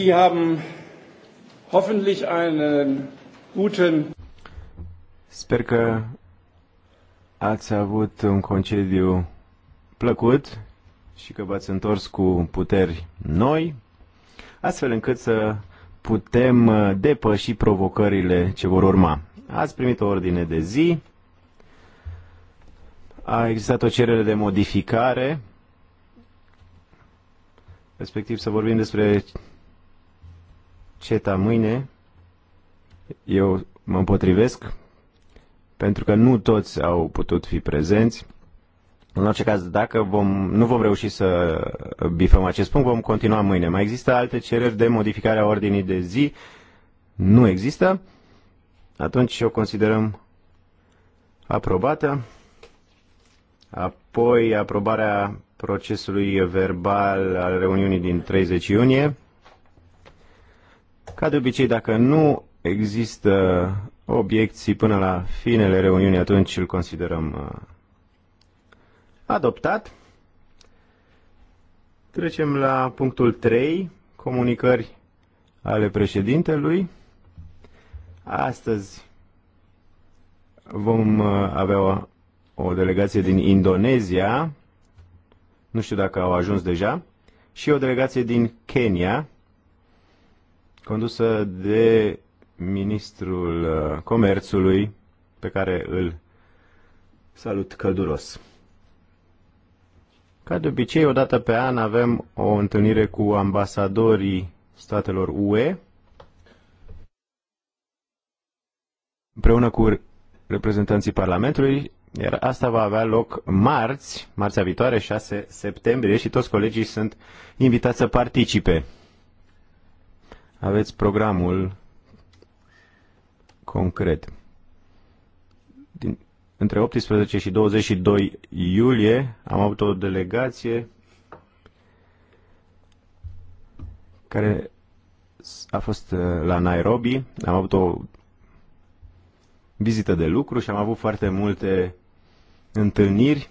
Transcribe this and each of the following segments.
Sie haben hoffentlich einen guten Sper că ați avut un concediu plăcut și că v-ați întors cu puteri noi, astfel încât să putem uh, depăși provocările ce vor urma. Ați primit o ordine de zi, a existat o cerere de modificare, respectiv să vorbim despre CETA mâine, eu mă împotrivesc, pentru că nu toți au putut fi prezenți. În orice caz, dacă vom, nu vom reuși să bifăm acest punct, vom continua mâine. Mai există alte cereri de modificare a ordinii de zi? Nu există. Atunci o considerăm aprobată. Apoi aprobarea procesului verbal al reuniunii din 30 iunie. Ca de obicei, dacă nu există obiecții până la finele reuniunii, atunci îl considerăm uh, adoptat. Trecem la punctul 3, comunicări ale președintelui. Astăzi vom uh, avea o, o delegație din Indonezia, nu știu dacă au ajuns deja, și o delegație din Kenya, condusă de ministrul uh, comerțului, pe care îl salut călduros. Ca de obicei, o dată pe an avem o întâlnire cu ambasadorii statelor UE, împreună cu reprezentanții Parlamentului, iar asta va avea loc marți, marțea viitoare, 6 septembrie, și toți colegii sunt invitați să participe aveți programul concret. Din, între 18 și 22 iulie am avut o delegație care a fost uh, la Nairobi. Am avut o vizită de lucru și am avut foarte multe întâlniri.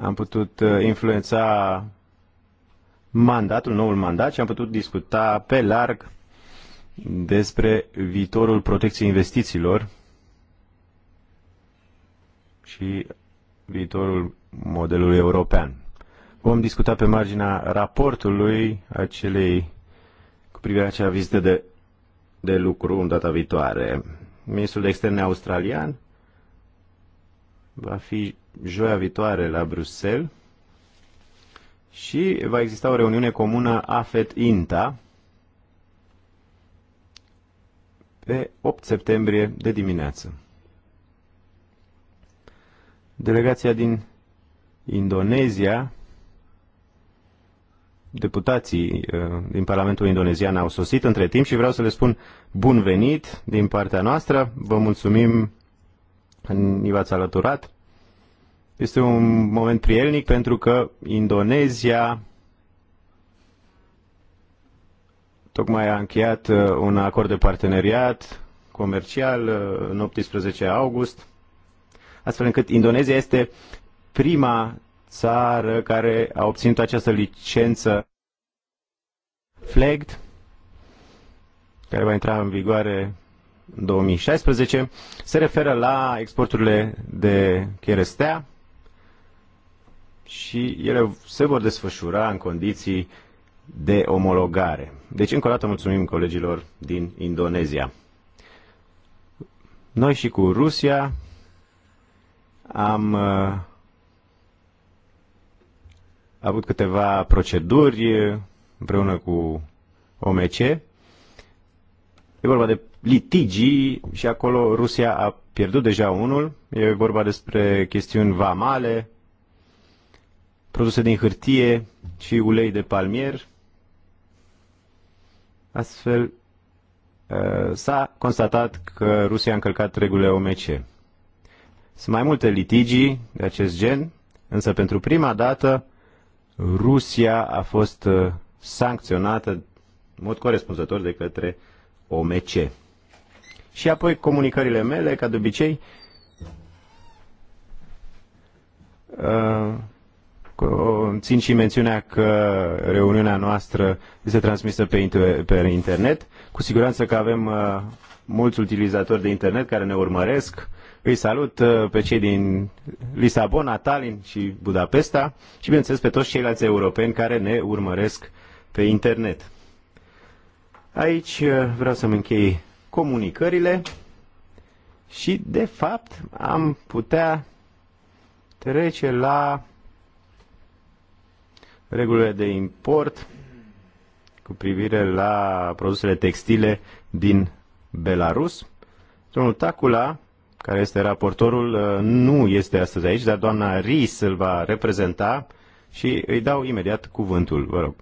Am putut uh, influența mandatul, noul mandat și am putut discuta pe larg despre viitorul protecției investițiilor și viitorul modelului european. Vom discuta pe marginea raportului acelei cu privire la acea vizită de, de lucru în data viitoare. Ministrul de Externe australian va fi joia viitoare la Bruxelles și va exista o reuniune comună AFET-INTA pe 8 septembrie de dimineață. Delegația din Indonezia, deputații uh, din Parlamentul Indonezian au sosit între timp și vreau să le spun bun venit din partea noastră. Vă mulțumim, v ați alăturat este un moment prielnic pentru că Indonezia tocmai a încheiat uh, un acord de parteneriat comercial uh, în 18 august, astfel încât Indonezia este prima țară care a obținut această licență FLEGT, care va intra în vigoare în 2016, se referă la exporturile de cherestea, și ele se vor desfășura în condiții de omologare. Deci, încă o dată, mulțumim colegilor din Indonezia. Noi și cu Rusia am uh, avut câteva proceduri împreună cu OMC. E vorba de litigii și acolo Rusia a pierdut deja unul. E vorba despre chestiuni vamale, produse din hârtie și ulei de palmier. Astfel, uh, s-a constatat că Rusia a încălcat regulile OMC. Sunt mai multe litigii de acest gen, însă pentru prima dată Rusia a fost uh, sancționată în mod corespunzător de către OMC. Și apoi comunicările mele, ca de obicei, uh, Țin și mențiunea că reuniunea noastră este transmisă pe, pe internet. Cu siguranță că avem uh, mulți utilizatori de internet care ne urmăresc. Îi salut uh, pe cei din Lisabona, Tallinn și Budapesta și, bineînțeles, pe toți ceilalți europeni care ne urmăresc pe internet. Aici uh, vreau să-mi închei comunicările și, de fapt, am putea trece la regulile de import cu privire la produsele textile din Belarus. Domnul Tacula, care este raportorul, uh, nu este astăzi aici, dar doamna Ris îl va reprezenta și îi dau imediat cuvântul, vă rog.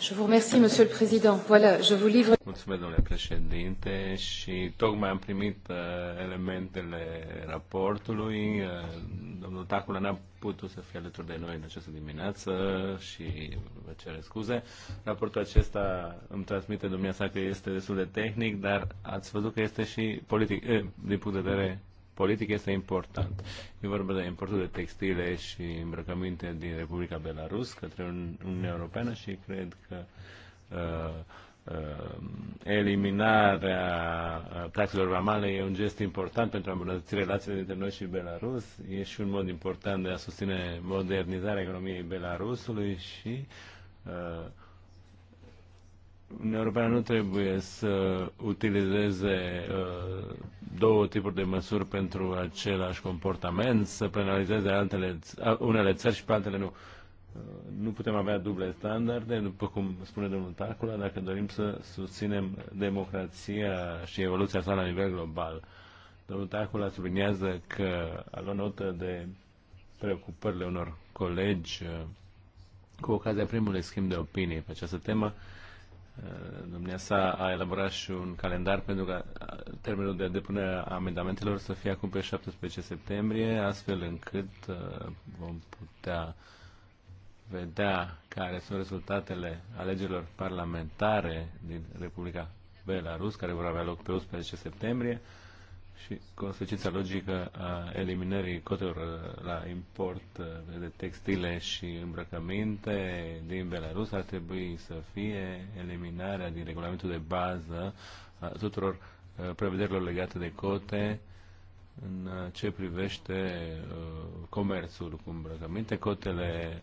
Je vous remercie, Monsieur le Président. Voilà, je vous livre... Mulțumesc, domnule președinte, și tocmai am primit uh, elementele raportului. Uh, domnul Tacula n-a putut să fie alături de noi în această dimineață și vă cer scuze. Raportul acesta îmi transmite dumneavoastră că este destul de tehnic, dar ați văzut că este și politic, eh, din punct de vedere politic este important. E vorba de importul de textile și îmbrăcăminte din Republica Belarus către Uniunea Europeană și cred că uh, Uh, eliminarea uh, taxelor vamale e un gest important pentru a îmbunătăți relațiile dintre noi și Belarus. E și un mod important de a susține modernizarea economiei Belarusului și uh, Europeană nu trebuie să utilizeze uh, două tipuri de măsuri pentru același comportament, să penalizeze altele, unele țări și pe altele nu. Uh, nu putem avea duble standarde, după cum spune domnul Tacula, dacă dorim să susținem democrația și evoluția sa la nivel global. Domnul Tacula subliniază că a luat notă de preocupările unor colegi uh, cu ocazia primului schimb de opinie pe această temă. Uh, sa a elaborat și un calendar pentru ca uh, termenul de depunere a amendamentelor să fie acum pe 17 septembrie, astfel încât vom putea vedea care sunt rezultatele alegerilor parlamentare din Republica Belarus, care vor avea loc pe 11 septembrie, și consecința logică a eliminării cotelor la import uh, de textile și îmbrăcăminte din Belarus ar trebui să fie eliminarea din regulamentul de bază a tuturor uh, prevederilor legate de cote în uh, ce privește comerțul cu îmbrăcăminte, cotele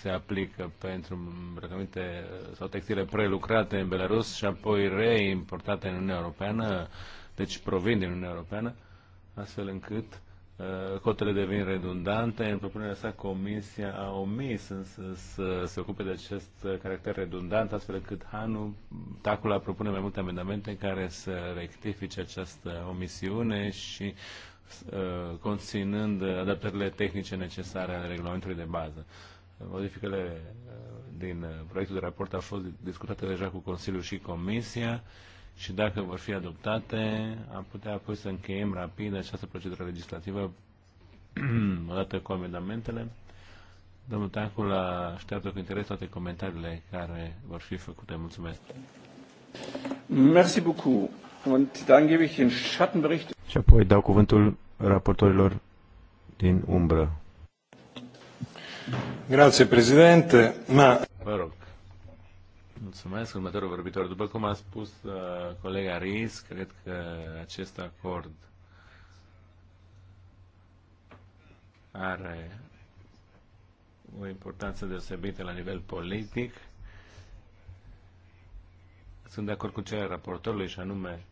se aplică pentru îmbrăcăminte sau textile prelucrate în Belarus și apoi reimportate în Uniunea Europeană, deci provin din Uniunea Europeană, astfel încât uh, cotele devin redundante. În propunerea sa, Comisia a omis însă să se ocupe de acest caracter redundant, astfel încât Hanu, Tacula propune mai multe amendamente care să rectifice această omisiune și uh, conținând adaptările tehnice necesare ale regulamentului de bază. Modificările uh, din uh, proiectul de raport au fost discutate deja cu Consiliul și Comisia și dacă vor fi adoptate, am putea apoi să încheiem rapid această procedură legislativă odată cu amendamentele. Domnul Tancul așteaptă cu interes toate comentariile care vor fi făcute. Mulțumesc! Merci beaucoup. Und dann gebe ich den Schattenbericht. Și apoi dau cuvântul raportorilor din umbră. Grazie, președinte. Ma... Vă rog. Mulțumesc, următorul vorbitor. După cum a spus uh, colega Riz cred că acest acord are o importanță deosebită la nivel politic. Sunt de acord cu cererea raportorului și anume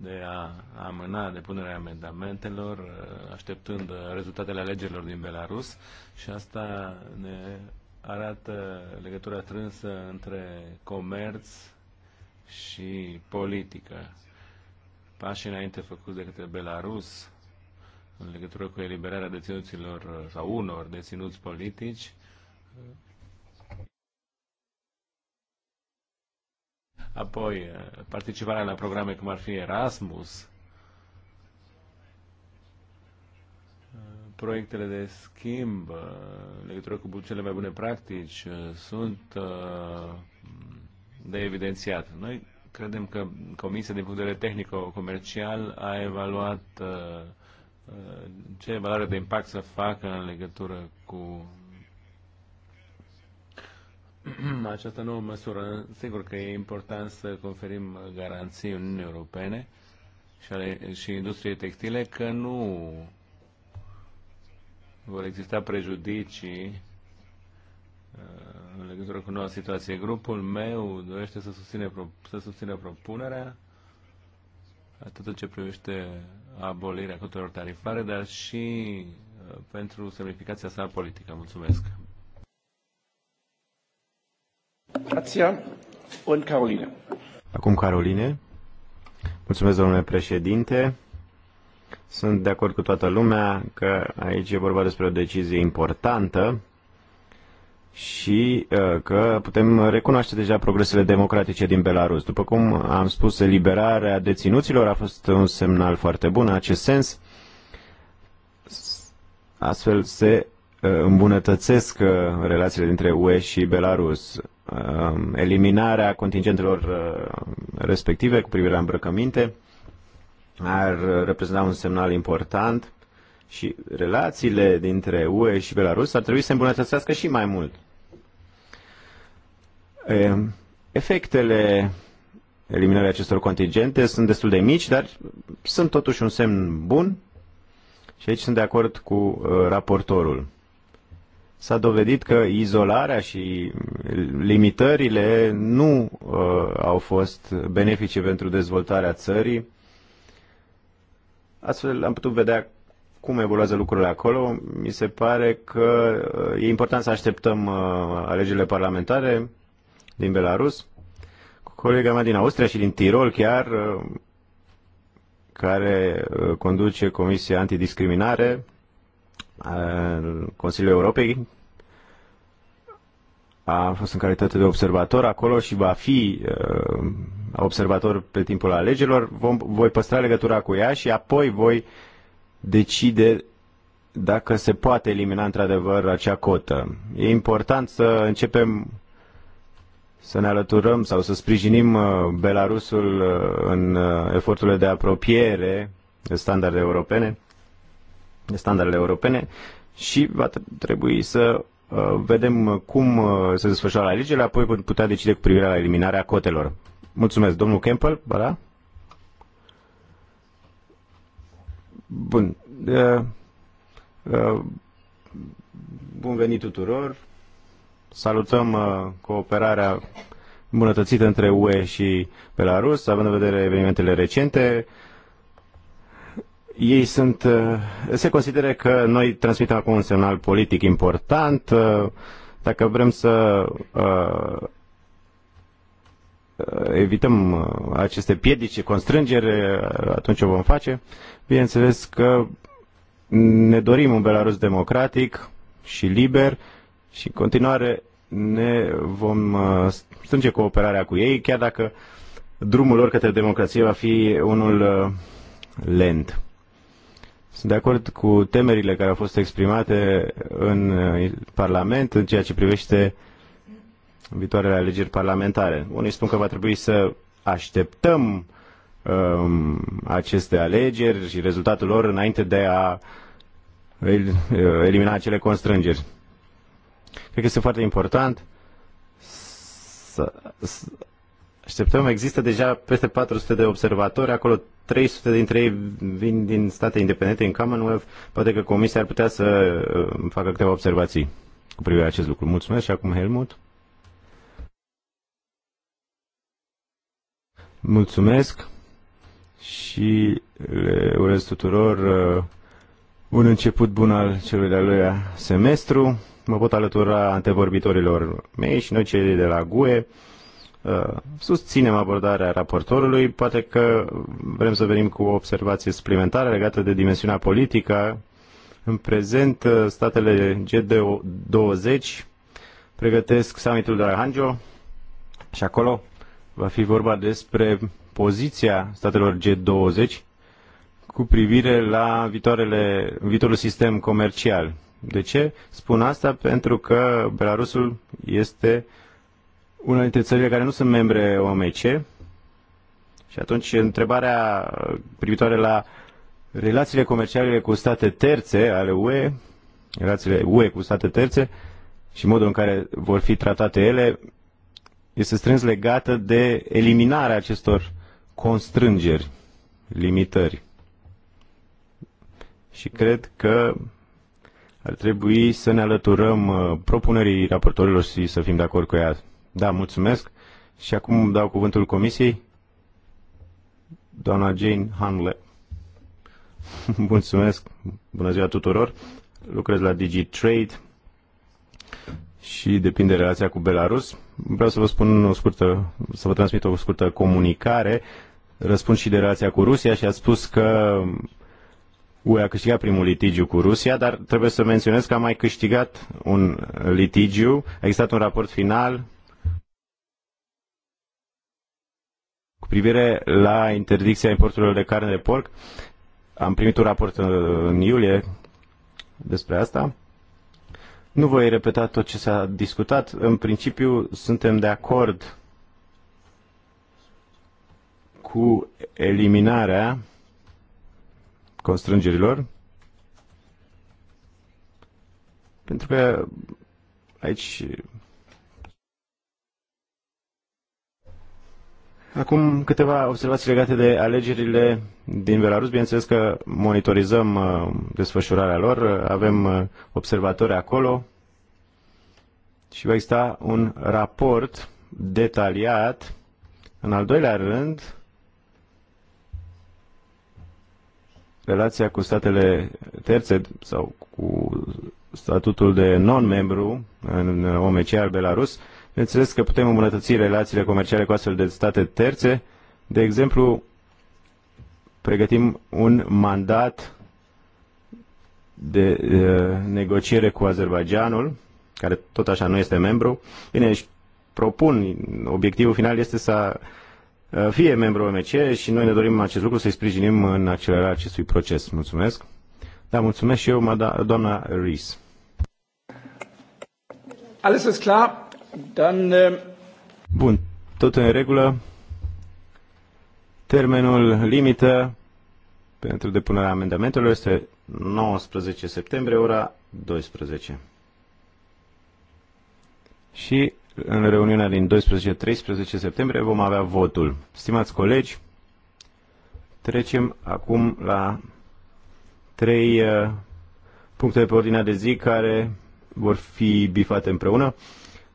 de a amâna depunerea amendamentelor, uh, așteptând uh, rezultatele alegerilor din Belarus și asta ne arată legătura strânsă între comerț și politică. Pașii înainte făcuți de către Belarus în legătură cu eliberarea deținuților uh, sau unor deținuți politici Apoi, eh, participarea la programe cum ar fi Erasmus, eh, proiectele de schimb eh, legătură cu cele mai bune practici sunt de evidențiat. Noi credem că Comisia, din punct de vedere tehnico-comercial, a evaluat ce valoare de impact să facă în legătură cu această nouă măsură. Sigur că e important să conferim garanții Uniunii Europene și, ale, și industriei textile că nu vor exista prejudicii uh, în legătură cu noua situație. Grupul meu dorește să susține, să susține propunerea atât în ce privește abolirea cotelor tarifare, dar și uh, pentru semnificația sa politică. Mulțumesc! Grația Caroline. Acum Caroline. Mulțumesc, domnule președinte. Sunt de acord cu toată lumea că aici e vorba despre o decizie importantă și uh, că putem recunoaște deja progresele democratice din Belarus. După cum am spus, eliberarea deținuților a fost un semnal foarte bun în acest sens. Astfel se Uh, îmbunătățesc uh, relațiile dintre UE și Belarus. Uh, eliminarea contingentelor respective cu privire la îmbrăcăminte ar reprezenta un semnal important și relațiile dintre UE și Belarus ar trebui să îmbunătățească și mai mult. Efectele eliminării acestor contingente sunt destul de mici, dar sunt totuși un semn bun și aici sunt de acord cu raportorul s-a dovedit că izolarea și limitările nu uh, au fost benefice pentru dezvoltarea țării. Astfel am putut vedea cum evoluează lucrurile acolo. Mi se pare că uh, e important să așteptăm uh, alegerile parlamentare din Belarus. Colega mea din Austria și din Tirol chiar, uh, care uh, conduce Comisia Antidiscriminare, al Consiliului Europei. A fost în calitate de observator acolo și va fi uh, observator pe timpul alegerilor. Vom, voi păstra legătura cu ea și apoi voi decide dacă se poate elimina într-adevăr acea cotă. E important să începem să ne alăturăm sau să sprijinim uh, Belarusul uh, în uh, eforturile de apropiere de standarde europene standardele europene și va trebui să uh, vedem cum uh, se desfășoară alegerile, apoi putea decide cu privire la eliminarea cotelor. Mulțumesc, domnul Campbell, da? Bun. Uh, bun venit tuturor. Salutăm cooperarea îmbunătățită între UE și Belarus, având în vedere evenimentele recente ei sunt, uh, se consideră că noi transmitem acum un semnal politic important, uh, dacă vrem să uh, evităm aceste piedici, constrângere, atunci o vom face. Bineînțeles că ne dorim un Belarus democratic și liber și în continuare ne vom strânge cooperarea cu ei, chiar dacă drumul lor către democrație va fi unul lent. Sunt de acord cu temerile care au fost exprimate în uh, Parlament în ceea ce privește viitoarele alegeri parlamentare. Unii spun că va trebui să așteptăm um, aceste alegeri și rezultatul lor înainte de a uh, elimina acele constrângeri. Cred că este foarte important să, așteptăm. Există deja peste 400 de observatori, acolo 300 dintre ei vin din state independente în Commonwealth. Poate că Comisia ar putea să uh, facă câteva observații cu privire la acest lucru. Mulțumesc și acum Helmut. Mulțumesc și le urez tuturor uh, un început bun al celui de-al doilea semestru. Mă pot alătura antevorbitorilor mei și noi cei de la GUE. Uh, susținem abordarea raportorului, poate că vrem să venim cu o observație suplimentară legată de dimensiunea politică. În prezent, uh, statele G20 pregătesc summitul de la Hangzhou și acolo va fi vorba despre poziția statelor G20 cu privire la viitoarele, viitorul sistem comercial. De ce spun asta? Pentru că Belarusul este una dintre țările care nu sunt membre OMC. Și atunci întrebarea privitoare la relațiile comerciale cu state terțe ale UE, relațiile UE cu state terțe și modul în care vor fi tratate ele, este strâns legată de eliminarea acestor constrângeri, limitări. Și cred că ar trebui să ne alăturăm uh, propunerii raportorilor și să fim de acord cu ea. Da, mulțumesc. Și acum dau cuvântul comisiei. Doamna Jane Hanle. mulțumesc. Bună ziua tuturor. Lucrez la DigiTrade și depinde de relația cu Belarus. Vreau să vă spun o scurtă, să vă transmit o scurtă comunicare. Răspund și de relația cu Rusia și a spus că UE a câștigat primul litigiu cu Rusia, dar trebuie să menționez că a mai câștigat un litigiu. A existat un raport final privire la interdicția importurilor de carne de porc. Am primit un raport în iulie despre asta. Nu voi repeta tot ce s-a discutat. În principiu, suntem de acord cu eliminarea constrângerilor, pentru că aici Acum câteva observații legate de alegerile din Belarus. Bineînțeles că monitorizăm uh, desfășurarea lor, avem uh, observatori acolo și va exista un raport detaliat. În al doilea rând, relația cu statele terțe sau cu statutul de non-membru în OMC al Belarus Bineînțeles că putem îmbunătăți relațiile comerciale cu astfel de state terțe. De exemplu, pregătim un mandat de, de uh, negociere cu Azerbaijanul, care tot așa nu este membru. Bine, își propun, obiectivul final este să uh, fie membru OMC și noi ne dorim acest lucru să-i sprijinim în accelerarea acestui proces. Mulțumesc. Da, mulțumesc și eu, doamna Rees. Alles ist klar. Dan... Eh, Bun, tot în regulă. Termenul limită pentru depunerea amendamentelor este 19 septembrie, ora 12. Și în reuniunea din 12-13 septembrie vom avea votul. Stimați colegi, trecem acum la trei eh, puncte pe ordinea de zi care vor fi bifate împreună.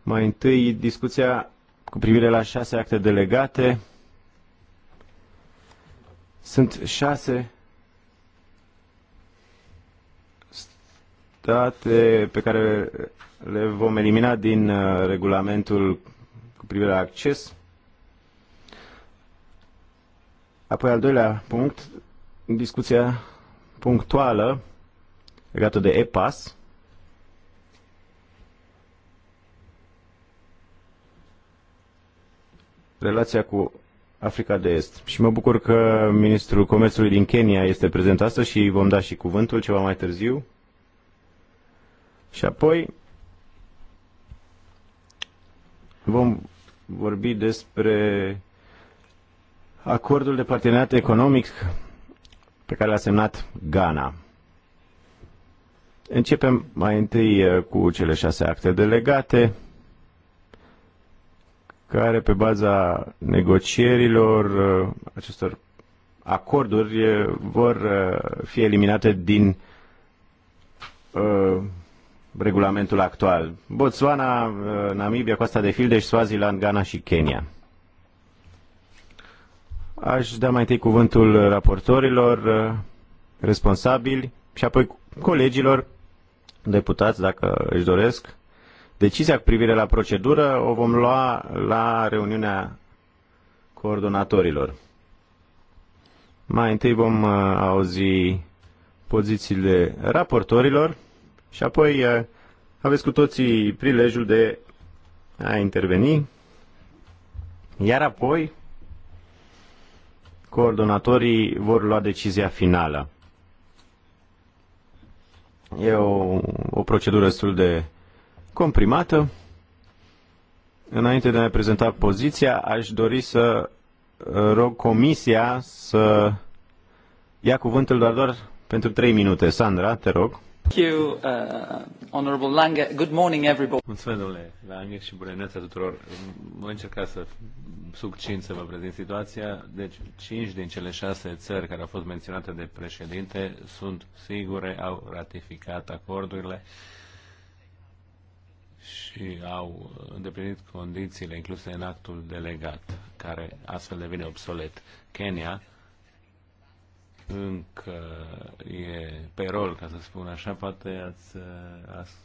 Mai întâi, discuția cu privire la șase acte delegate. Sunt șase state pe care le vom elimina din uh, regulamentul cu privire la acces. Apoi al doilea punct, discuția punctuală legată de EPAS. relația cu Africa de Est. Și mă bucur că ministrul comerțului din Kenya este prezent astăzi și vom da și cuvântul ceva mai târziu. Și apoi vom vorbi despre acordul de parteneriat economic pe care l-a semnat Ghana. Începem mai întâi uh, cu cele șase acte delegate care pe baza negocierilor uh, acestor acorduri vor uh, fi eliminate din uh, regulamentul actual. Botswana, uh, Namibia, Costa de și Swaziland, Ghana și Kenya. Aș da mai întâi cuvântul raportorilor responsabili și apoi colegilor deputați, dacă își doresc. Decizia cu privire la procedură o vom lua la reuniunea coordonatorilor. Mai întâi vom uh, auzi pozițiile raportorilor și apoi uh, aveți cu toții prilejul de a interveni. Iar apoi coordonatorii vor lua decizia finală. E o, o procedură destul de comprimată. Înainte de a prezenta poziția, aș dori să uh, rog comisia să ia cuvântul doar, doar pentru 3 minute. Sandra, te rog. Thank you, uh, Honorable Lange. Good morning, everybody. Mulțumesc, domnule Lange, și bună dimineața tuturor. Voi încerca să succint să vă prezint situația. Deci, cinci din cele șase țări care au fost menționate de președinte sunt sigure, au ratificat acordurile. Uh, și au îndeplinit condițiile incluse în actul delegat, care astfel devine obsolet. Kenya încă e pe rol, ca să spun așa, poate, ați, as,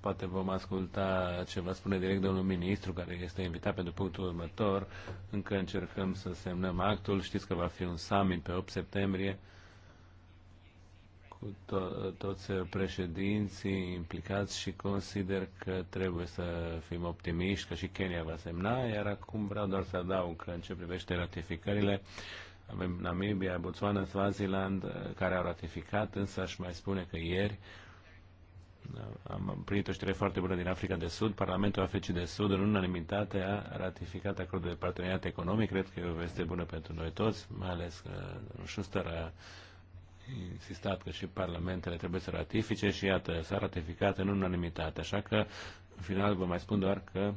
poate vom asculta ce va spune direct domnul ministru, care este invitat pentru punctul următor. Încă încercăm să semnăm actul. Știți că va fi un summit pe 8 septembrie cu to- toți președinții implicați și consider că trebuie să fim optimiști, că și Kenya va semna, iar acum vreau doar să adaug că în ce privește ratificările, avem Namibia, Botswana, Swaziland uh, care au ratificat, însă aș mai spune că ieri uh, am primit o știre foarte bună din Africa de Sud. Parlamentul Africii de Sud, în unanimitate, a ratificat acordul de parteneriat economic. Cred că e o veste bună pentru noi toți, mai ales că uh, Schuster a insistat că și parlamentele trebuie să ratifice și iată, s-a ratificat în unanimitate. Așa că, în final, vă mai spun doar că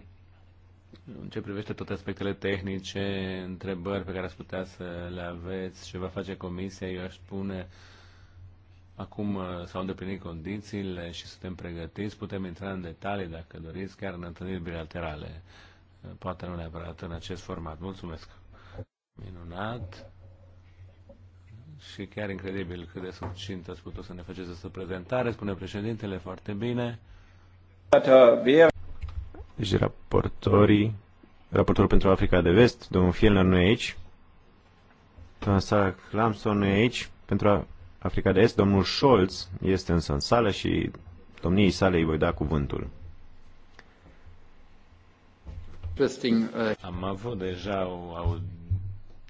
în ce privește toate aspectele tehnice, întrebări pe care ați putea să le aveți, ce va face comisia, eu aș spune acum uh, s-au îndeplinit condițiile și suntem pregătiți, putem intra în detalii dacă doriți, chiar în întâlniri bilaterale, uh, poate nu neapărat în acest format. Mulțumesc! Minunat! și chiar incredibil cât de succint ați putut să ne faceți această prezentare, spune președintele, foarte bine. Deci raportorii, raportorul pentru Africa de Vest, domnul Fielner nu e aici, domnul Sarah Lamson nu e aici, pentru Africa de Est, domnul Scholz este însă în sală și domniei sale îi voi da cuvântul. Uh, Am avut deja o aud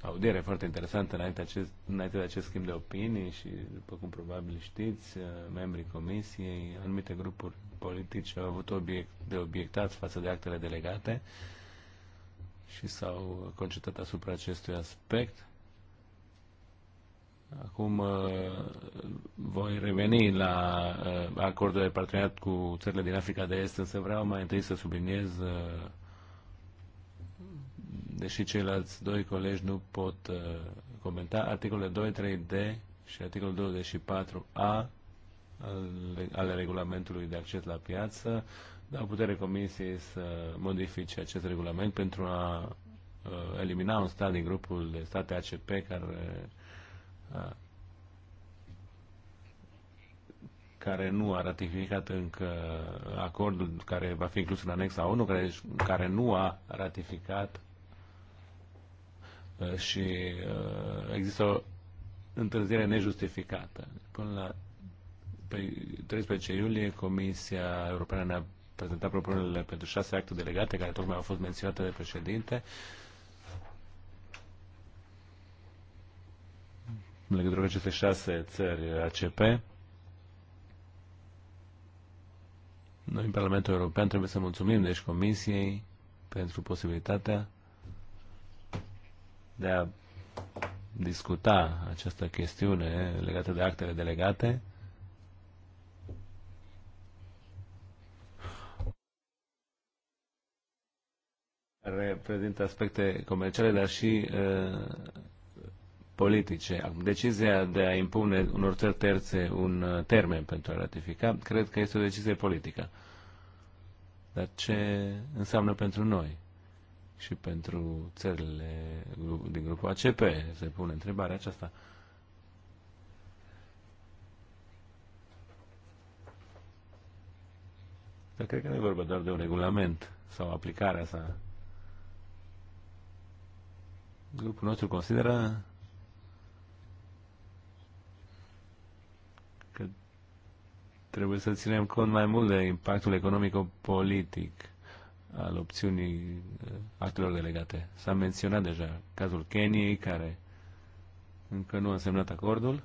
audiere foarte interesantă înainte, acest, înainte de acest schimb de opinii și, după cum probabil știți, uh, membrii comisiei, anumite grupuri politice au avut obiect, de obiectat față de actele delegate și s-au concentrat asupra acestui aspect. Acum uh, voi reveni la uh, acordul de parteneriat cu țările din Africa de Est, însă vreau mai întâi să subliniez deși ceilalți doi colegi nu pot uh, comenta, articolele 2, 3D și articolul 24A ale regulamentului de acces la piață dau putere comisiei să modifice acest regulament pentru a uh, elimina un stat din grupul de state ACP care uh, care nu a ratificat încă acordul care va fi inclus în anexa 1, care, care nu a ratificat Uh, și uh, există o întârziere nejustificată. Până la 13 iulie, Comisia Europeană ne-a prezentat propunerile pentru șase acte delegate, care tocmai au fost menționate de președinte, în legătură cu aceste șase țări ACP. Noi, în Parlamentul European, trebuie să mulțumim, deci, Comisiei pentru posibilitatea de a discuta această chestiune legată de actele delegate. reprezintă aspecte comerciale, dar și uh, politice. Decizia de a impune unor țări terțe un termen pentru a ratifica, cred că este o decizie politică. Dar ce înseamnă pentru noi? și pentru țările din grupul ACP. Se pune întrebarea aceasta. Dar cred că nu e vorba doar de un regulament sau aplicarea sa. Grupul nostru consideră că trebuie să ținem cont mai mult de impactul economic-politic al opțiunii uh, actelor delegate. S-a menționat deja cazul Keniei, care încă nu a semnat acordul.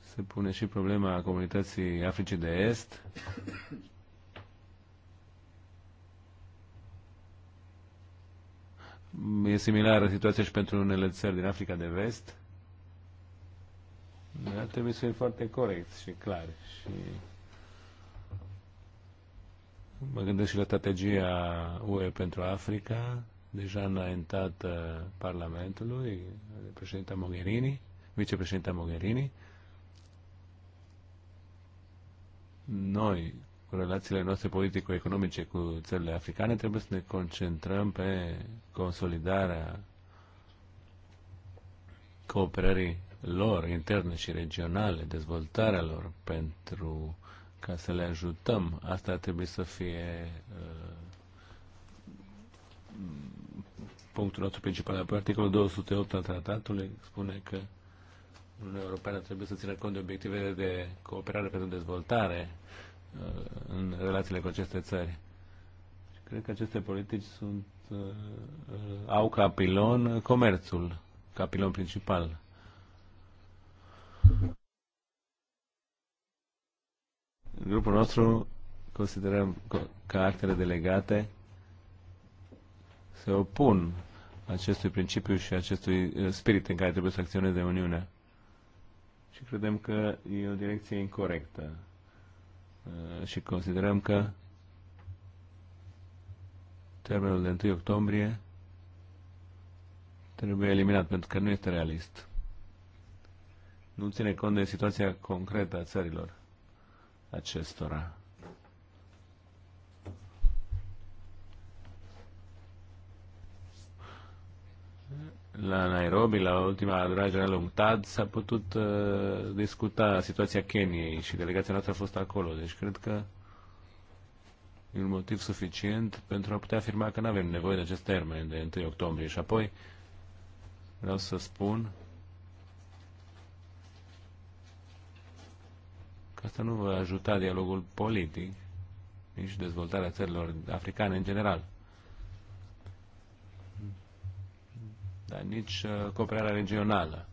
Se pune și problema comunității Africii de Est. E similară situația și pentru unele țări din Africa de Vest. Dar trebuie să fie foarte corect și clar. Și Mă gândesc și la strategia UE pentru Africa, deja înaintat Parlamentului, de președinta Mogherini, vicepreședinta Mogherini. Noi, cu relațiile noastre politico-economice cu țările africane, trebuie să ne concentrăm pe consolidarea cooperării lor interne și regionale, dezvoltarea lor pentru ca să le ajutăm. Asta trebuie să fie uh, punctul nostru principal. Apoi articolul 208 al tratatului spune că Uniunea Europeană trebuie să țină cont de obiectivele de cooperare pentru dezvoltare uh, în relațiile cu aceste țări. Cred că aceste politici sunt, uh, au ca pilon comerțul, ca pilon principal grupul nostru considerăm că actele delegate se opun acestui principiu și acestui uh, spirit în care trebuie să acționeze Uniunea. Și credem că e o direcție incorrectă. Uh, și considerăm că termenul de 1 octombrie trebuie eliminat pentru că nu este realist. Nu ține cont de situația concretă a țărilor acestora. La Nairobi, la ultima adunare generală UNCTAD, s-a putut uh, discuta situația Keniei și delegația noastră a fost acolo. Deci cred că e un motiv suficient pentru a putea afirma că nu avem nevoie de acest termen de 1 octombrie. Și apoi vreau să spun că asta nu va ajuta dialogul politic, nici dezvoltarea țărilor africane în general. Dar nici uh, cooperarea regională.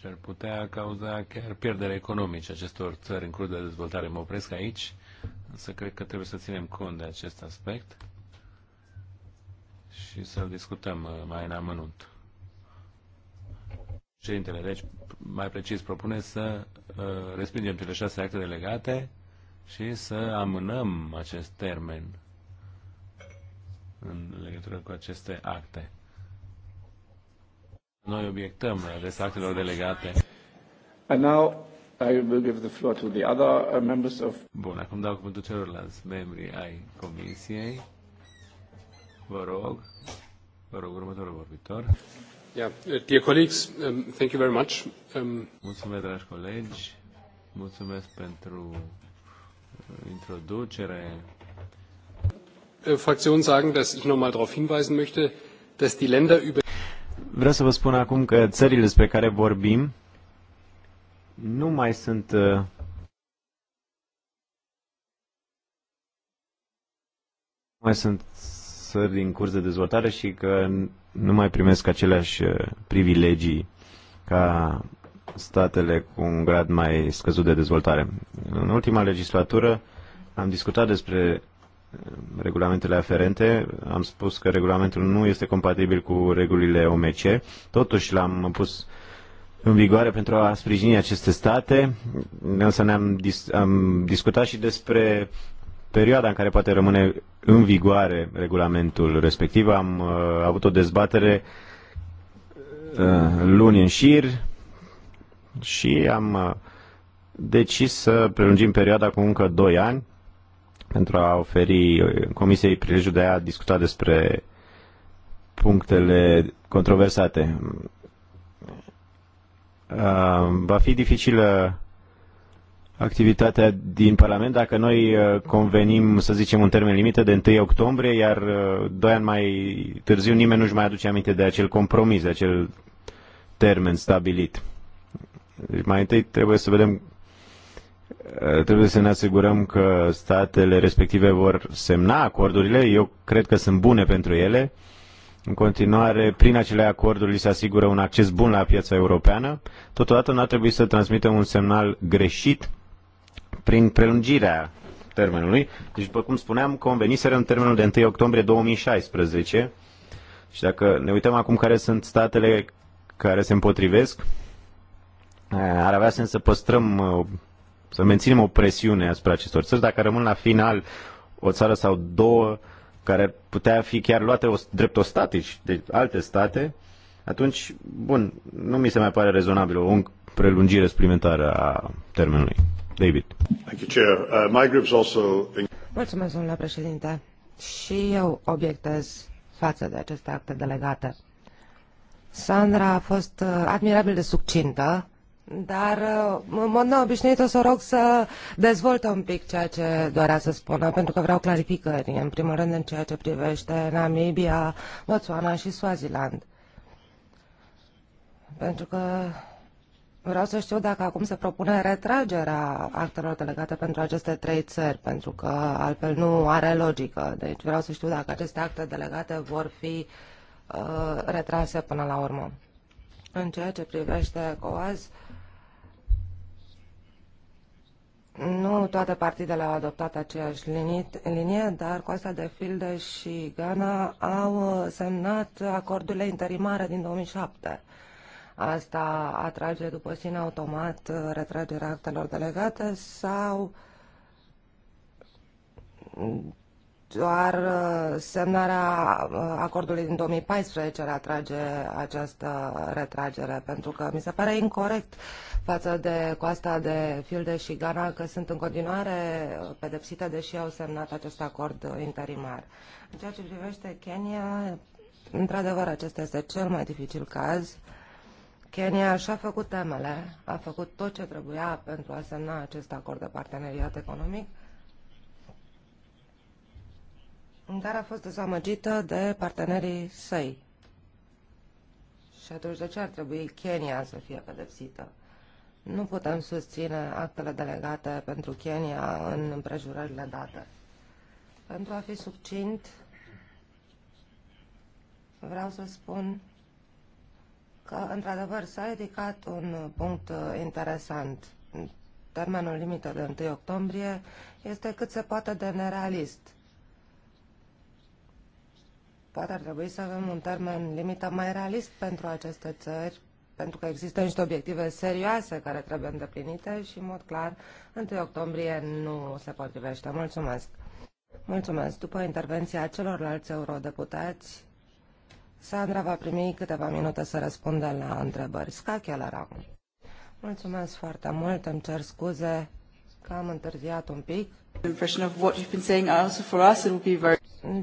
Și ar putea cauza chiar pierdere economice acestor țări în curs de dezvoltare. Mă opresc aici, însă cred că trebuie să ținem cont de acest aspect și să-l discutăm uh, mai în amănunt. Președintele, deci, mai precis, propune să uh, respingem cele șase acte delegate și să amânăm acest termen în legătură cu aceste acte. Noi obiectăm la adresa actelor delegate. And now I will give the floor to the other uh, members of... Bun, acum dau cuvântul celorlalți membri ai comisiei. Vă rog, vă rog următorul vorbitor. Mulțumesc, dragi colegi. Mulțumesc pentru uh, introducere. Äh, Fraktionen sagen, dass ich darauf hinweisen möchte, dass die Länder über Vreau să vă spun acum că țările despre care vorbim nu mai sunt uh, mai sunt țări în curs de dezvoltare și că nu mai primesc aceleași uh, privilegii ca statele cu un grad mai scăzut de dezvoltare. În ultima legislatură am discutat despre uh, regulamentele aferente. Am spus că regulamentul nu este compatibil cu regulile OMC. Totuși l-am pus în vigoare pentru a sprijini aceste state, însă ne-am dis- am discutat și despre perioada în care poate rămâne în vigoare regulamentul respectiv. Am uh, avut o dezbatere uh, luni în șir și am uh, decis să prelungim perioada cu încă 2 ani pentru a oferi uh, Comisiei prilejul de a discuta despre punctele controversate. Uh, va fi dificilă activitatea din Parlament. Dacă noi uh, convenim, să zicem, un termen limită de 1 octombrie, iar uh, doi ani mai târziu nimeni nu-și mai aduce aminte de acel compromis, de acel termen stabilit. Deci mai întâi trebuie să vedem, uh, trebuie să ne asigurăm că statele respective vor semna acordurile. Eu cred că sunt bune pentru ele. În continuare, prin acele acorduri li se asigură un acces bun la piața europeană. Totodată nu ar trebui să transmitem un semnal greșit prin prelungirea termenului. Deci, după cum spuneam, conveniseră în termenul de 1 octombrie 2016 și dacă ne uităm acum care sunt statele care se împotrivesc, eh, ar avea sens să păstrăm, eh, să menținem o presiune asupra acestor țări. Dacă rămân la final o țară sau două care putea fi chiar luate drept o statici de alte state, atunci, bun, nu mi se mai pare rezonabil o prelungire suplimentară a termenului. David. Thank you, Chair. Uh, my group's also... Mulțumesc, domnule președinte. Și eu obiectez față de aceste acte delegate. Sandra a fost uh, admirabil de succintă, dar uh, în mod neobișnuit o să rog să dezvoltă un pic ceea ce dorea să spună, pentru că vreau clarificări, în primul rând în ceea ce privește Namibia, Botswana și Swaziland. Pentru că Vreau să știu dacă acum se propune retragerea actelor delegate pentru aceste trei țări, pentru că altfel nu are logică. Deci vreau să știu dacă aceste acte delegate vor fi uh, retrase până la urmă. În ceea ce privește coas, nu toate partidele au adoptat aceeași linie, dar Costa de Filde și Ghana au uh, semnat acordurile interimare din 2007 asta atrage după sine automat uh, retragerea actelor delegate sau doar uh, semnarea uh, acordului din 2014 atrage această retragere, pentru că mi se pare incorrect față de coasta de Filde și Gana că sunt în continuare pedepsite, deși au semnat acest acord interimar. În ceea ce privește Kenya, într-adevăr, acesta este cel mai dificil caz. Uh, Kenya și-a făcut temele, a făcut tot ce trebuia pentru a semna acest acord de parteneriat economic, dar a fost dezamăgită de partenerii săi. Și atunci de ce ar trebui Kenya să fie pedepsită? Nu putem susține actele delegate pentru Kenya în împrejurările date. Pentru a fi succint, vreau să spun că, într-adevăr, s-a ridicat un punct interesant. Termenul limită de 1 octombrie este cât se poate de nerealist. Poate ar trebui să avem un termen limită mai realist pentru aceste țări, pentru că există niște obiective serioase care trebuie îndeplinite și, în mod clar, 1 octombrie nu se potrivește. Mulțumesc! Mulțumesc! După intervenția celorlalți eurodeputați, Sandra va primi câteva minute să răspundă la întrebări. Ska la acum. Mulțumesc foarte mult, îmi cer scuze că am întârziat un pic.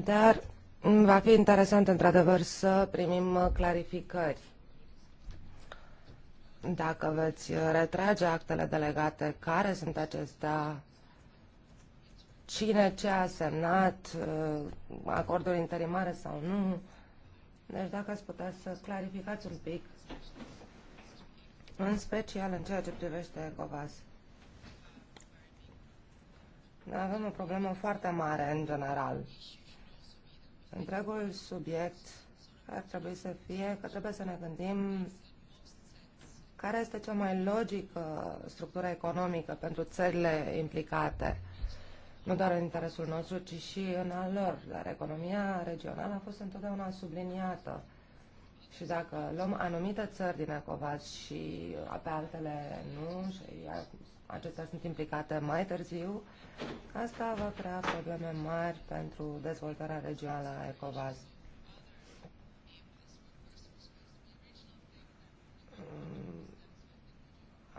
Dar va fi interesant, într-adevăr, să primim clarificări. Dacă veți retrage actele delegate, care sunt acestea, cine ce a semnat, uh, acorduri interimare sau nu, deci dacă ați putea să clarificați un pic, în special în ceea ce privește Noi Avem o problemă foarte mare în general. Întregul subiect ar trebui să fie că trebuie să ne gândim care este cea mai logică structură economică pentru țările implicate nu doar în interesul nostru, ci și în al lor. Dar economia regională a fost întotdeauna subliniată. Și dacă luăm anumite țări din Ecovaz și pe altele nu, și acestea sunt implicate mai târziu, asta va crea probleme mari pentru dezvoltarea regională a Ecovaz.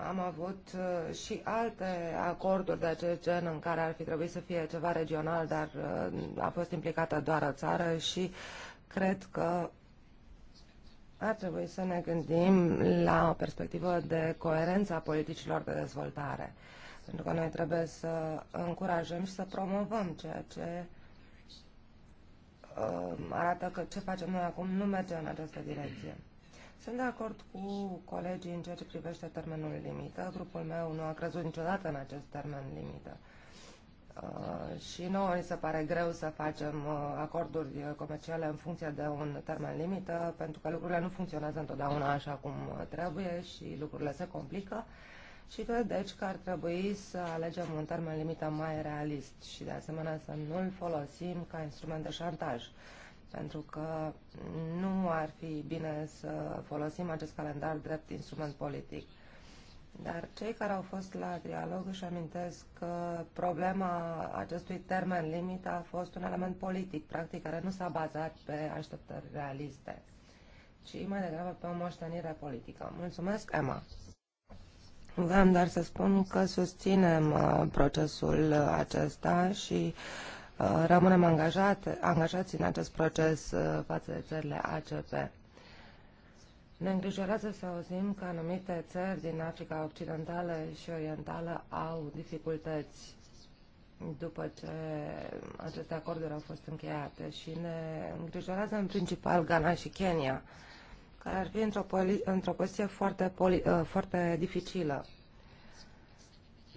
Am avut uh, și alte acorduri de acest gen în care ar fi trebuit să fie ceva regional, dar uh, a fost implicată doar o țară și cred că ar trebui să ne gândim la o perspectivă de coerență a politicilor de dezvoltare. Pentru că noi trebuie să încurajăm și să promovăm ceea ce uh, arată că ce facem noi acum nu merge în această direcție. Sunt de acord cu colegii în ceea ce privește termenul limită. Grupul meu nu a crezut niciodată în acest termen limită. Uh, și nouă ni se pare greu să facem uh, acorduri uh, comerciale în funcție de un termen limită, pentru că lucrurile nu funcționează întotdeauna așa cum uh, trebuie și lucrurile se complică și cred deci că ar trebui să alegem un termen limită mai realist și de asemenea să nu-l folosim ca instrument de șantaj pentru că nu ar fi bine să folosim acest calendar drept instrument politic. Dar cei care au fost la dialog își amintesc că problema acestui termen limit a fost un element politic, practic, care nu s-a bazat pe așteptări realiste, ci mai degrabă pe o moștenire politică. Mulțumesc, Emma! Vreau doar să spun că susținem uh, procesul acesta și uh, Uh, rămânem angajate, angajați în acest proces uh, față de țările ACP. Ne îngrijorează să auzim că anumite țări din Africa Occidentală și Orientală au dificultăți după ce aceste acorduri au fost încheiate și ne îngrijorează în principal Ghana și Kenya, care ar fi într-o, într, într -o poziție foarte, poli, uh, foarte dificilă.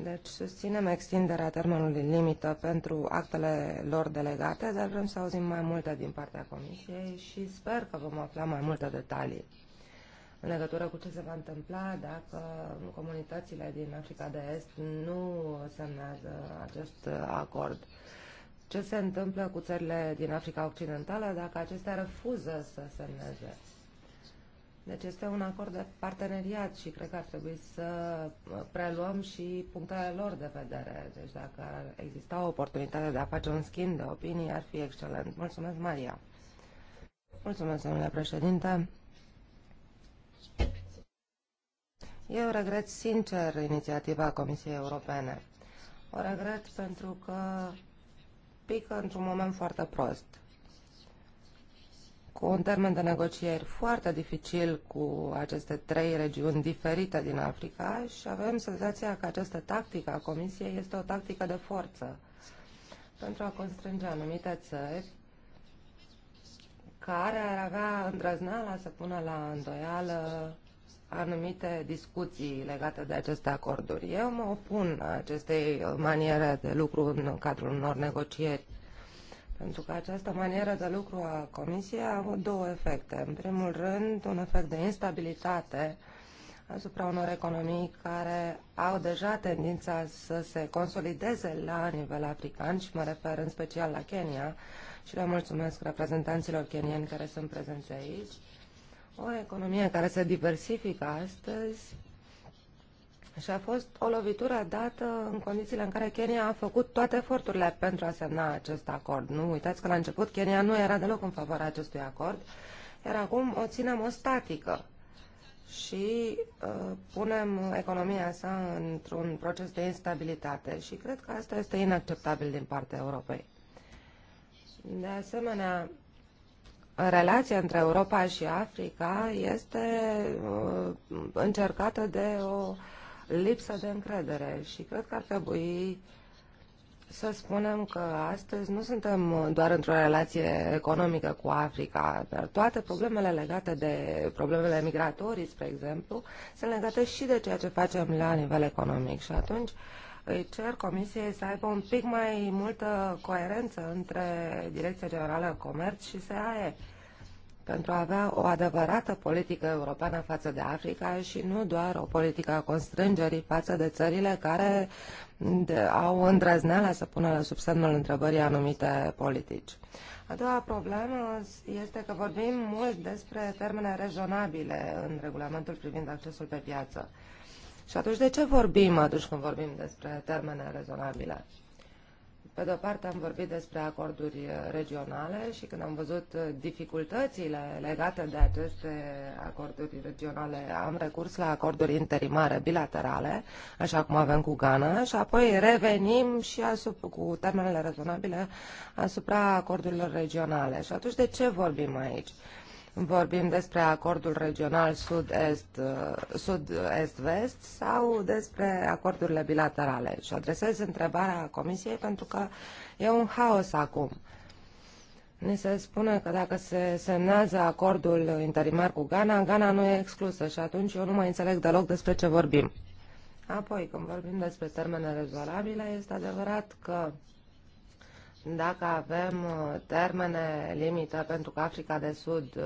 Deci susținem extinderea termenului limită pentru actele lor delegate, dar vrem să auzim mai multe din partea Comisiei și sper că vom afla mai multe detalii în legătură cu ce se va întâmpla dacă comunitățile din Africa de Est nu semnează acest acord. Ce se întâmplă cu țările din Africa Occidentală dacă acestea refuză să semneze? Deci este un acord de parteneriat și cred că ar trebui să uh, preluăm și punctele lor de vedere. Deci dacă ar exista o oportunitate de a face un schimb de opinii, ar fi excelent. Mulțumesc, Maria. Mulțumesc, domnule președinte. Eu regret sincer inițiativa Comisiei Europene. O regret pentru că pică într-un moment foarte prost cu un termen de negocieri foarte dificil cu aceste trei regiuni diferite din Africa și avem senzația că această tactică a Comisiei este o tactică de forță pentru a constrânge anumite țări care ar avea îndrăzneala să pună la îndoială anumite discuții legate de aceste acorduri. Eu mă opun acestei maniere de lucru în cadrul unor negocieri pentru că această manieră de lucru a Comisiei a avut două efecte. În primul rând, un efect de instabilitate asupra unor economii care au deja tendința să se consolideze la nivel african și mă refer în special la Kenya și le mulțumesc reprezentanților kenieni care sunt prezenți aici. O economie care se diversifică astăzi și a fost o lovitură dată în condițiile în care Kenya a făcut toate eforturile pentru a semna acest acord. Nu uitați că la început Kenya nu era deloc în favoarea acestui acord, iar acum o ținem o statică și uh, punem economia sa într-un proces de instabilitate și cred că asta este inacceptabil din partea Europei. De asemenea, relația între Europa și Africa este uh, încercată de o uh, lipsă de încredere și cred că ar trebui să spunem că astăzi nu suntem doar într-o relație economică cu Africa, dar toate problemele legate de problemele migratorii, spre exemplu, sunt legate și de ceea ce facem la nivel economic. Și atunci îi cer Comisiei să aibă un pic mai multă coerență între Direcția Generală Comerț și SAE pentru a avea o adevărată politică europeană față de Africa și nu doar o politică a constrângerii față de țările care au îndrăzneala să pună la sub semnul întrebării anumite politici. A doua problemă este că vorbim mult despre termene rezonabile în regulamentul privind accesul pe piață. Și atunci de ce vorbim atunci când vorbim despre termene rezonabile? Pe de o parte am vorbit despre acorduri uh, regionale și când am văzut uh, dificultățile legate de aceste acorduri regionale, am recurs la acorduri interimare bilaterale, așa cum avem cu Ghana, și apoi revenim și asupra, cu termenele rezonabile asupra acordurilor regionale. Și atunci de ce vorbim aici? vorbim despre acordul regional sud-est, uh, sud-est-vest sau despre acordurile bilaterale. Și adresez întrebarea Comisiei pentru că e un haos acum. Ni se spune că dacă se semnează acordul interimar cu Ghana, Ghana nu e exclusă și atunci eu nu mai înțeleg deloc despre ce vorbim. Apoi, când vorbim despre termene rezolabile, este adevărat că dacă avem uh, termene limită pentru că Africa de Sud, uh,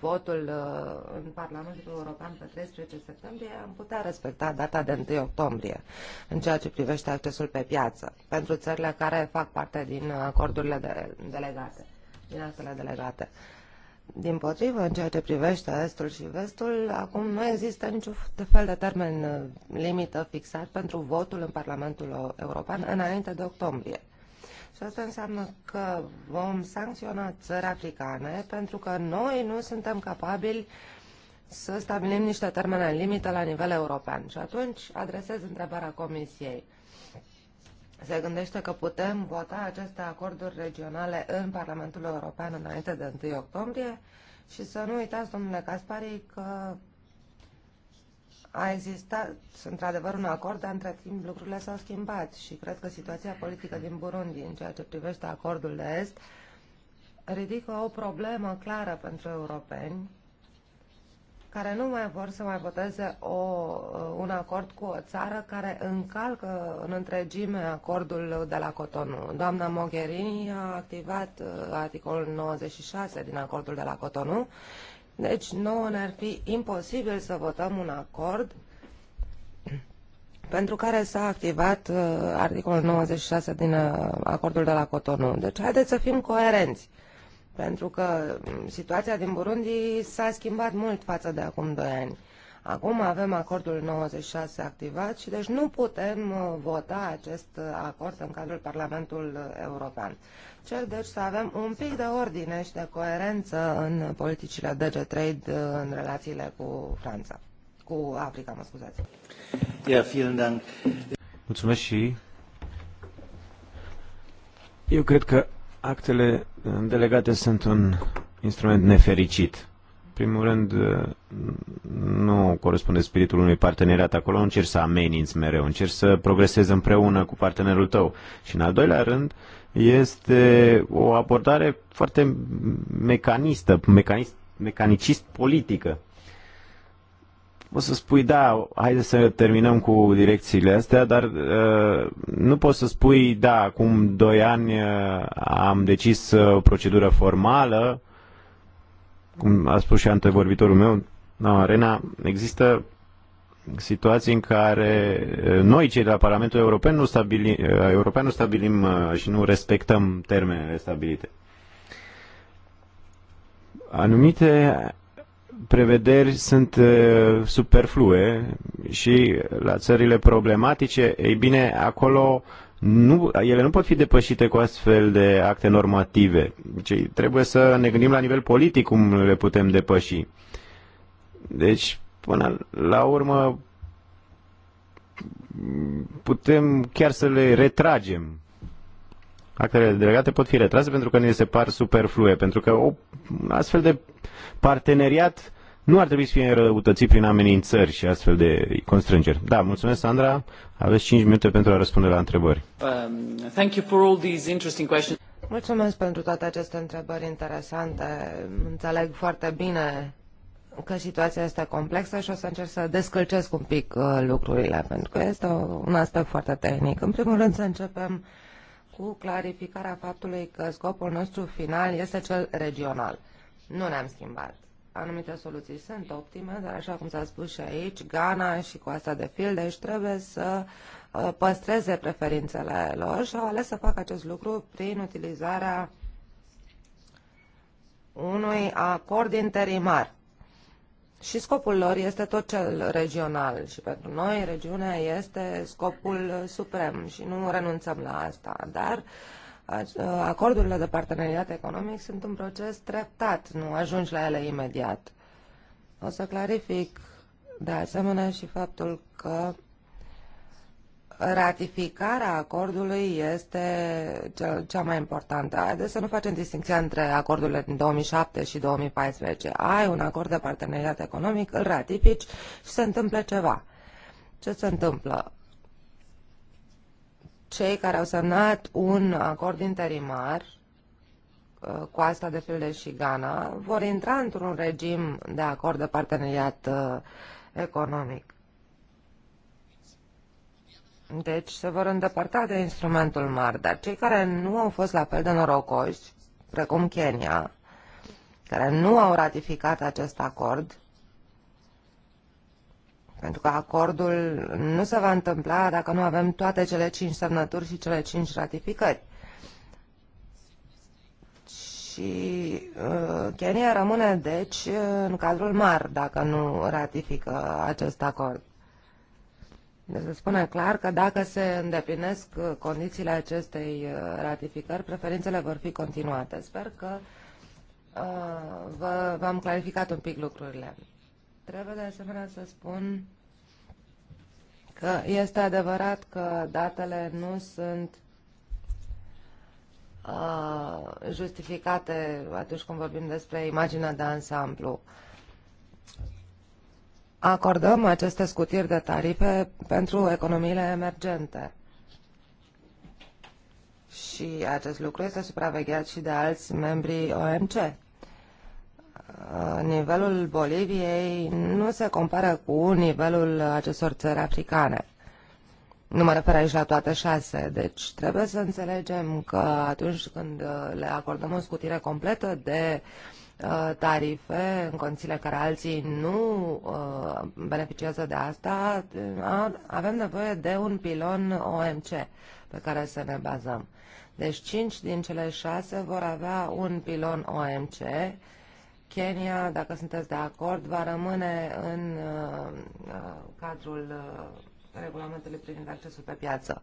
votul uh, în Parlamentul European pe 13 septembrie, am putea respecta data de 1 octombrie în ceea ce privește accesul pe piață pentru țările care fac parte din acordurile de, delegate, din actele delegate. Din potrivă, în ceea ce privește estul și vestul, acum nu există niciun fel de termen limită fixat pentru votul în Parlamentul European înainte de octombrie. Și asta înseamnă că vom sancționa țări africane pentru că noi nu suntem capabili să stabilim niște termene limită la nivel european. Și atunci adresez întrebarea Comisiei. Se gândește că putem vota aceste acorduri regionale în Parlamentul European înainte de 1 octombrie? Și să nu uitați, domnule Caspari, că a existat, într-adevăr, un acord, dar între timp lucrurile s-au schimbat și cred că situația politică din Burundi, în ceea ce privește acordul de est, ridică o problemă clară pentru europeni care nu mai vor să mai voteze o, uh, un acord cu o țară care încalcă în întregime acordul de la Cotonou. Doamna Mogherini a activat uh, articolul 96 din acordul de la Cotonou deci nouă ne-ar fi imposibil să votăm un acord pentru care s-a activat uh, articolul 96 din uh, acordul de la Cotonou. Deci haideți să fim coerenți, pentru că mm, situația din Burundi s-a schimbat mult față de acum 2 ani. Acum avem acordul 96 activat și deci nu putem uh, vota acest uh, acord în cadrul Parlamentului European. Cer deci să avem un pic de ordine și de coerență în politicile DG Trade uh, în relațiile cu Franța, cu Africa, mă scuzați. vielen Dank. Mulțumesc și eu cred că actele delegate sunt un instrument nefericit primul rând, nu corespunde spiritul unui parteneriat. Acolo încerci să ameninți mereu, încerci să progresezi împreună cu partenerul tău. Și în al doilea rând, este o abordare foarte mecanistă, mecanist, mecanicist politică. O să spui, da, haide să terminăm cu direcțiile astea, dar uh, nu poți să spui, da, acum doi ani uh, am decis uh, o procedură formală, cum a spus și antevorbitorul meu, la arena există situații în care noi, cei de la Parlamentul European, nu, stabili, European, nu stabilim și nu respectăm termenele stabilite. Anumite prevederi sunt superflue și la țările problematice, ei bine, acolo nu, ele nu pot fi depășite cu astfel de acte normative, ci deci, trebuie să ne gândim la nivel politic cum le putem depăși. Deci, până la urmă, putem chiar să le retragem. Actele delegate pot fi retrase pentru că ne se par superflue, pentru că o astfel de parteneriat nu ar trebui să fie înrăutățit prin amenințări și astfel de constrângeri. Da, mulțumesc, Sandra. Aveți 5 minute pentru a răspunde la întrebări. Um, thank you for all these interesting questions. Mulțumesc pentru toate aceste întrebări interesante. Înțeleg foarte bine că situația este complexă și o să încerc să descălcesc un pic uh, lucrurile, pentru că este un aspect foarte tehnic. În primul rând să începem cu clarificarea faptului că scopul nostru final este cel regional. Nu ne-am schimbat anumite soluții sunt optime, dar așa cum s-a spus și aici, Ghana și Coasta de Fildeș trebuie să uh, păstreze preferințele lor și au ales să facă acest lucru prin utilizarea unui acord interimar. Și scopul lor este tot cel regional și pentru noi regiunea este scopul suprem și nu renunțăm la asta, dar uh, Ă, acordurile de parteneriat economic sunt un proces treptat, nu ajungi la ele imediat. O să clarific de asemenea și faptul că ratificarea acordului este cea mai importantă. Haideți să nu facem distinția între acordurile din 2007 și 2014. Ai un acord de parteneriat economic, îl ratifici și se întâmplă ceva. Ce se întâmplă? cei care au semnat un acord interimar uh, cu asta de de și Ghana vor intra într-un regim de acord de parteneriat uh, economic. Deci se vor îndepărta de instrumentul mare, dar cei care nu au fost la fel de norocoși, precum Kenya, care nu au ratificat acest acord, pentru că acordul nu se va întâmpla dacă nu avem toate cele cinci semnături și cele cinci ratificări. Și uh, Kenya rămâne, deci, în cadrul mar dacă nu ratifică acest acord. Deci se spune clar că dacă se îndeplinesc uh, condițiile acestei uh, ratificări, preferințele vor fi continuate. Continuate. Sper că uh, v-am clarificat un pic lucrurile. Trebuie de asemenea să spun că este adevărat că datele nu sunt uh, justificate atunci când vorbim despre imaginea de ansamblu. Acordăm aceste scutiri de tarife pentru economiile emergente. Și acest lucru este supravegheat și de alți membrii OMC nivelul Boliviei nu se compară cu nivelul acestor țări africane. Nu mă refer aici la toate șase, deci trebuie să înțelegem că atunci când uh, le acordăm o scutire completă de uh, tarife în condițiile care alții nu uh, beneficiază de asta, avem nevoie de un pilon OMC pe care să ne bazăm. Deci 5 din cele 6 vor avea un pilon OMC Kenya, dacă sunteți de acord, va rămâne în uh, uh, cadrul uh, regulamentului privind accesul pe piață.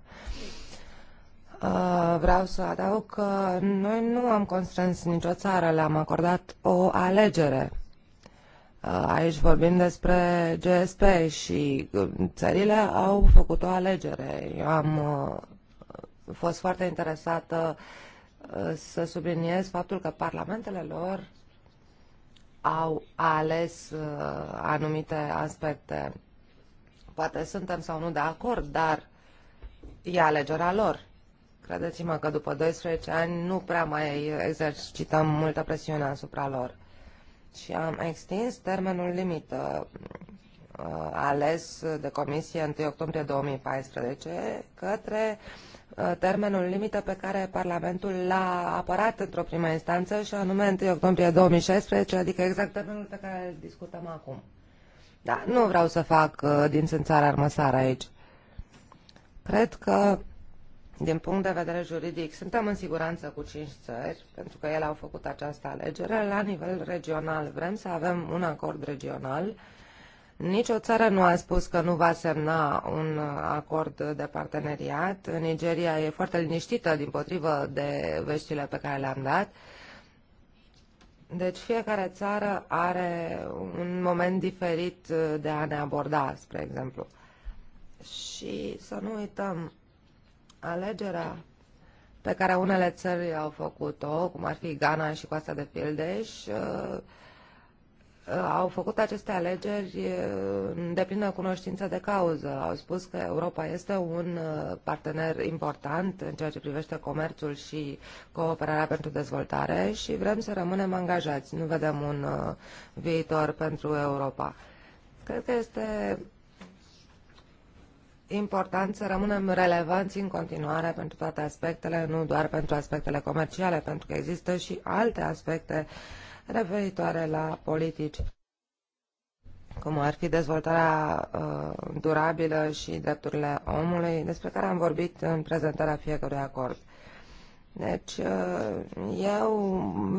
Vreau să adaug că noi nu am constrâns nicio țară, le-am acordat o alegere. Aici vorbim despre GSP și țările au făcut o alegere. Eu am fost foarte interesată să subliniez faptul că parlamentele lor au ales uh, anumite aspecte. Poate suntem sau nu de acord, dar e alegerea lor. Credeți-mă că după 12 ani nu prea mai exercităm multă presiune asupra lor. Și am extins termenul limită uh, uh, ales de comisie 1 octombrie 2014 către Uh, termenul limită pe care Parlamentul l-a apărat într-o primă instanță și anume 1 octombrie 2016, adică exact termenul pe care îl discutăm acum. Da, nu vreau să fac uh, din țânțara armăsar aici. Cred că, din punct de vedere juridic, suntem în siguranță cu cinci țări, pentru că ele au făcut această alegere. La nivel regional vrem să avem un acord regional Nicio țară nu a spus că nu va semna un acord de parteneriat. Nigeria e foarte liniștită, din potrivă, de veștile pe care le-am dat. Deci fiecare țară are un moment diferit de a ne aborda, spre exemplu. Și să nu uităm, alegerea pe care unele țări au făcut-o, cum ar fi Ghana și Coasta de Fildeș, uh, Uh, au făcut aceste alegeri uh, în deplină cunoștință de cauză. Au spus că Europa este un uh, partener important în ceea ce privește comerțul și cooperarea pentru dezvoltare și vrem să rămânem angajați. Nu vedem un viitor pentru Europa. Cred că este important să rămânem relevanți în continuare pentru toate aspectele, nu doar pentru aspectele comerciale, pentru că există și alte aspecte uh, referitoare la politici cum ar fi dezvoltarea uh, durabilă și drepturile omului, despre care am vorbit în prezentarea fiecărui acord. Deci, uh, eu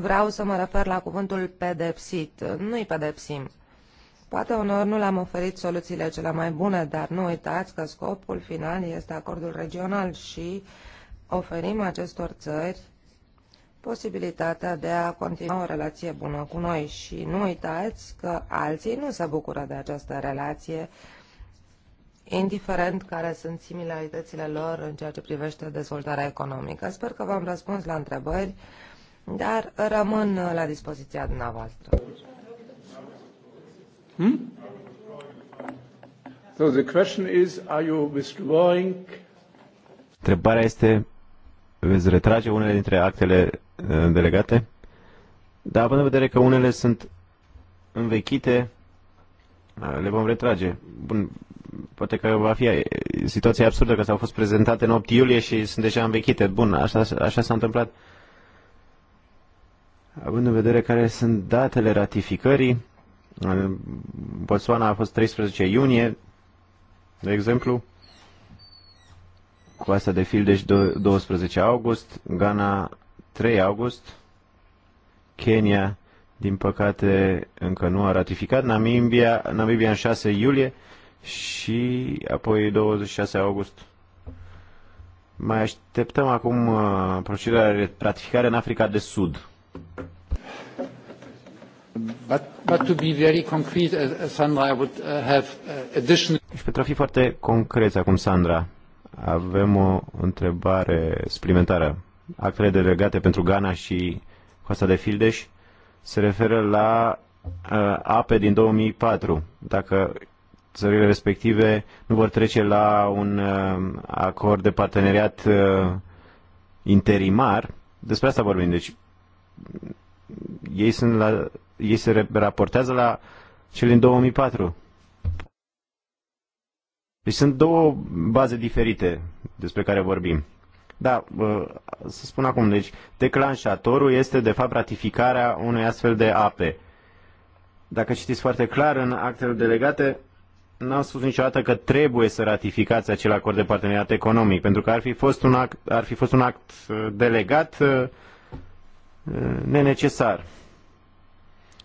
vreau să mă refer la cuvântul pedepsit. Nu-i pedepsim. Poate unor nu le-am oferit soluțiile cele mai bune, dar nu uitați că scopul final este acordul regional și oferim acestor țări posibilitatea de a continua o relație bună cu noi și nu uitați că alții nu se bucură de această relație, indiferent care sunt similaritățile lor în ceea ce privește dezvoltarea economică. Sper că v-am răspuns la întrebări, dar rămân la dispoziția dumneavoastră. Hmm? So the question is, are you withdrawing Întrebarea este, veți retrage unele dintre actele uh, delegate? Dar având în vedere că unele sunt învechite, uh, le vom retrage. Bun, poate că va fi situația absurdă că s-au fost prezentate în 8 iulie și sunt deja învechite. Bun, așa, așa s-a întâmplat. Având în vedere care sunt datele ratificării, uh, Botswana a fost 13 iunie, de exemplu, asta de Fildeș deci 12 august, Ghana 3 august, Kenya din păcate încă nu a ratificat, Namibia, Namibia în 6 iulie și apoi 26 august. Mai așteptăm acum uh, procedura de ratificare în Africa de Sud. But, but to be very concrete, uh, Sandra, I would uh, have uh, additional... Și deci pentru a fi foarte concret acum, Sandra, avem o întrebare suplimentară. Actele delegate pentru Ghana și Coasta de Fildeș se referă la uh, ape din 2004. Dacă țările respective nu vor trece la un uh, acord de parteneriat uh, interimar, despre asta vorbim. Deci ei, sunt la, ei se raportează la cel din 2004. Deci sunt două baze diferite despre care vorbim. Da, să spun acum, deci declanșatorul este de fapt ratificarea unei astfel de ape. Dacă citiți foarte clar în actele delegate, n-am spus niciodată că trebuie să ratificați acel acord de parteneriat economic, pentru că ar fi fost un act, ar fi fost un act uh, delegat uh, nenecesar.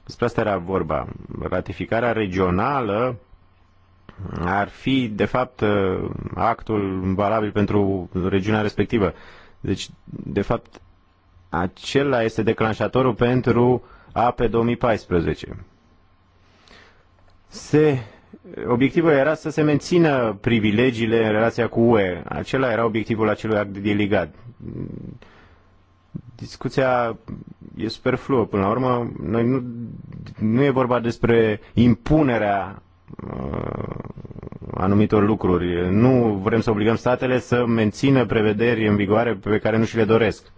Despre asta era vorba. Ratificarea regională ar fi, de fapt, uh, actul valabil pentru regiunea respectivă. Deci, de fapt, acela este declanșatorul pentru AP 2014. Se, obiectivul era să se mențină privilegiile în relația cu UE. Acela era obiectivul acelui act delegat. Discuția e superfluă. Până la urmă, noi nu, nu e vorba despre impunerea Uh, anumitor lucruri. Nu vrem să obligăm statele să mențină prevederi în vigoare pe care nu și le doresc.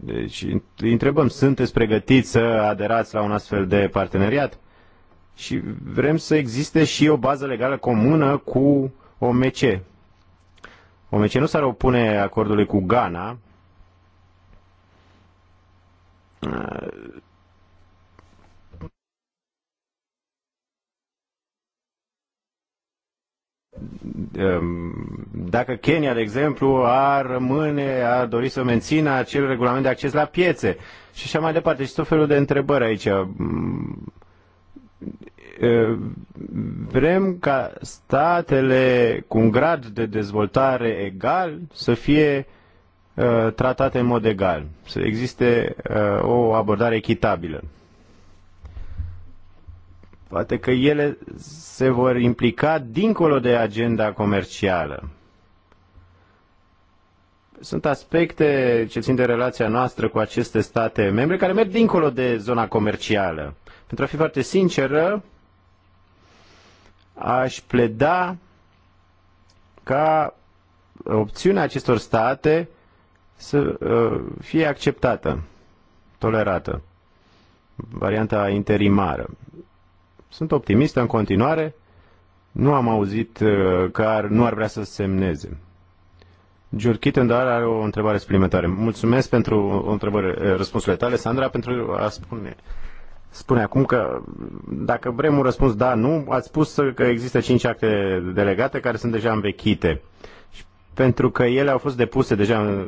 Deci îi întrebăm, sunteți pregătiți să aderați la un astfel de parteneriat? Și vrem să existe și o bază legală comună cu OMC. OMC nu s-ar opune acordului cu Ghana, Ehm, dacă Kenya, de exemplu, ar rămâne, ar dori să mențină acel regulament de acces la piețe și așa mai departe. Și tot felul de întrebări aici. Ehm, vrem ca statele cu un grad de dezvoltare egal să fie eh, tratate în mod egal, să existe eh, o abordare echitabilă. Poate că ele se vor implica dincolo de agenda comercială. Sunt aspecte ce țin de relația noastră cu aceste state membre care merg dincolo de zona comercială. Pentru a fi foarte sinceră, aș pleda ca opțiunea acestor state să uh, fie acceptată, tolerată, varianta interimară. Sunt optimist. în continuare. Nu am auzit uh, că ar, nu ar vrea să semneze. Giurchiten, dar are o întrebare suplimentară. Mulțumesc pentru o întrebare, uh, răspunsurile tale, Sandra, pentru a spune, spune acum că dacă vrem un răspuns da, nu, ați spus că există cinci acte delegate care sunt deja învechite. Și pentru că ele au fost depuse deja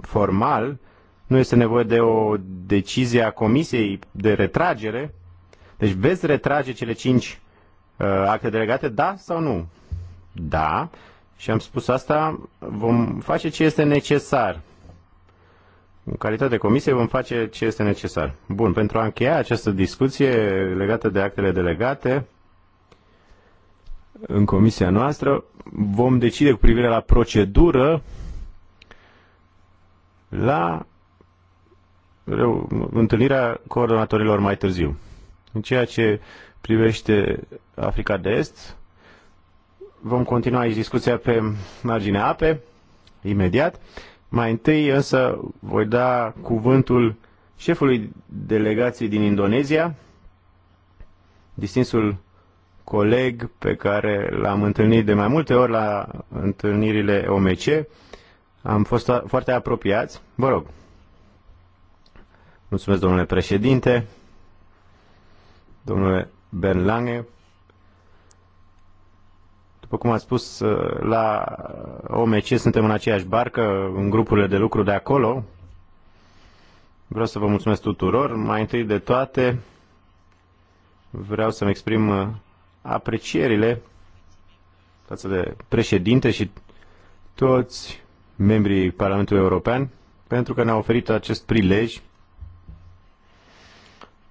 formal, nu este nevoie de o decizie a Comisiei de retragere, deci veți retrage cele cinci uh, acte delegate, da sau nu? Da. Și am spus asta, vom face ce este necesar. În calitate de comisie vom face ce este necesar. Bun, pentru a încheia această discuție legată de actele delegate, în comisia noastră vom decide cu privire la procedură la întâlnirea coordonatorilor mai târziu. În ceea ce privește Africa de Est, vom continua aici discuția pe marginea ape, imediat. Mai întâi însă voi da cuvântul șefului delegației din Indonezia, distinsul coleg pe care l-am întâlnit de mai multe ori la întâlnirile OMC. Am fost foarte apropiați. Vă rog. Mulțumesc, domnule președinte domnule Ben Lange. După cum a spus, uh, la OMC suntem în aceeași barcă, în grupurile de lucru de acolo. Vreau să vă mulțumesc tuturor. Mai întâi de toate, vreau să-mi exprim uh, aprecierile față de președinte și toți membrii Parlamentului European pentru că ne-au oferit acest prilej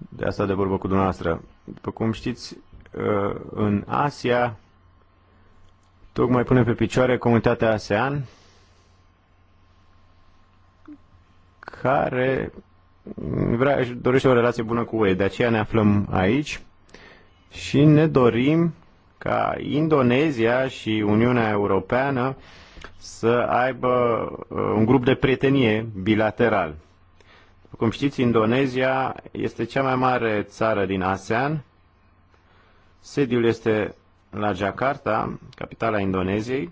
de asta de vorbă cu dumneavoastră. După cum știți, uh, în Asia tocmai punem pe picioare comunitatea ASEAN care vrea, dorește o relație bună cu UE. De aceea ne aflăm aici și ne dorim ca Indonezia și Uniunea Europeană să aibă uh, un grup de prietenie bilateral cum știți, Indonezia este cea mai mare țară din ASEAN. Sediul este la Jakarta, capitala Indoneziei.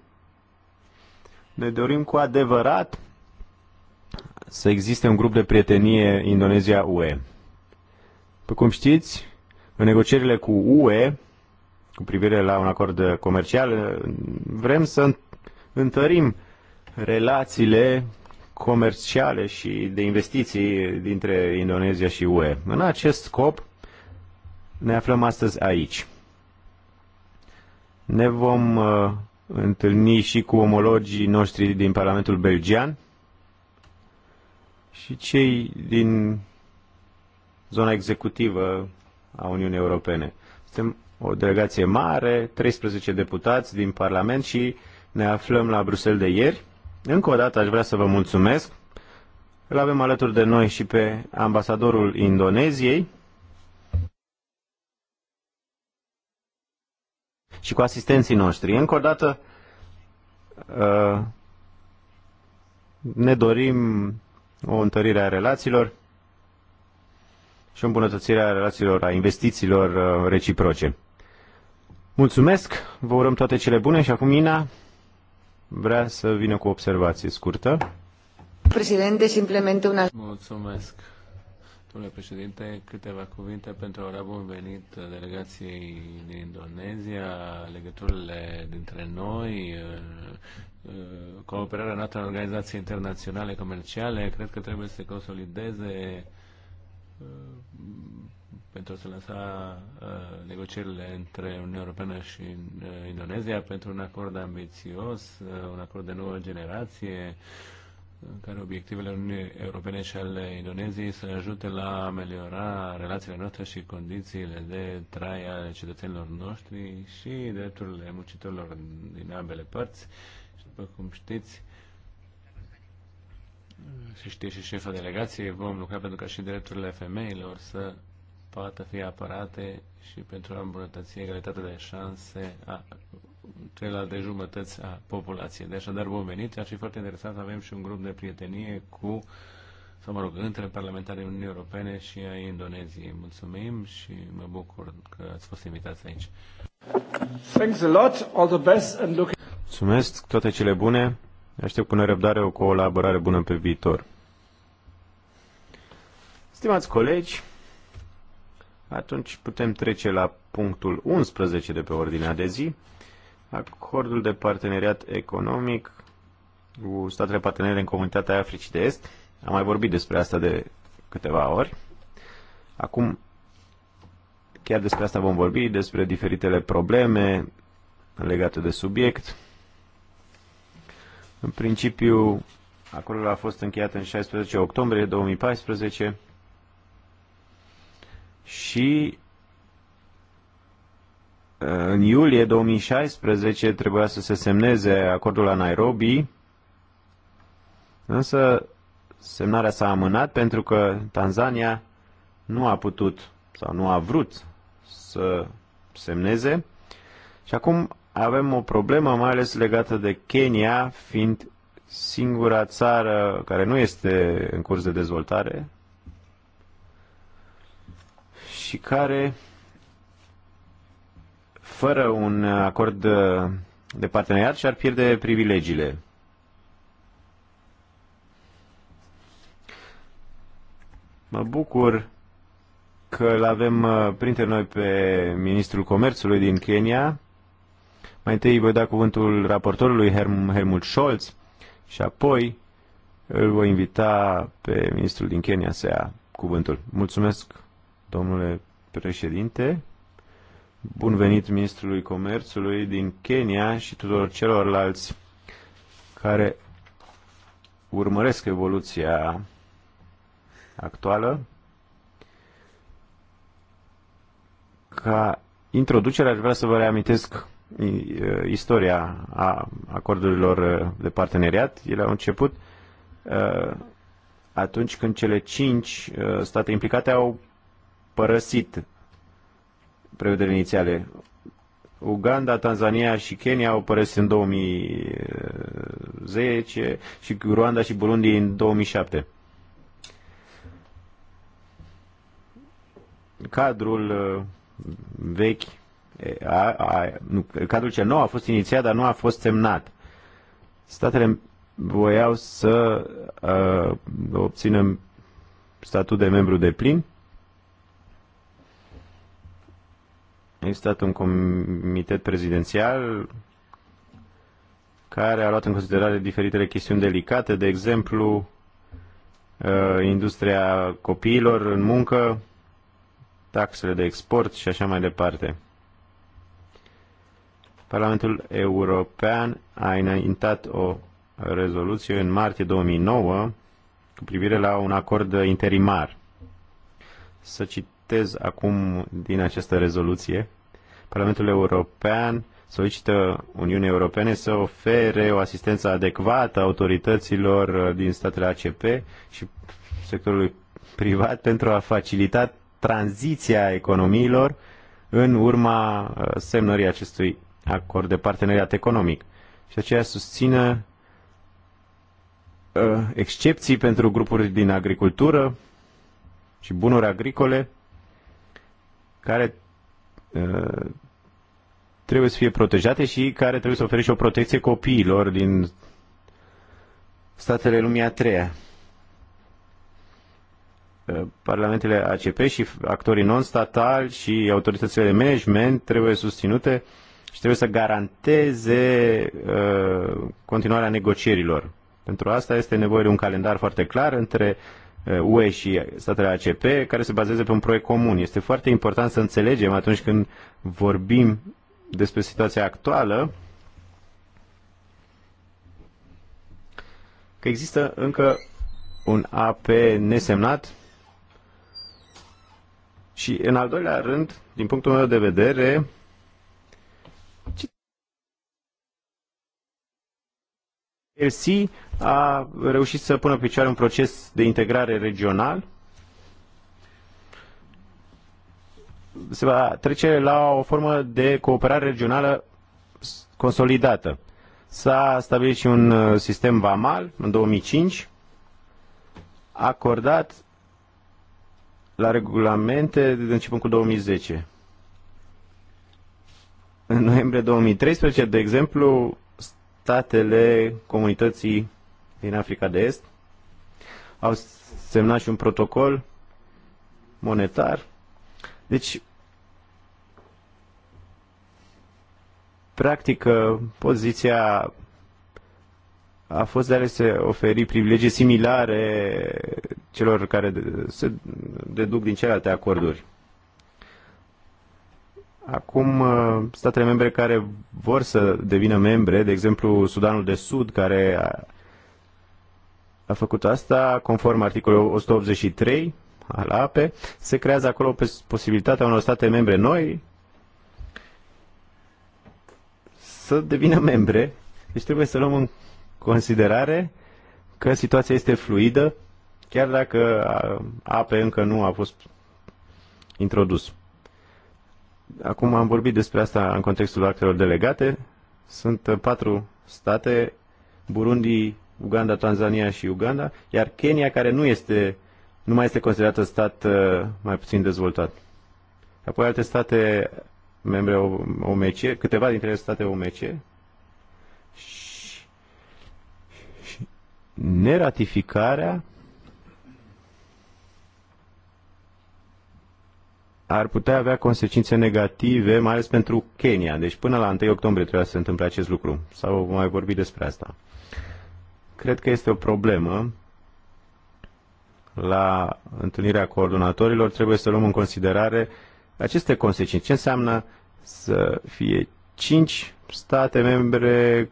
Ne dorim cu adevărat să existe un grup de prietenie Indonezia-UE. După cum știți, în negocierile cu UE, cu privire la un acord comercial, vrem să întărim relațiile comerciale și de investiții dintre Indonezia și UE. În acest scop ne aflăm astăzi aici. Ne vom uh, întâlni și cu omologii noștri din Parlamentul Belgian și cei din zona executivă a Uniunii Europene. Suntem o delegație mare, 13 deputați din Parlament și ne aflăm la Bruxelles de ieri încă o dată aș vrea să vă mulțumesc. Îl avem alături de noi și pe ambasadorul Indoneziei și cu asistenții noștri. Încă o dată uh, ne dorim o întărire a relațiilor și o îmbunătățire a relațiilor, a investițiilor uh, reciproce. Mulțumesc, vă urăm toate cele bune și acum Ina vrea să vină cu o observație scurtă. Președinte, simplemente una... Mulțumesc. Domnule președinte, câteva cuvinte pentru a ora bun venit delegației din Indonezia, legăturile dintre noi, eh, cooperarea noastră în organizații internaționale comerciale, cred că trebuie să se consolideze eh, pentru a se lansa uh, negocierile între Uniunea Europeană și uh, Indonezia pentru un acord ambițios, uh, un acord de nouă generație, în care obiectivele Uniunii Europene și ale Indoneziei să ajute la ameliora relațiile noastre și condițiile de trai ale cetățenilor noștri și drepturile muncitorilor din ambele părți. Și după cum știți, și știe și șefa delegației, vom lucra pentru ca și drepturile femeilor să poată fi apărate și pentru a îmbunătăți egalitatea de șanse a celelalte jumătăți a populației. Deci, dar bun venit, ar fi foarte interesant să avem și un grup de prietenie cu, sau mă rog, între parlamentarii Uniunii Europene și ai Indoneziei. Mulțumim și mă bucur că ați fost invitați aici. Thanks a lot, all the best and look... Mulțumesc, toate cele bune. Aștept cu nerăbdare o colaborare bună pe viitor. Stimați colegi, atunci putem trece la punctul 11 de pe ordinea de zi, acordul de parteneriat economic cu statele partenere în comunitatea Africii de Est. Am mai vorbit despre asta de câteva ori. Acum, chiar despre asta vom vorbi, despre diferitele probleme legate de subiect. În principiu, acordul a fost încheiat în 16 octombrie 2014 și uh, în iulie 2016 trebuia să se semneze acordul la Nairobi, însă semnarea s-a amânat pentru că Tanzania nu a putut sau nu a vrut să semneze și acum avem o problemă mai ales legată de Kenya, fiind singura țară care nu este în curs de dezvoltare și care, fără un acord uh, de parteneriat, și-ar pierde privilegiile. Mă bucur că îl avem uh, printre noi pe Ministrul Comerțului din Kenya. Mai întâi voi da cuvântul raportorului Herm Helmut Scholz și apoi îl voi invita pe Ministrul din Kenya să ia cuvântul. Mulțumesc domnule președinte. Bun venit ministrului comerțului din Kenya și tuturor celorlalți care urmăresc evoluția actuală. Ca introducere aș vrea să vă reamintesc uh, istoria a acordurilor uh, de parteneriat. Ele au început uh, atunci când cele cinci state implicate au părăsit prevederile inițiale. Uganda, Tanzania și Kenya au părăsit în 2010 și Rwanda și Burundi în 2007. Cadrul uh, vechi, a, a, nu, cadrul cel nou a fost inițiat, dar nu a fost semnat. Statele voiau să a, uh, obțină statut de membru de plin A existat un comitet prezidențial care a luat în considerare diferitele chestiuni delicate, de exemplu, uh, industria copiilor în muncă, taxele de export și așa mai departe. Parlamentul European a înaintat o rezoluție în martie 2009 cu privire la un acord interimar. Să citesc citez acum din această rezoluție. Parlamentul European solicită Uniunii Europene să ofere o asistență adecvată autorităților din statele ACP și sectorului privat pentru a facilita tranziția economiilor în urma uh, semnării acestui acord de parteneriat economic. Și aceea susțină uh, excepții pentru grupuri din agricultură și bunuri agricole care uh, trebuie să fie protejate și care trebuie să ofere și o protecție copiilor din statele lumii a treia. Uh, parlamentele ACP și actorii non-statali și autoritățile de management trebuie susținute și trebuie să garanteze uh, continuarea negocierilor. Pentru asta este nevoie de un calendar foarte clar între uh, UE uh, și statele ACP, care se bazează pe un proiect comun. Este foarte important să înțelegem atunci când vorbim despre situația actuală, că există încă un AP nesemnat și, în al doilea rând, din punctul meu de vedere, ERC a reușit să pună picioare un proces de integrare regional. Se va trece la o formă de cooperare regională consolidată. S-a stabilit și un uh, sistem VAMAL în 2005, acordat la regulamente de începând cu 2010. În noiembrie 2013, de exemplu, statele comunității din Africa de Est au semnat și un protocol monetar. Deci, practic, poziția a fost de ales să oferi privilegii similare celor care se deduc din celelalte acorduri. Acum, uh, statele membre care vor să devină membre, de exemplu Sudanul de Sud, care a, a făcut asta conform articolului 183 al APE, se creează acolo posibilitatea unor state membre noi să devină membre. Deci trebuie să luăm în considerare că situația este fluidă, chiar dacă uh, APE încă nu a fost introdus. Acum am vorbit despre asta în contextul actelor delegate. Sunt uh, patru state, Burundi, Uganda, Tanzania și Uganda, iar Kenya, care nu, este, nu mai este considerată stat uh, mai puțin dezvoltat. Apoi alte state membre OMC, câteva dintre state OMC, și neratificarea ar putea avea consecințe negative, mai ales pentru Kenya. Deci până la 1 octombrie trebuia să se întâmple acest lucru. Sau mai vorbi despre asta. Cred că este o problemă. La întâlnirea coordonatorilor trebuie să luăm în considerare aceste consecințe. Ce înseamnă să fie 5 state membre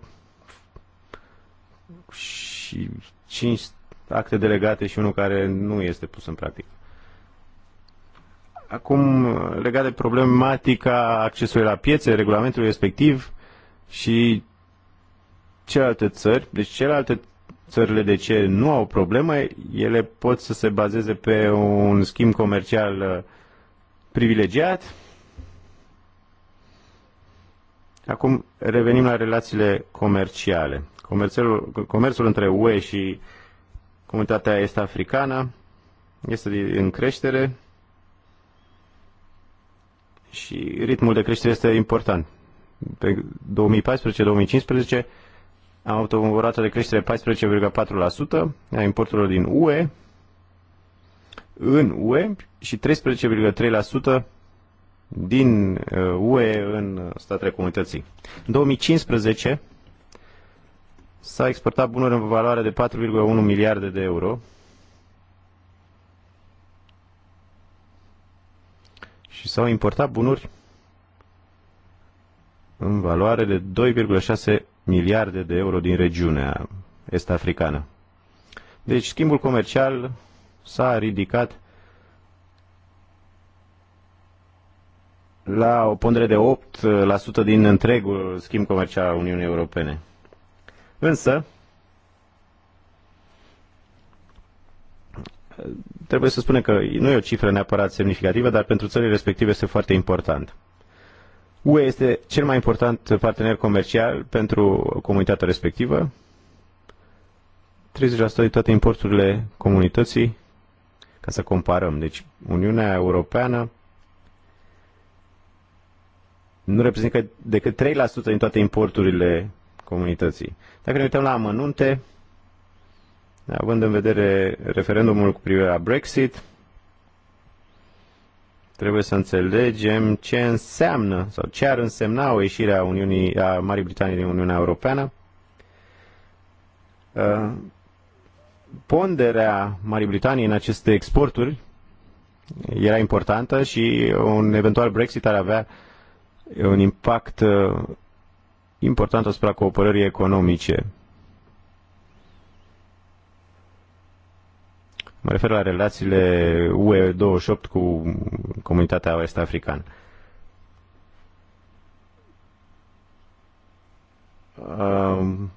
și 5 acte delegate și unul care nu este pus în practică. Acum, uh, legat de problematica accesului la piețe, regulamentul respectiv și celelalte țări, deci celelalte țările de ce nu au probleme, ele pot să se bazeze pe un schimb comercial uh, privilegiat. Acum revenim la relațiile comerciale. Comerțul, comerțul între UE și comunitatea est africană este în creștere și ritmul de creștere este important. Pe 2014-2015 am avut o rată de creștere 14,4% a importurilor din UE în UE și 13,3% din UE uh, în statele comunității. În 2015 s-a exportat bunuri în valoare de 4,1 miliarde de euro, și s-au importat bunuri în valoare de 2,6 miliarde de euro din regiunea est-africană. Deci schimbul comercial s-a ridicat la o pondere de 8% din întregul schimb comercial al Uniunii Europene. Însă, trebuie să spunem că nu e o cifră neapărat semnificativă, dar pentru țările respective este foarte important. UE este cel mai important partener comercial pentru comunitatea respectivă. 30% din toate importurile comunității, ca să comparăm. Deci Uniunea Europeană nu reprezintă decât 3% din toate importurile comunității. Dacă ne uităm la amănunte, având în vedere referendumul cu privire la Brexit, trebuie să înțelegem ce înseamnă sau ce ar însemna o ieșire a, Uniunii, a Marii Britanii din Uniunea Europeană. Uh, ponderea Marii Britanii în aceste exporturi era importantă și un eventual Brexit ar avea un impact uh, important asupra cooperării economice Mă refer la relațiile UE28 cu comunitatea West-Africană. Um,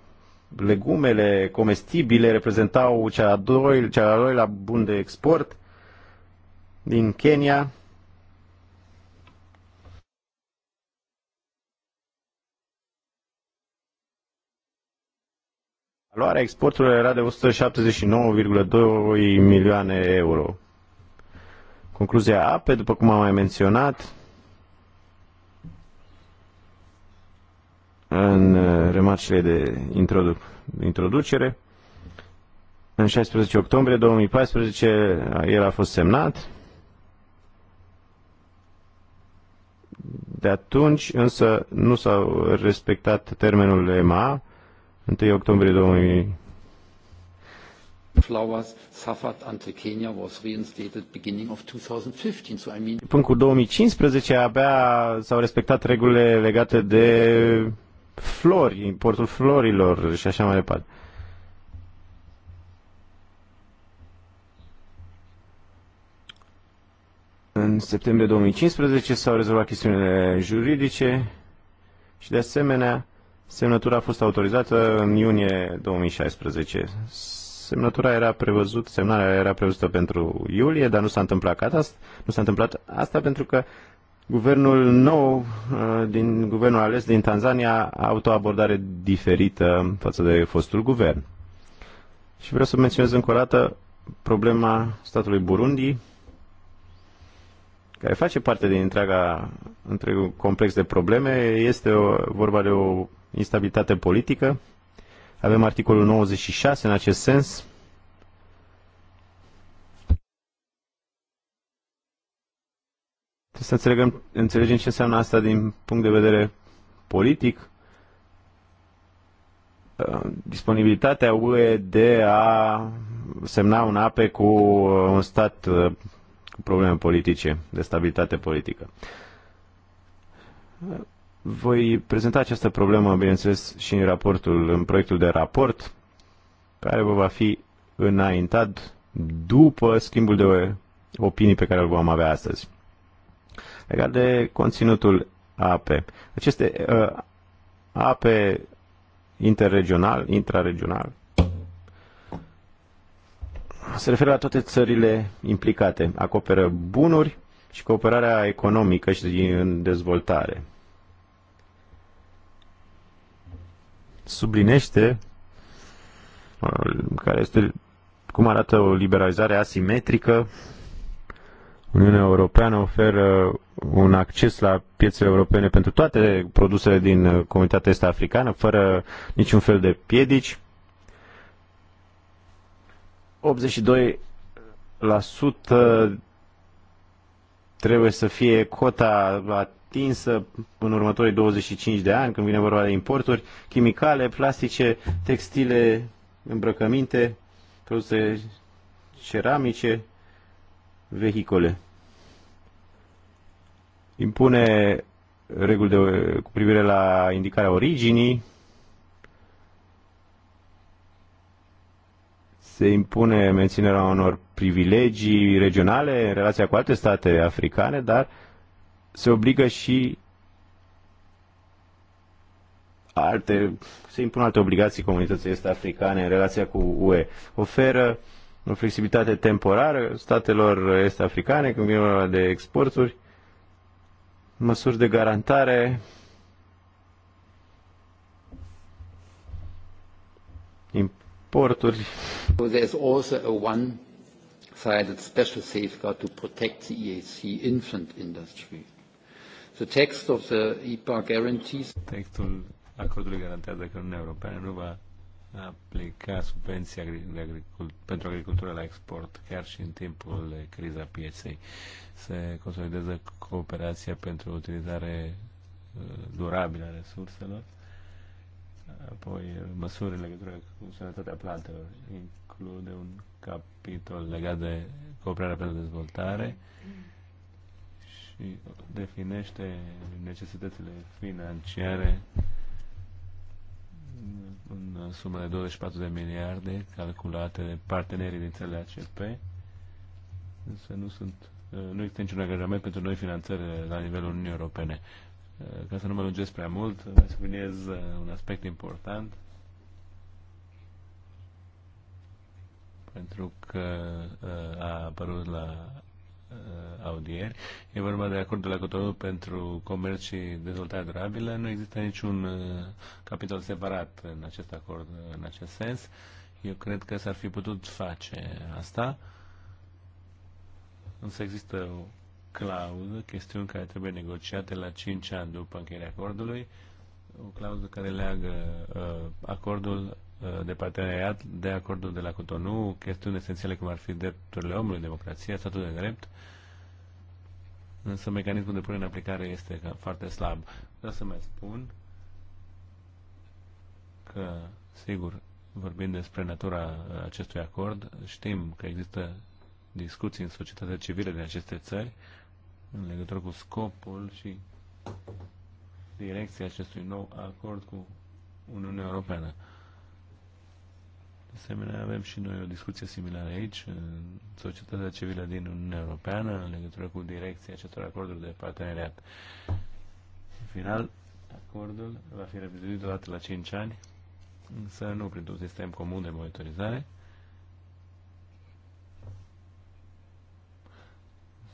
legumele comestibile reprezentau cea a cea a doilea bun de export din Kenya Valoarea exporturilor era de 179,2 milioane euro. Concluzia APE, după cum am mai menționat, în uh, remarcile de introdu introducere, în 16 octombrie 2014 el a fost semnat. De atunci însă nu s-a respectat termenul EMA 1 octombrie 2000. Flowers suffered until Kenya was reinstated beginning of 2015. So I mean... Până cu 2015 abia s-au respectat regulile legate de flori, importul florilor și așa mai departe. În septembrie 2015 s-au rezolvat chestiunile juridice și de asemenea Semnătura a fost autorizată în iunie 2016. Semnătura era prevăzut, semnarea era prevăzută pentru iulie, dar nu s-a întâmplat asta. Nu s-a întâmplat asta pentru că guvernul nou, uh, din guvernul ales din Tanzania, a avut o abordare diferită față de fostul guvern. Și vreau să menționez încă o dată problema statului Burundi, care face parte din întreaga, întregul complex de probleme. Este o, vorba de o instabilitate politică. Avem articolul 96 în acest sens. Trebuie să înțelegem, înțelegem ce înseamnă asta din punct de vedere politic. Uh, disponibilitatea UE de a semna un APE cu uh, un stat uh, cu probleme politice, de stabilitate politică. Voi prezenta această problemă, bineînțeles, și în raportul, în proiectul de raport, care vă va fi înaintat după schimbul de opinii pe care îl vom avea astăzi. Legat de conținutul AP. Aceste uh, ape interregional, intraregional, se referă la toate țările implicate. Acoperă bunuri și cooperarea economică și în dezvoltare. sublinește care este cum arată o liberalizare asimetrică. Uniunea Europeană oferă un acces la piețele europene pentru toate produsele din comunitatea este africană, fără niciun fel de piedici. 82% trebuie să fie cota întinsă în următorii 25 de ani, când vine vorba de importuri, chimicale, plastice, textile, îmbrăcăminte, produse ceramice, vehicole. Impune reguli de, cu privire la indicarea originii, se impune menținerea unor privilegii regionale în relația cu alte state africane, dar se obligă și alte, se impun alte obligații comunității este africane în relația cu UE. Oferă o flexibilitate temporară statelor este africane când vine vorba de exporturi, măsuri de garantare, importuri. So there's also a one-sided special safeguard to protect the EAC infant industry. The text of the guarantees... Textul acordului garantează că Uniunea Europeană nu va aplica subvenții pentru agricultura la export, chiar și în timpul criza pieței. Se consolidează cooperația pentru utilizare uh, durabilă a resurselor, apoi măsuri în legătură cu sănătatea plantelor, include un capitol legat de cooperarea pentru dezvoltare, și definește necesitățile financiare în sumă de 24 de miliarde calculate de partenerii din țările ACP, însă nu sunt nu există niciun angajament pentru noi finanțări la nivelul Uniunii Europene. Ca să nu mă lungesc prea mult, mai subliniez un aspect important pentru că uh, a apărut la Uh, audieri. E vorba de acordul la Cotonou pentru comerț și dezvoltare durabilă. Nu există niciun uh, capitol separat în acest acord, uh, în acest sens. Eu cred că s-ar fi putut face asta. Însă există o clauză, chestiuni care trebuie negociate la 5 ani după încheierea acordului, o clauză care leagă uh, acordul Uh, de parteneriat de acordul de la Cotonou, chestiuni esențiale cum ar fi drepturile omului, democrația, statul de drept, însă mecanismul de punere în aplicare este foarte slab. Vreau să mai spun că, sigur, vorbind despre natura acestui acord, știm că există discuții în societatea civilă din aceste țări în legătură cu scopul și direcția acestui nou acord cu Uniunea Europeană. De asemenea, avem și noi o discuție similară aici, în societatea civilă din Uniunea Europeană, în legătură cu direcția acestor acorduri de parteneriat. În final, acordul va fi revizuit odată la 5 ani, însă nu printr-un sistem comun de monitorizare.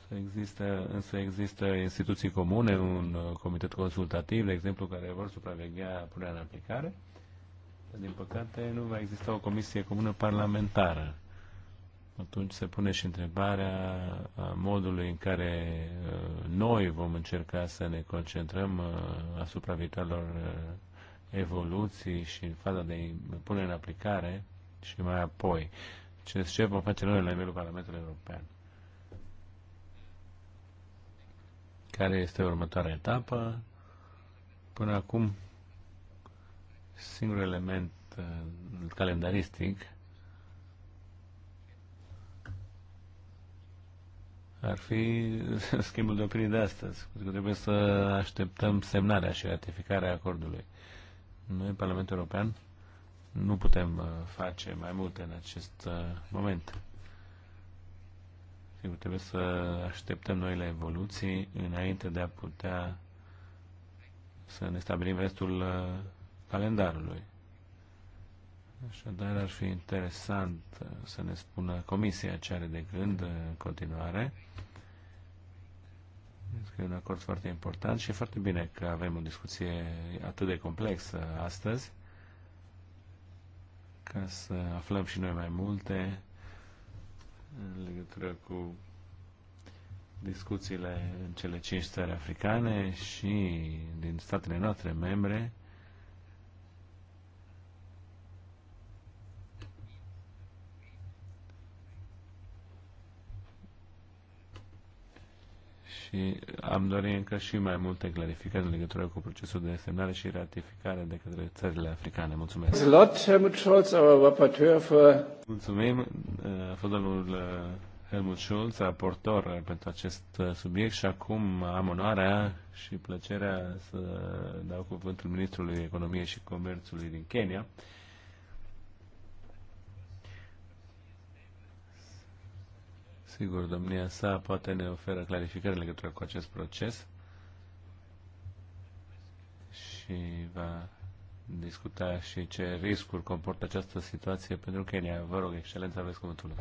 Însă există, însă există instituții comune, un uh, comitet consultativ, de exemplu, care vor supraveghea punerea în aplicare din păcate, nu va exista o comisie comună parlamentară. Atunci se pune și întrebarea modului în care uh, noi vom încerca să ne concentrăm uh, asupra viitoarelor uh, evoluții și în faza de pune în aplicare și mai apoi ce, ce vom face noi la nivelul Parlamentului European. Care este următoarea etapă? Până acum singurul element uh, calendaristic ar fi schimbul de opinii de astăzi, pentru că trebuie să așteptăm semnarea și ratificarea acordului. Noi, Parlamentul European, nu putem uh, face mai multe în acest uh, moment. Sigur, trebuie să așteptăm noile evoluții înainte de a putea să ne stabilim restul calendarului. Așadar, ar fi interesant uh, să ne spună Comisia ce are de gând uh, în continuare. Este un acord foarte important și e foarte bine că avem o discuție atât de complexă astăzi ca să aflăm și noi mai multe în legătură cu discuțiile în cele cinci țări africane și din statele noastre membre și am dorit încă și mai multe clarificări în legătură cu procesul de semnare și ratificare de către țările africane. Mulțumesc! Mulțumim! Uh, a fost domnul uh, Helmut Schulz, raportor pentru acest uh, subiect și acum am onoarea și plăcerea să dau cuvântul Ministrului Economiei și Comerțului din Kenya, Sigur, domnia sa poate ne oferă clarificări în legătură cu acest proces și va discuta și ce riscuri comportă această situație pentru Kenya. Vă rog, excelență, aveți cuvântul.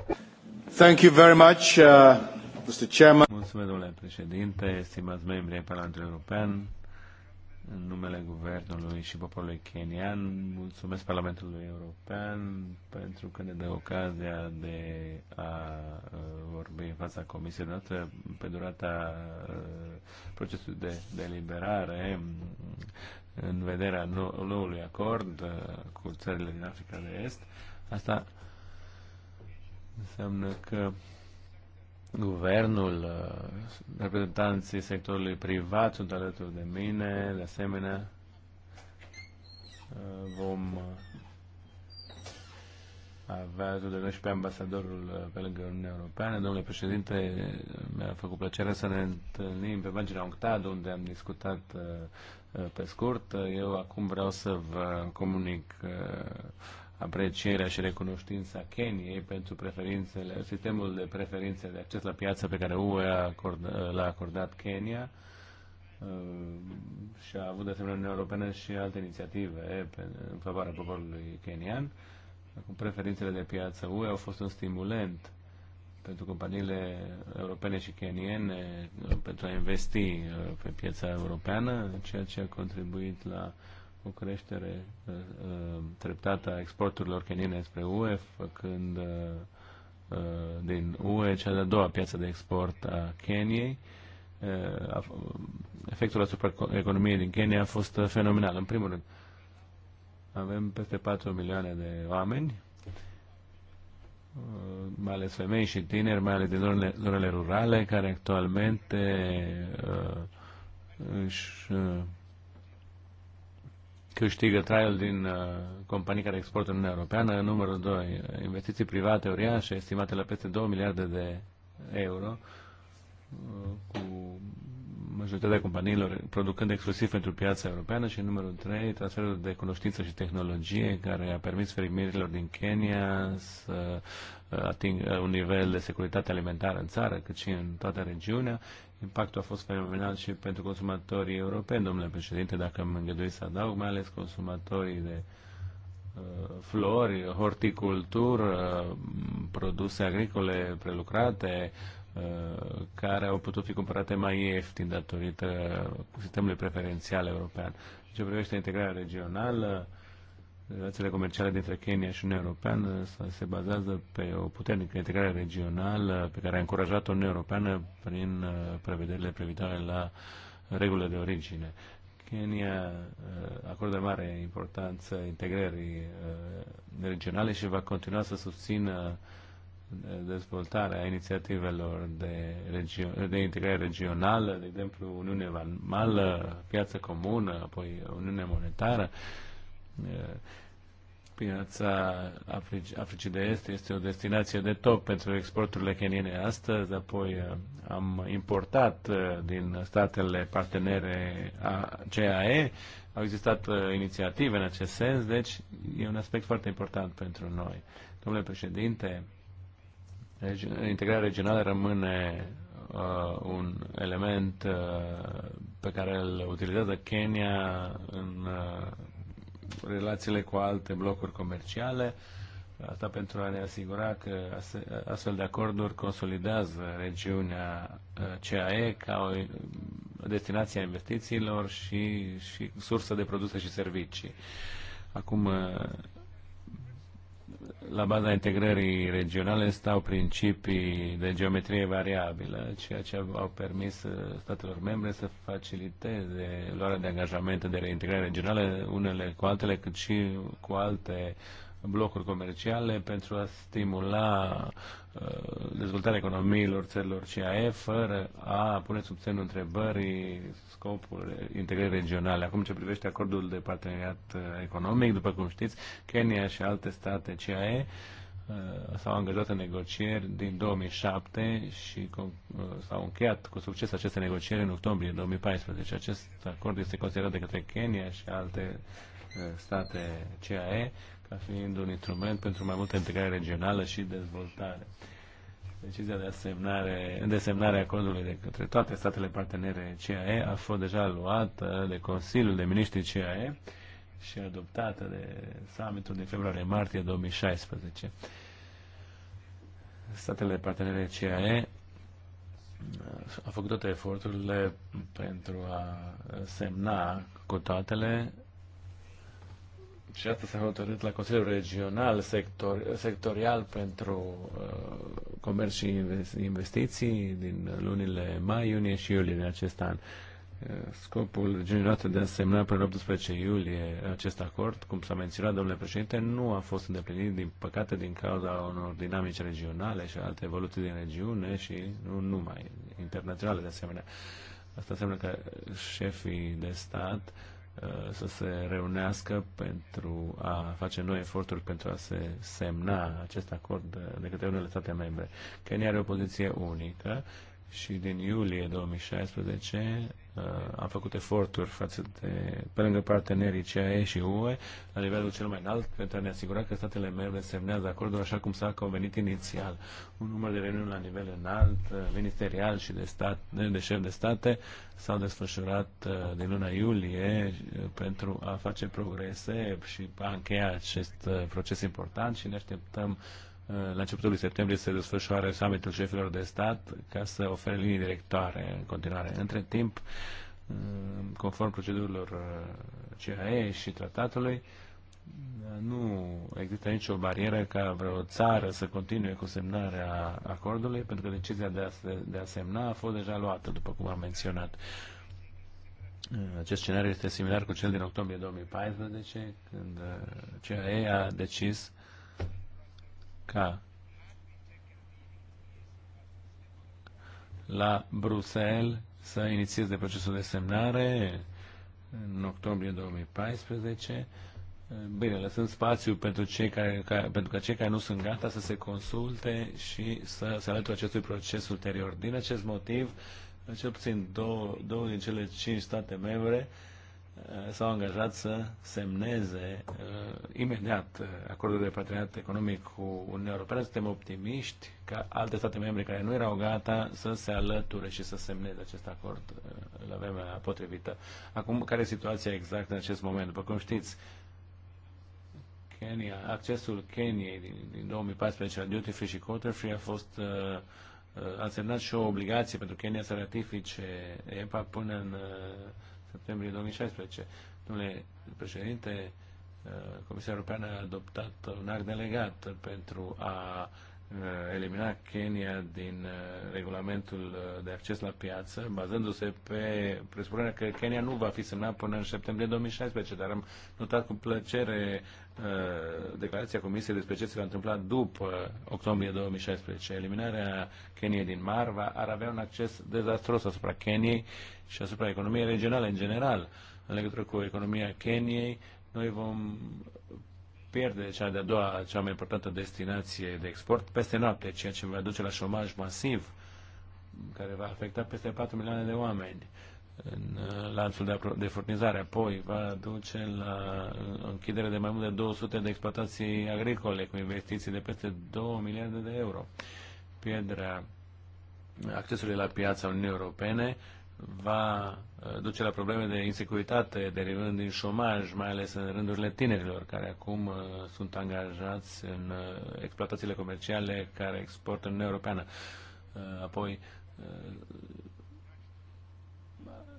Thank you very much, uh, Mr. Chairman. Mulțumesc, domnule președinte, estimați membri ai Parlamentului European, în numele guvernului și poporului kenian. Mulțumesc Parlamentului European pentru că ne dă ocazia de a vorbi în fața Comisiei noastre pe durata procesului de deliberare în vederea noului acord cu țările din Africa de Est. Asta înseamnă că Guvernul, uh, reprezentanții sectorului privat sunt alături de mine, de asemenea uh, vom uh, avea alături de noi și pe ambasadorul pe lângă Uniunea Europeană. Domnule președinte, mi-a făcut plăcere să ne întâlnim pe pagina UNCTAD, unde am discutat pe scurt. Eu acum vreau să vă comunic aprecierea și recunoștința Keniei pentru preferințele, sistemul de preferințe de acces la piață pe care UE l-a acordat, acordat Kenya uh, și a avut de asemenea Uniunea Europeană și alte inițiative în favoarea poporului kenian. Acum, preferințele de piață UE au fost un stimulent pentru companiile europene și keniene uh, pentru a investi uh, pe piața europeană, ceea ce a contribuit la uh, o creștere uh, uh, treptată a exporturilor keniene spre UE, făcând uh, din UE cea de-a doua piață de export a Keniei. Efectul asupra economiei din Kenya a fost fenomenal. În primul rând, avem peste 4 milioane de oameni, mai ales femei și tineri, mai ales din zonele, zonele rurale, care actualmente uh, își uh, câștigă traiul din uh, companii care exportă în Uniunea Europeană. Numărul 2, investiții private uriașe, estimate la peste 2 miliarde de euro, uh, cu majoritatea companiilor producând exclusiv pentru piața europeană și numărul 3, transferul de cunoștință și tehnologie care a permis fermierilor din Kenya să uh, atingă un nivel de securitate alimentară în țară, cât și în toată regiunea Impactul a fost fenomenal și pentru consumatorii europeni, domnule președinte, dacă îmi îngădui să adaug, mai ales consumatorii de uh, flori, horticultură, uh, produse agricole prelucrate, uh, care au putut fi cumpărate mai ieftin datorită sistemului preferențial european. Ce privește integrarea regională, uh, Relațiile comerciale dintre Kenya și Uniunea Europeană se bazează pe o puternică integrare regională pe care a încurajat-o Uniunea Europeană prin uh, prevederile privitoare la regulile de origine. Kenya uh, acordă mare importanță integrării uh, regionale și va continua să susțină dezvoltarea inițiativelor de, regio- de integrare regională, de exemplu Uniunea Vanmală, Piață Comună, apoi Uniunea Monetară Piața Afric- Africii de Est este o destinație de top pentru exporturile keniene astăzi, apoi uh, am importat uh, din statele partenere a CAE, au existat uh, inițiative în acest sens, deci e un aspect foarte important pentru noi. Domnule președinte, integrarea regională rămâne uh, un element uh, pe care îl utilizează Kenya în uh, relațiile cu alte blocuri comerciale, asta pentru a ne asigura că astfel de acorduri consolidează regiunea uh, CAE ca o uh, destinație a investițiilor și, și sursă de produse și servicii. Acum, uh, la baza integrării regionale stau principii de geometrie variabilă, ceea ce au permis uh, statelor membre să faciliteze luarea de angajamente de reintegrare regională, unele cu altele, cât și cu alte blocuri comerciale pentru a stimula uh, dezvoltarea economiilor țărilor CAE fără a pune sub semnul întrebării scopul integrării regionale. Acum ce privește acordul de parteneriat uh, economic, după cum știți, Kenya și alte state CAE uh, s-au angajat în negocieri din 2007 și s-au încheiat cu succes aceste negocieri în octombrie 2014. Acest acord este considerat de către Kenya și alte state CAE ca fiind un instrument pentru mai multă integrare regională și dezvoltare. Decizia de asemnare, de a acordului de către toate statele partenere CAE a fost deja luată de Consiliul de Ministri CAE și adoptată de summitul din februarie-martie 2016. Statele partenere CAE uh, au făcut toate eforturile pentru a semna cu toatele și asta s-a hotărât la Consiliul Regional sector, Sectorial pentru uh, Comerț și Investiții din lunile mai, iunie și iulie în acest an. Uh, scopul generat de a semna până 18 iulie acest acord, cum s-a menționat, domnule președinte, nu a fost îndeplinit, din păcate, din cauza unor dinamici regionale și alte evoluții din regiune și nu numai, internaționale de asemenea. Asta înseamnă că șefii de stat uh, Uh, să se reunească pentru a face noi eforturi pentru a se semna acest acord de către unele state membre. Kenya are o poziție unică și din iulie 2016 Uh, a făcut eforturi față de, pe lângă partenerii CAE și UE, la nivelul cel mai înalt, pentru a ne asigura că statele membre semnează acordul așa cum s-a convenit inițial. Un număr de reuniuni la nivel înalt, uh, ministerial și de, stat, de șef de state s-au desfășurat uh, din luna iulie pentru a face progrese și a încheia acest proces important și ne așteptăm Eh, la începutul lui septembrie se desfășoară summitul șefilor de stat ca să ofere linii directoare în continuare. Între timp, eh, conform procedurilor eh, CAE și tratatului, nu există nicio barieră ca vreo țară să continue cu semnarea acordului, pentru că decizia de a, se, de a semna a fost deja luată, după cum am menționat. Acest scenariu este similar cu cel din octombrie 2014, când CAE a decis ca la Bruxelles să inițieze procesul de semnare în octombrie 2014. Bine, lăsând spațiu pentru, cei care, ca, pentru ca cei care nu sunt gata să se consulte și să se alăture acestui proces ulterior. Din acest motiv, cel puțin două, două din cele cinci state membre uh, Uh, s-au angajat să semneze uh, imediat uh, acordul de parteneriat economic cu Uniunea Europeană. Suntem optimiști ca alte state membre care nu erau gata să se alăture și să semneze acest acord uh, la vremea potrivită. Acum, care e situația exactă în acest moment? După cum știți, Kenya, accesul Keniei din, din 2014 la Duty Free și Quarter Free a fost uh, uh, a semnat și o obligație pentru Kenya să ratifice EPA până în uh, septembrie 2016. Domnule președinte, eh, Comisia Europeană a adoptat un act delegat pentru a Uh, elimina Kenya din uh, regulamentul uh, de acces la piață, bazându-se pe presupunerea că Kenya nu va fi semnat până în septembrie 2016, dar am notat cu plăcere declarația Comisiei despre ce se va întâmpla după octombrie 2016. Eliminarea Keniei din Marva ar avea un acces dezastros asupra Keniei și asupra economiei regionale în general. În legătură cu economia Keniei, noi vom pierde cea de-a doua, cea mai importantă destinație de export peste noapte, ceea ce va duce la șomaj masiv, care va afecta peste 4 milioane de oameni în uh, lanțul de, de furnizare. Apoi va duce la uh, închidere de mai mult de 200 de exploatații agricole cu investiții de peste 2 miliarde de euro. Pierderea accesului la piața Uniunii Europene va uh, duce la probleme de insecuritate derivând din șomaj, mai ales în rândurile tinerilor, care acum uh, sunt angajați în uh, exploatațiile comerciale care exportă în Uniunea Europeană. Apoi,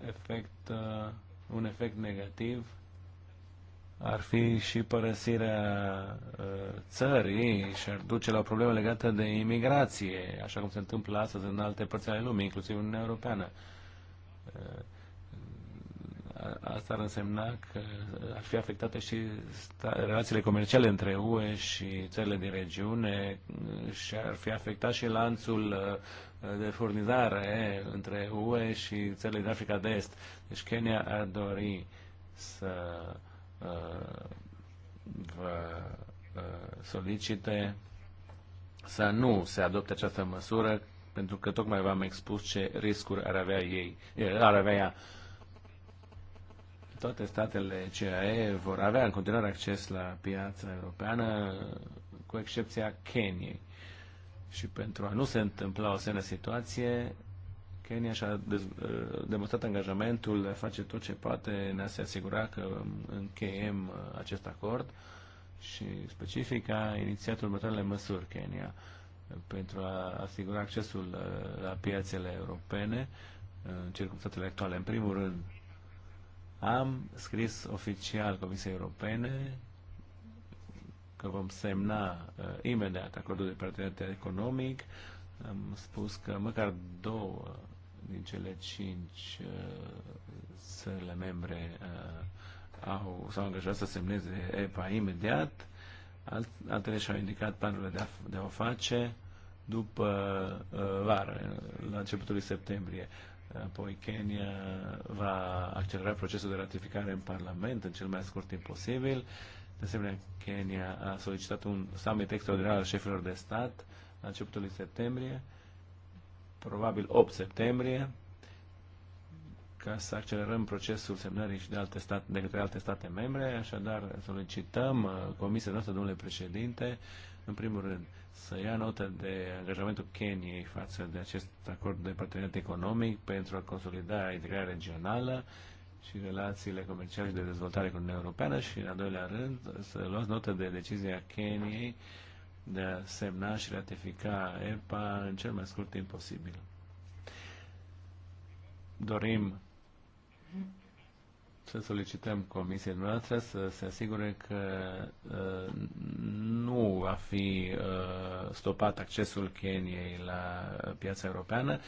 efect, un efect negativ ar fi și părăsirea țării și ar duce la o problemă legată de imigrație, așa cum se întâmplă astăzi în alte părți ale lumii, inclusiv în Uniunea Europeană. Asta ar însemna că ar fi afectate și relațiile comerciale între UE și țările din regiune și ar fi afectat și lanțul uh, de furnizare între UE și țările din Africa de Est. Deci Kenya ar dori să uh, vă uh, solicite să nu se adopte această măsură pentru că tocmai v-am expus ce riscuri ar avea ei, ar avea ea. Toate statele CAE vor avea în continuare acces la piața europeană, cu excepția Keniei. Și pentru a nu se întâmpla o asemenea situație, Kenya și-a demonstrat angajamentul de a face tot ce poate în a se asigura că încheiem acest acord și specifica inițiat următoarele măsuri Kenya pentru a asigura accesul uh, la piațele europene uh, în circunstanțele actuale. În primul rând, am scris oficial Comisiei Europene că vom semna uh, imediat acordul de parteneriat economic. Am spus că măcar două din cele cinci uh, membre uh, au, s-au angajat să semneze EPA imediat altele și-au indicat planurile de a, de a o face după uh, vară, la începutul lui septembrie. Apoi Kenya va accelera procesul de ratificare în Parlament în cel mai scurt timp posibil. De asemenea, Kenya a solicitat un summit extraordinar al șefilor de stat la începutul lui septembrie, probabil 8 septembrie, ca să accelerăm procesul semnării și de, alte state, de către alte state membre. Așadar, solicităm uh, Comisia noastră, domnule președinte, în primul rând, să ia notă de angajamentul Keniei față de acest acord de parteneriat economic pentru a consolida integrarea regională și relațiile comerciale și de dezvoltare cu Uniunea Europeană și, în al doilea rând, să luați notă de decizia Keniei de a semna și ratifica EPA în cel mai scurt timp posibil. Dorim să solicităm comisiei noastre să se asigure că uh, nu va fi uh, stopat accesul Keniei la piața europeană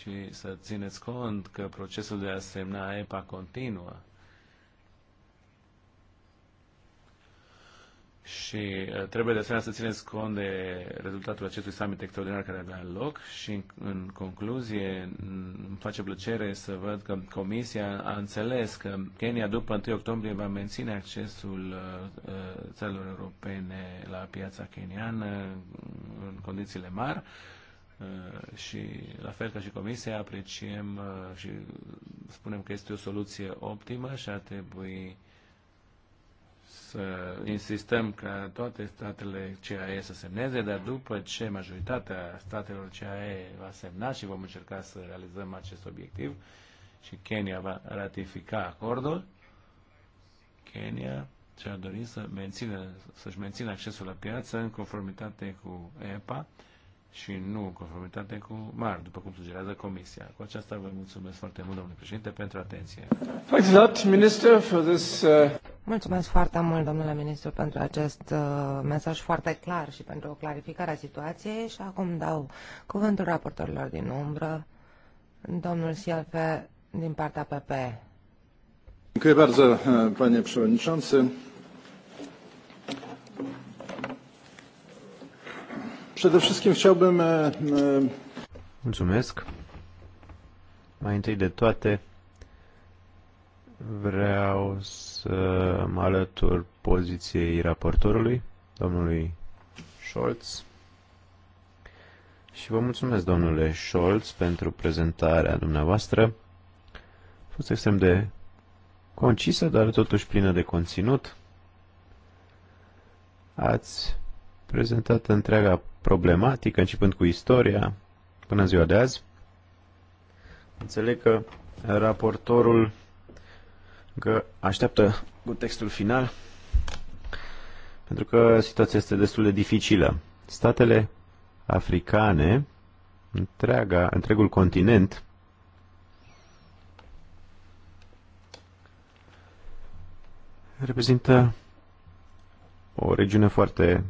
și să țineți cont că procesul de a semna EPA continuă și uh, trebuie de asemenea să țineți cont de rezultatul acestui summit extraordinar care avea loc și în concluzie îmi face plăcere să văd că Comisia a înțeles că Kenya după 1 octombrie va menține accesul uh, uh, țărilor europene la piața keniană în condițiile mari și la fel ca și Comisia apreciem și spunem că este o soluție optimă și ar trebui să insistăm ca toate statele CAE să semneze, dar după ce majoritatea statelor CAE va semna și vom încerca să realizăm acest obiectiv și Kenya va ratifica acordul, Kenya și-a dorit să mențină, să-și mențină accesul la piață în conformitate cu EPA și nu în conformitate cu MAR, după cum sugerează Comisia. Cu aceasta vă mulțumesc foarte mult, domnule președinte, pentru atenție. Thanks a lot, Minister, for this, uh... Mulțumesc foarte mult, domnule ministru, pentru acest uh, mesaj foarte clar și pentru o clarificare a situației și acum dau cuvântul raportorilor din umbră, domnul Sielfe din partea PPE. Dziękuję bardzo, panie przewodniczący. Przede wszystkim chciałbym... Mulțumesc. Mai întâi de toate, Vreau să mă alătur poziției raportorului, domnului Scholz. Și vă mulțumesc, domnule Scholz, pentru prezentarea dumneavoastră. A fost extrem de concisă, dar totuși plină de conținut. Ați prezentat întreaga problematică, începând cu istoria, până în ziua de azi. Înțeleg că raportorul că așteaptă cu textul final, pentru că situația este destul de dificilă. Statele africane, întreaga, întregul continent, reprezintă o regiune foarte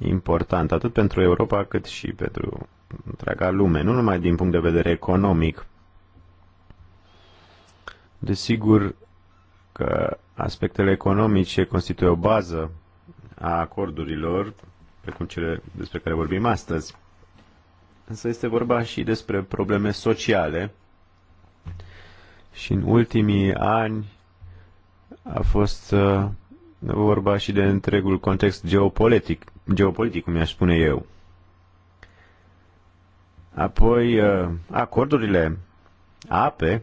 importantă, atât pentru Europa cât și pentru întreaga lume, nu numai din punct de vedere economic. Desigur, că aspectele economice constituie o bază a acordurilor, precum cele despre care vorbim astăzi. Însă este vorba și despre probleme sociale și în ultimii ani a fost uh, vorba și de întregul context geopolitic, geopolitic cum i-aș spune eu. Apoi, uh, acordurile APE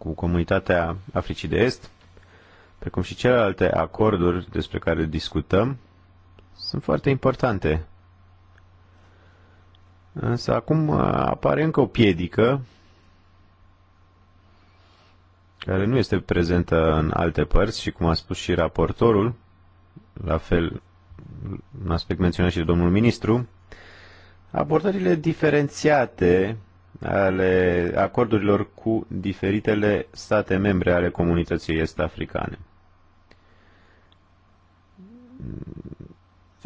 cu comunitatea Africii de Est, precum și celelalte acorduri despre care discutăm, sunt foarte importante. Însă acum uh, apare încă o piedică care nu este prezentă în alte părți și, cum a spus și raportorul, la fel un aspect menționat și de domnul ministru, abordările diferențiate ale acordurilor cu diferitele state membre ale comunității est-africane.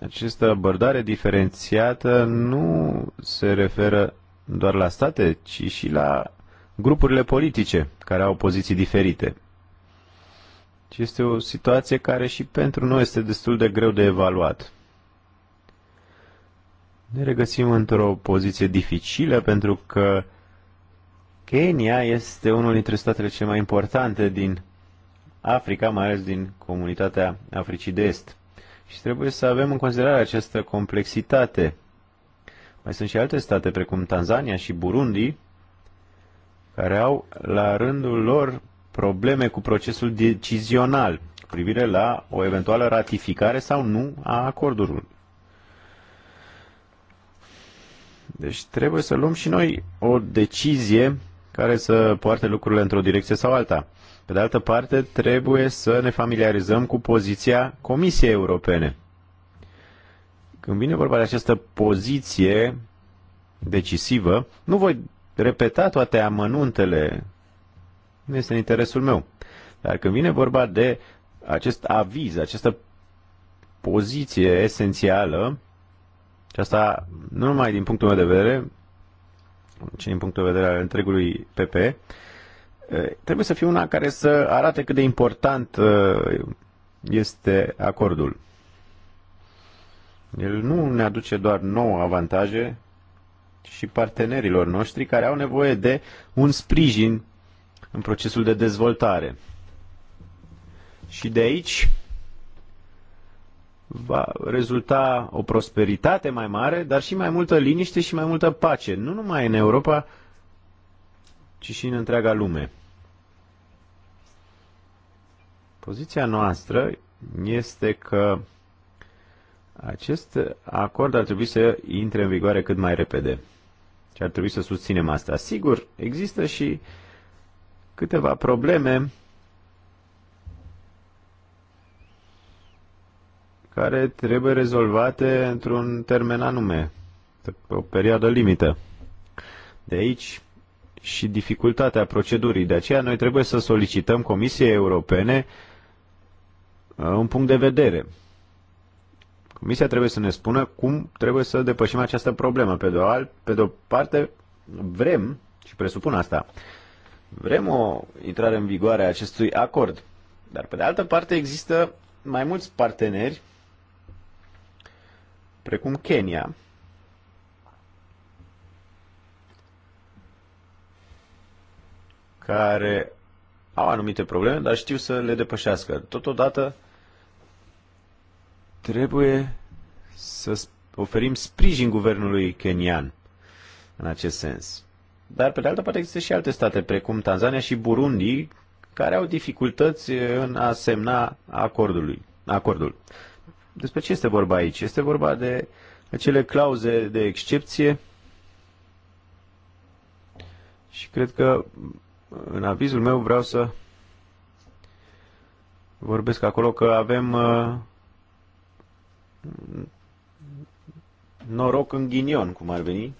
Această abordare diferențiată nu se referă doar la state, ci și la grupurile politice care au poziții diferite. este o situație care și pentru noi este destul de greu de evaluat ne regăsim într-o poziție dificilă pentru că Kenya este unul dintre statele cele mai importante din Africa, mai ales din comunitatea Africii de Est. Și trebuie să avem în considerare această complexitate. Mai sunt și alte state, precum Tanzania și Burundi, care au la rândul lor probleme cu procesul decizional cu privire la o eventuală ratificare sau nu a acordurilor. Deci trebuie să luăm și noi o decizie care să poarte lucrurile într-o direcție sau alta. Pe de altă parte, trebuie să ne familiarizăm cu poziția Comisiei Europene. Când vine vorba de această poziție decisivă, nu voi repeta toate amănuntele, nu este în interesul meu. Dar când vine vorba de acest aviz, această poziție esențială, și asta nu numai din punctul meu de vedere, ci din punctul de vedere al întregului PP, trebuie să fie una care să arate cât de important este acordul. El nu ne aduce doar nouă avantaje, și partenerilor noștri care au nevoie de un sprijin în procesul de dezvoltare. Și de aici va rezulta o prosperitate mai mare, dar și mai multă liniște și mai multă pace, nu numai în Europa, ci și în întreaga lume. Poziția noastră este că acest acord ar trebui să intre în vigoare cât mai repede. Și ar trebui să susținem asta. Sigur, există și câteva probleme care trebuie rezolvate într-un termen anume, pe o perioadă limită. De aici și dificultatea procedurii. De aceea noi trebuie să solicităm Comisiei Europene uh, un punct de vedere. Comisia trebuie să ne spună cum trebuie să depășim această problemă. Pe de o, alt, pe de o parte, vrem, și presupun asta, vrem o intrare în vigoare a acestui acord. Dar pe de altă parte există mai mulți parteneri precum Kenya. care au anumite probleme, dar știu să le depășească. Totodată trebuie să oferim sprijin guvernului kenian în acest sens. Dar pe de altă parte există și alte state, precum Tanzania și Burundi, care au dificultăți în a semna acordului, acordul. Despre ce este vorba aici? Este vorba de acele clauze de excepție și cred că în avizul meu vreau să vorbesc acolo că avem uh, noroc în ghinion, cum ar veni.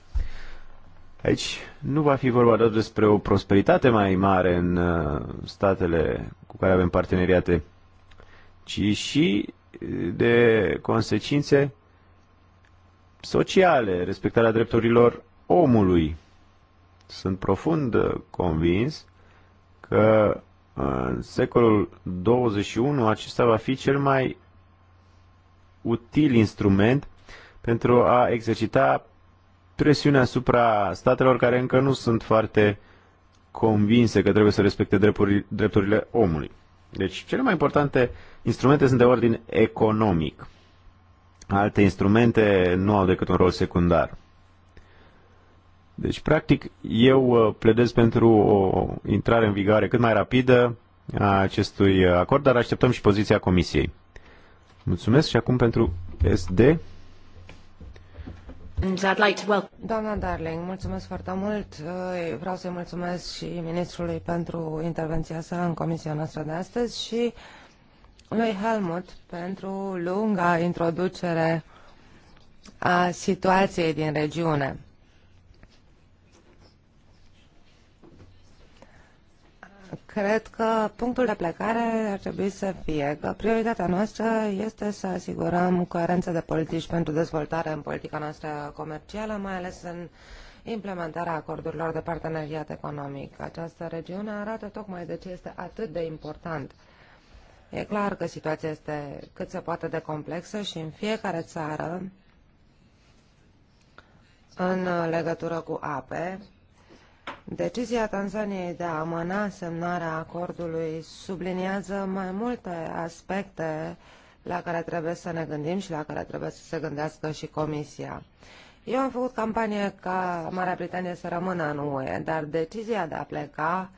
Aici nu va fi vorba doar despre o prosperitate mai mare în uh, statele cu care avem parteneriate, ci și de consecințe sociale, respectarea drepturilor omului. Sunt profund uh, convins că uh, în secolul 21 acesta va fi cel mai util instrument pentru a exercita presiunea asupra statelor care încă nu sunt foarte convinse că trebuie să respecte drepturile omului. Deci, cele mai importante instrumente sunt de ordin economic. Alte instrumente nu au decât un rol secundar. Deci, practic, eu uh, pledez pentru o intrare în vigoare cât mai rapidă a acestui acord, dar așteptăm și poziția Comisiei. Mulțumesc și acum pentru SD, Doamna Darling, mulțumesc foarte mult. Vreau să-i mulțumesc și ministrului pentru intervenția sa în comisia noastră de astăzi și lui Helmut pentru lunga introducere a situației din regiune. cred că punctul de plecare ar trebui să fie că prioritatea noastră este să asigurăm coerență de politici pentru dezvoltare în politica noastră comercială, mai ales în implementarea acordurilor de parteneriat economic. Această regiune arată tocmai de ce este atât de important. E clar că situația este cât se poate de complexă și în fiecare țară, în legătură cu ape, Decizia Tanzaniei de a amâna semnarea acordului subliniază mai multe aspecte la care trebuie să ne gândim și la care trebuie să se gândească și Comisia. Eu am făcut campanie ca Marea Britanie să rămână în UE, dar decizia de a pleca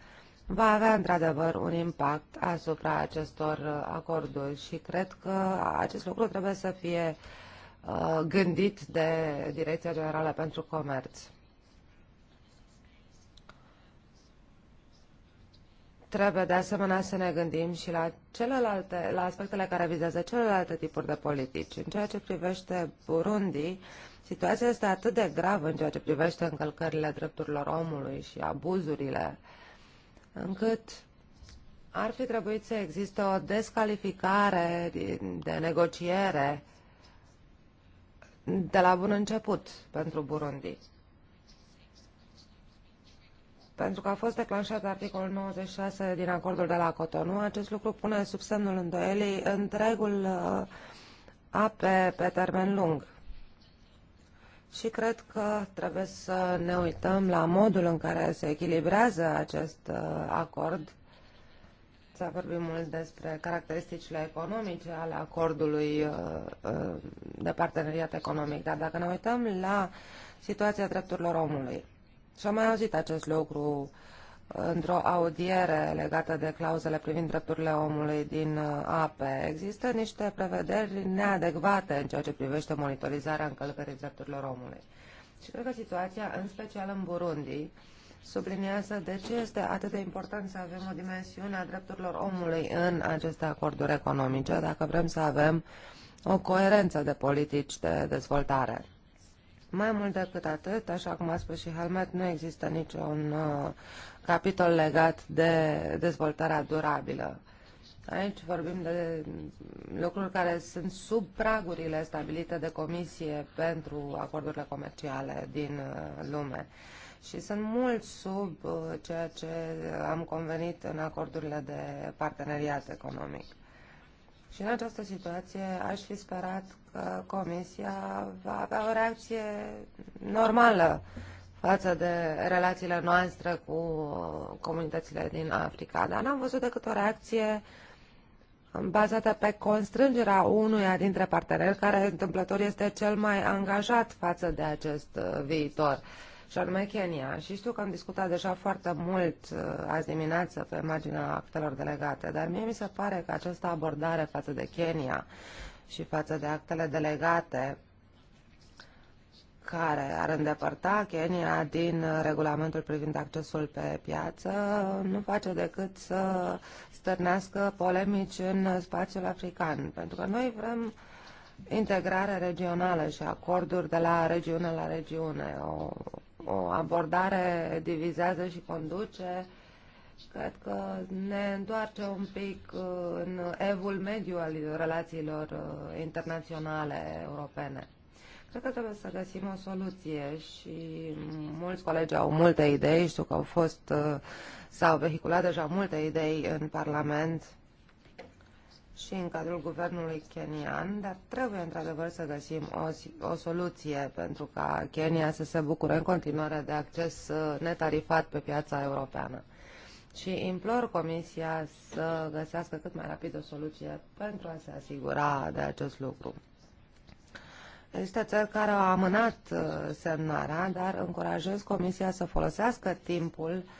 va avea într-adevăr un impact asupra acestor acorduri și cred că acest lucru trebuie să fie uh, gândit de Direcția Generală pentru Comerț. Trebuie de asemenea să ne gândim și la celelalte, la aspectele care vizează celelalte tipuri de politici. În ceea ce privește Burundi, situația este atât de gravă în ceea ce privește încălcările drepturilor omului și abuzurile, încât ar fi trebuit să existe o descalificare de negociere de la bun început pentru Burundi pentru că a fost declanșat articolul 96 din acordul de la Cotonou, acest lucru pune sub semnul îndoielii întregul uh, ape pe termen lung. Și cred că trebuie să ne uităm la modul în care se echilibrează acest uh, acord. S-a vorbit mult despre caracteristicile economice ale acordului uh, de parteneriat economic, dar dacă ne uităm la situația drepturilor omului, și am mai auzit acest lucru uh, într-o audiere legată de clauzele privind drepturile omului din uh, APE. Există niște prevederi neadecvate în ceea ce privește monitorizarea încălcării drepturilor omului. Și cred că situația, în special în Burundi, subliniază de ce este atât de important să avem o dimensiune a drepturilor omului în aceste acorduri economice, dacă vrem să avem o coerență de politici de dezvoltare. Mai mult decât atât, așa cum a spus și Helmet, nu există niciun uh, capitol legat de dezvoltarea durabilă. Aici vorbim de lucruri care sunt sub pragurile stabilite de comisie pentru acordurile comerciale din uh, lume. Și sunt mult sub uh, ceea ce am convenit în acordurile de parteneriat economic. Și în această situație aș fi sperat că Comisia va avea o reacție normală față de relațiile noastre cu comunitățile din Africa, dar n-am văzut decât o reacție bazată pe constrângerea unuia dintre parteneri, care întâmplător este cel mai angajat față de acest viitor. Uh, și anume Kenya. Și știu că am discutat deja foarte mult uh, azi dimineață pe marginea actelor delegate, dar mie mi se pare că această abordare față de Kenya și față de actele delegate care ar îndepărta Kenya din regulamentul privind accesul pe piață nu face decât să stârnească polemici în spațiul african, pentru că noi vrem integrare regională și acorduri de la regiune la regiune, o o abordare divizează și conduce, cred că ne întoarce un pic în evul mediu al relațiilor uh, internaționale europene. Cred că trebuie să găsim o soluție și mulți colegi au multe idei, știu că au fost, uh, s-au vehiculat deja multe idei în Parlament și în cadrul guvernului kenian, dar trebuie într-adevăr să găsim o, o soluție pentru ca Kenya să se bucure în continuare de acces uh, netarifat pe piața europeană. Și implor Comisia să găsească cât mai rapid o soluție pentru a se asigura de acest lucru. Există țări care au amânat uh, semnarea, dar încurajez Comisia să folosească timpul uh,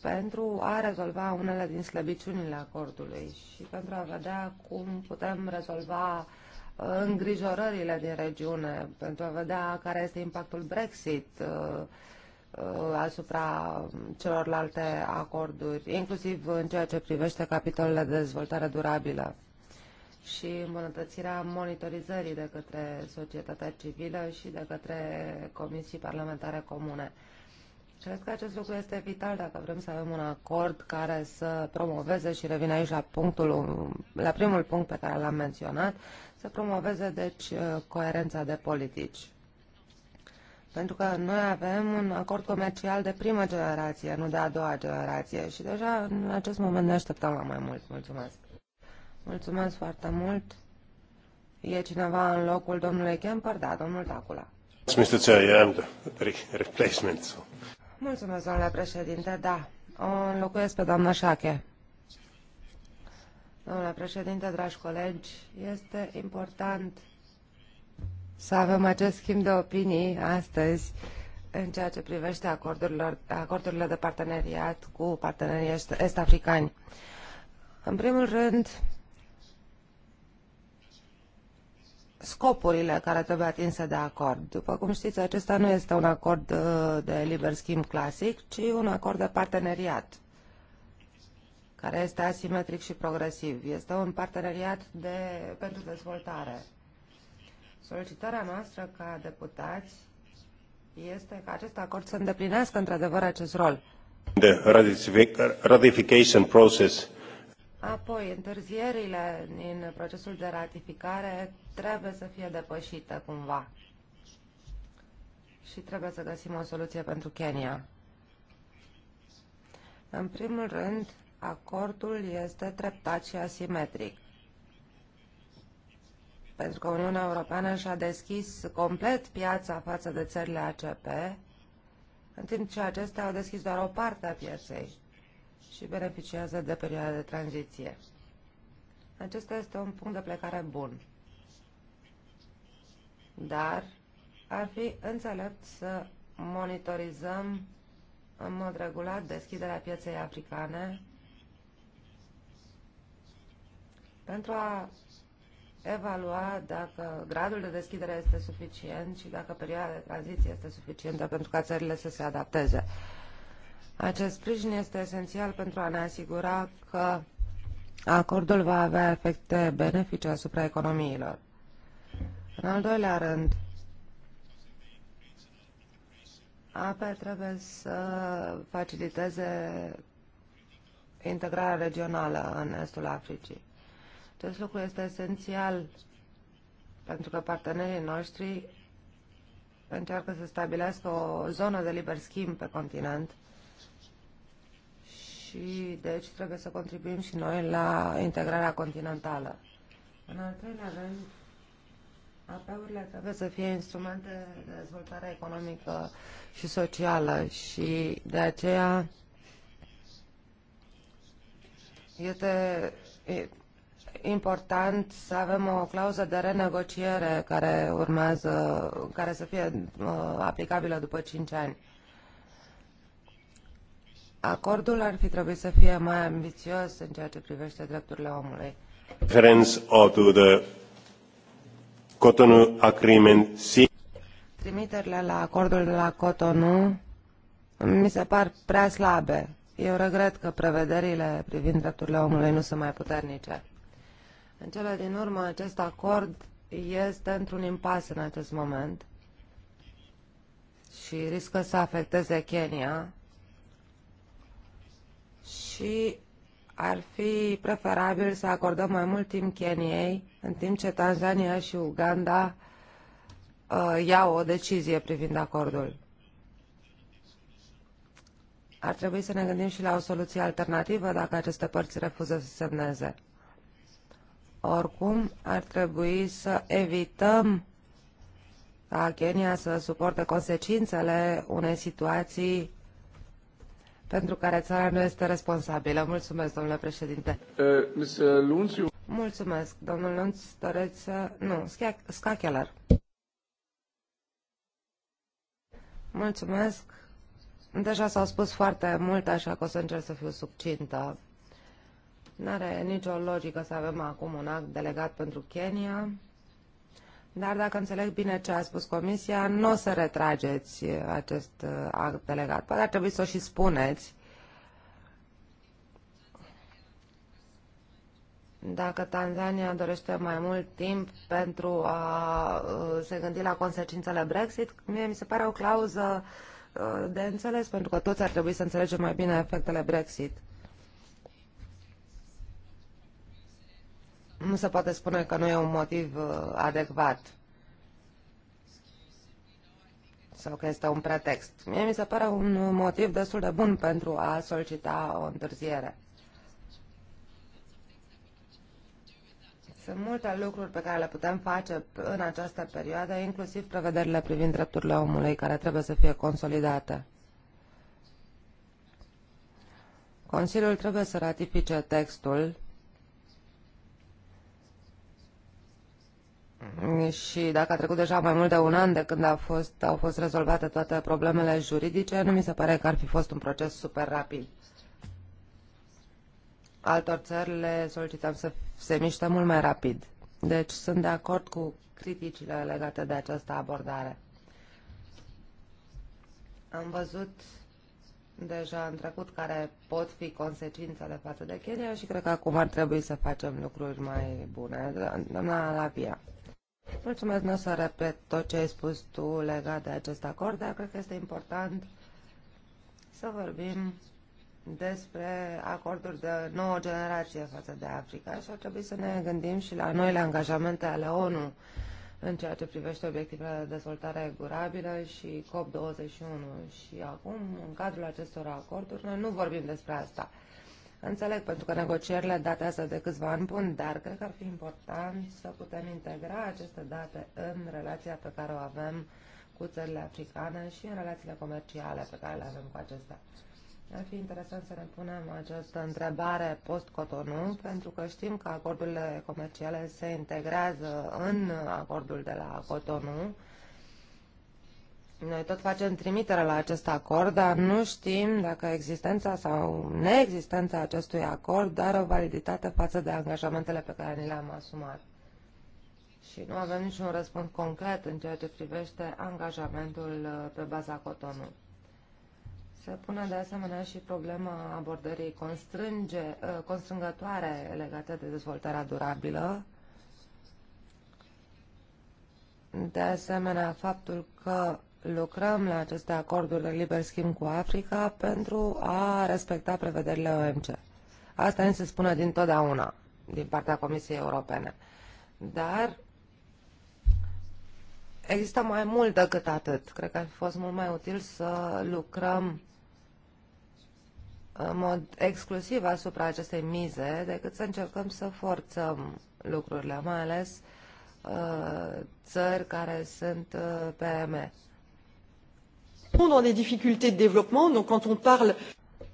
pentru a rezolva unele din slăbiciunile acordului și pentru a vedea cum putem rezolva uh, îngrijorările din regiune, pentru a vedea care este impactul Brexit uh, uh, asupra celorlalte acorduri, inclusiv în ceea ce privește capitolele de dezvoltare durabilă și îmbunătățirea monitorizării de către societatea civilă și de către comisii parlamentare comune. Cred că acest lucru este vital dacă vrem să avem un acord care să promoveze și revin aici la, punctul, la primul punct pe care l-am menționat, să promoveze deci uh, coerența de politici. Pentru că noi avem un acord comercial de primă generație, nu de a doua generație și deja în acest moment ne așteptăm la mai mult. Mulțumesc! Mulțumesc foarte mult! E cineva în locul domnului Kemper? Da, domnul Tacula. Mr. Chair, I am the replacement. Mulțumesc, domnule președinte, da. O înlocuiesc pe doamna Șache. Domnule președinte, dragi colegi, este important să avem acest schimb de opinii astăzi în ceea ce privește acordurile, de parteneriat cu partenerii est-africani. În primul rând, scopurile care trebuie atinse de acord. După cum știți, acesta nu este un acord uh, de liber schimb clasic, ci un acord de parteneriat, care este asimetric și progresiv. Este un parteneriat de, pentru dezvoltare. Solicitarea noastră ca deputați este ca acest acord să îndeplinească într-adevăr acest rol. The ratification process Apoi, întârzierile în procesul de ratificare trebuie să fie depășite cumva și trebuie să găsim o soluție pentru Kenya. În primul rând, acordul este treptat și asimetric. Pentru că Uniunea Europeană și-a deschis complet piața față de țările ACP, în timp ce acestea au deschis doar o parte a pieței și beneficiază de perioada de tranziție. Acesta este un punct de plecare bun. Dar ar fi înțelept să monitorizăm în mod regulat deschiderea pieței africane pentru a evalua dacă gradul de deschidere este suficient și dacă perioada de tranziție este suficientă pentru ca țările să se adapteze. Acest sprijin este esențial pentru a ne asigura că acordul va avea efecte benefice asupra economiilor. În al doilea rând, APE trebuie să faciliteze integrarea regională în estul Africii. Acest lucru este esențial pentru că partenerii noștri încearcă să stabilească o zonă de liber schimb pe continent și deci trebuie să contribuim și noi la integrarea continentală. În al treilea rând, AP-urile trebuie să fie instrumente de dezvoltare economică și socială și de aceea este important să avem o clauză de renegociere care urmează, care să fie uh, aplicabilă după 5 ani. Acordul ar fi trebuit să fie mai ambițios în ceea ce privește drepturile omului. Reference to the Cotonou Agreement Trimiterile la acordul de la Cotonou mi se par prea slabe. Eu regret că prevederile privind drepturile omului nu sunt mai puternice. În cele din urmă, acest acord este într-un impas în acest moment și riscă să afecteze Kenya, și ar fi preferabil să acordăm mai mult timp Keniei, în timp ce Tanzania și Uganda uh, iau o decizie privind acordul. Ar trebui să ne gândim și la o soluție alternativă dacă aceste părți refuză să semneze. Oricum, ar trebui să evităm ca Kenya să suporte consecințele unei situații pentru care țara nu este responsabilă. Mulțumesc, domnule președinte. Uh, Mulțumesc, domnul Lunț, doreți să... Nu, Scachelar. Mulțumesc. Deja s-au spus foarte mult, așa că o să încerc să fiu subcintă. N-are nicio logică să avem acum un act delegat pentru Kenya. Dar dacă înțeleg bine ce a spus Comisia, nu o să retrageți uh, acest uh, act delegat. Poate ar trebui să o și spuneți. Dacă Tanzania dorește mai mult timp pentru a uh, se gândi la consecințele Brexit, mie mi se pare o clauză de înțeles, pentru că toți ar trebui să înțelegem mai bine efectele Brexit. nu se poate spune că nu e un motiv uh, adecvat sau că este un pretext. Mie mi se pare un motiv destul de bun pentru a solicita o întârziere. Sunt multe lucruri pe care le putem face în această perioadă, inclusiv prevederile privind drepturile omului, care trebuie să fie consolidate. Consiliul trebuie să ratifice textul și dacă a trecut deja mai mult de un an de când a fost, au fost rezolvate toate problemele juridice, nu mi se pare că ar fi fost un proces super rapid. Altor țări le solicităm să se miște mult mai rapid. Deci sunt de acord cu criticile legate de această abordare. Am văzut deja în trecut care pot fi consecințele față de Kenya și cred că acum ar trebui să facem lucruri mai bune. Doamna Lavia. Mulțumesc, nu o să repet tot ce ai spus tu legat de acest acord, dar cred că este important să vorbim despre acorduri de nouă generație față de Africa și ar trebui să ne gândim și la la angajamente ale ONU în ceea ce privește obiectivele de dezvoltare durabilă și COP21. Și acum, în cadrul acestor acorduri, noi nu vorbim despre asta. Înțeleg pentru că negocierile datează de câțiva ani bun, dar cred că ar fi important să putem integra aceste date în relația pe care o avem cu țările africane și în relațiile comerciale pe care le avem cu acestea. Ar fi interesant să ne punem această întrebare post-Cotonou, pentru că știm că acordurile comerciale se integrează în acordul de la Cotonou noi tot facem trimitere la acest acord, dar nu știm dacă existența sau neexistența acestui acord dar o validitate față de angajamentele pe care ni le-am asumat. Și nu avem niciun răspuns concret în ceea ce privește angajamentul uh, pe baza cotonu. Se pune de asemenea și problema abordării constrânge, uh, constrângătoare legate de dezvoltarea durabilă. De asemenea, faptul că lucrăm la aceste acorduri de liber schimb cu Africa pentru a respecta prevederile OMC. Asta ni se spune dintotdeauna din partea Comisiei Europene. Dar există mai mult decât atât. Cred că ar fi fost mult mai util să lucrăm în mod exclusiv asupra acestei mize decât să încercăm să forțăm lucrurile, mai ales uh, țări care sunt uh, PME. Dans des difficultés de développement, donc quand on parle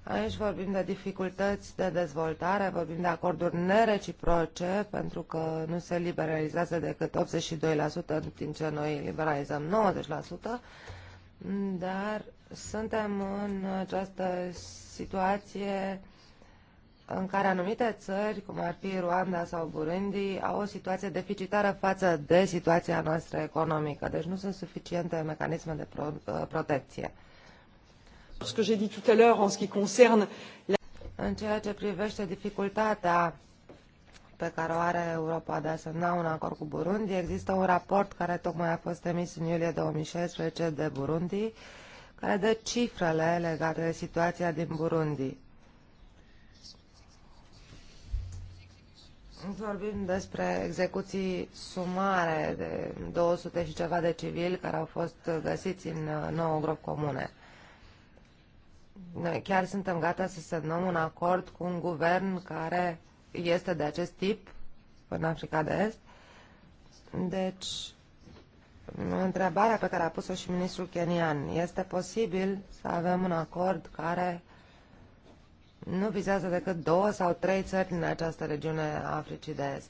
Aici vorbim de dificultăți de dezvoltare, vorbim de acorduri nereciproce, pentru că nu se liberalizează decât 82%, în timp ce noi liberalizăm 90%, dar suntem în această situație în care anumite țări, cum ar fi Rwanda sau Burundi, au o situație deficitară față de situația noastră economică. Deci nu sunt suficiente mecanisme de pro uh, protecție. Ce j'ai dit tout à l'heure en ce qui concerne la... În ceea ce privește dificultatea pe care o are Europa de a semna un acord cu Burundi, există un raport care tocmai a fost emis în iulie 2016 de Burundi, care dă cifrele legate de situația din Burundi Vorbim despre execuții sumare de 200 și ceva de civili care au fost găsiți în uh, nouă grup comune. Noi chiar suntem gata să semnăm un acord cu un guvern care este de acest tip în Africa de Est. Deci, întrebarea pe care a pus-o și ministrul kenian, este posibil să avem un acord care nu vizează decât două sau trei țări din această regiune a Africii de Est.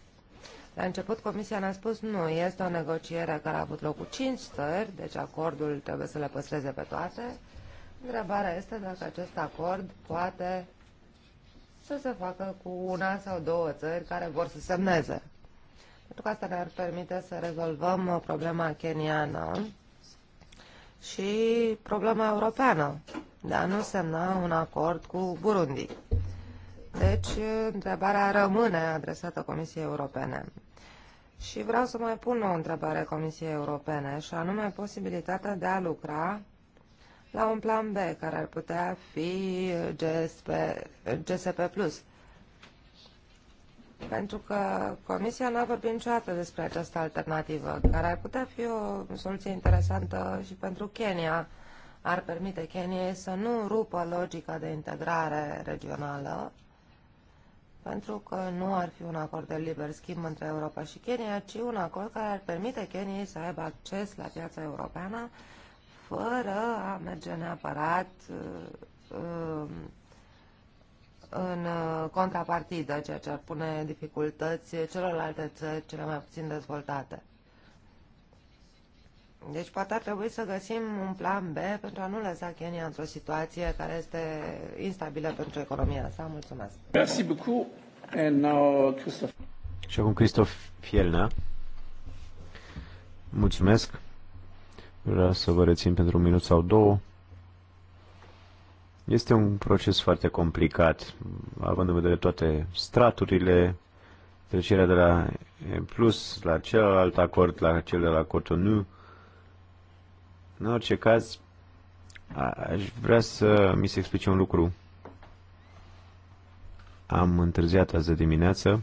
La început, Comisia ne-a spus nu, este o negociere care a avut loc cu cinci țări, deci acordul trebuie să le păstreze pe toate. Întrebarea este dacă acest acord poate să se facă cu una sau două țări care vor să semneze. Pentru că asta ne-ar permite să rezolvăm uh, problema keniană și problema europeană de a nu semna un acord cu Burundi. Deci, întrebarea rămâne adresată Comisiei Europene. Și vreau să mai pun o întrebare Comisiei Europene, și anume posibilitatea de a lucra la un plan B, care ar putea fi GSP, GSP+. Pentru că Comisia n-a vorbit niciodată despre această alternativă, care ar putea fi o soluție interesantă și pentru Kenya, ar permite Keniei să nu rupă logica de integrare regională, pentru că nu ar fi un acord de liber schimb între Europa și Kenya, ci un acord care ar permite Keniei să aibă acces la piața europeană fără a merge neapărat uh, um, în uh, contrapartidă, ceea ce ar pune dificultăți celorlalte țări cele mai puțin dezvoltate. Deci poate ar trebui să găsim un plan B pentru a nu lăsa Kenya într-o situație care este instabilă pentru economia sa. Mulțumesc. Merci beaucoup. And now, Christophe. Și acum Cristof Fielna. Mulțumesc. Vreau să vă rețin pentru un minut sau două. Este un proces foarte complicat, având în vedere toate straturile, trecerea de la plus la celălalt acord, la cel de la Cotonou, în orice caz, aș vrea să mi se explice un lucru. Am întârziat azi de dimineață,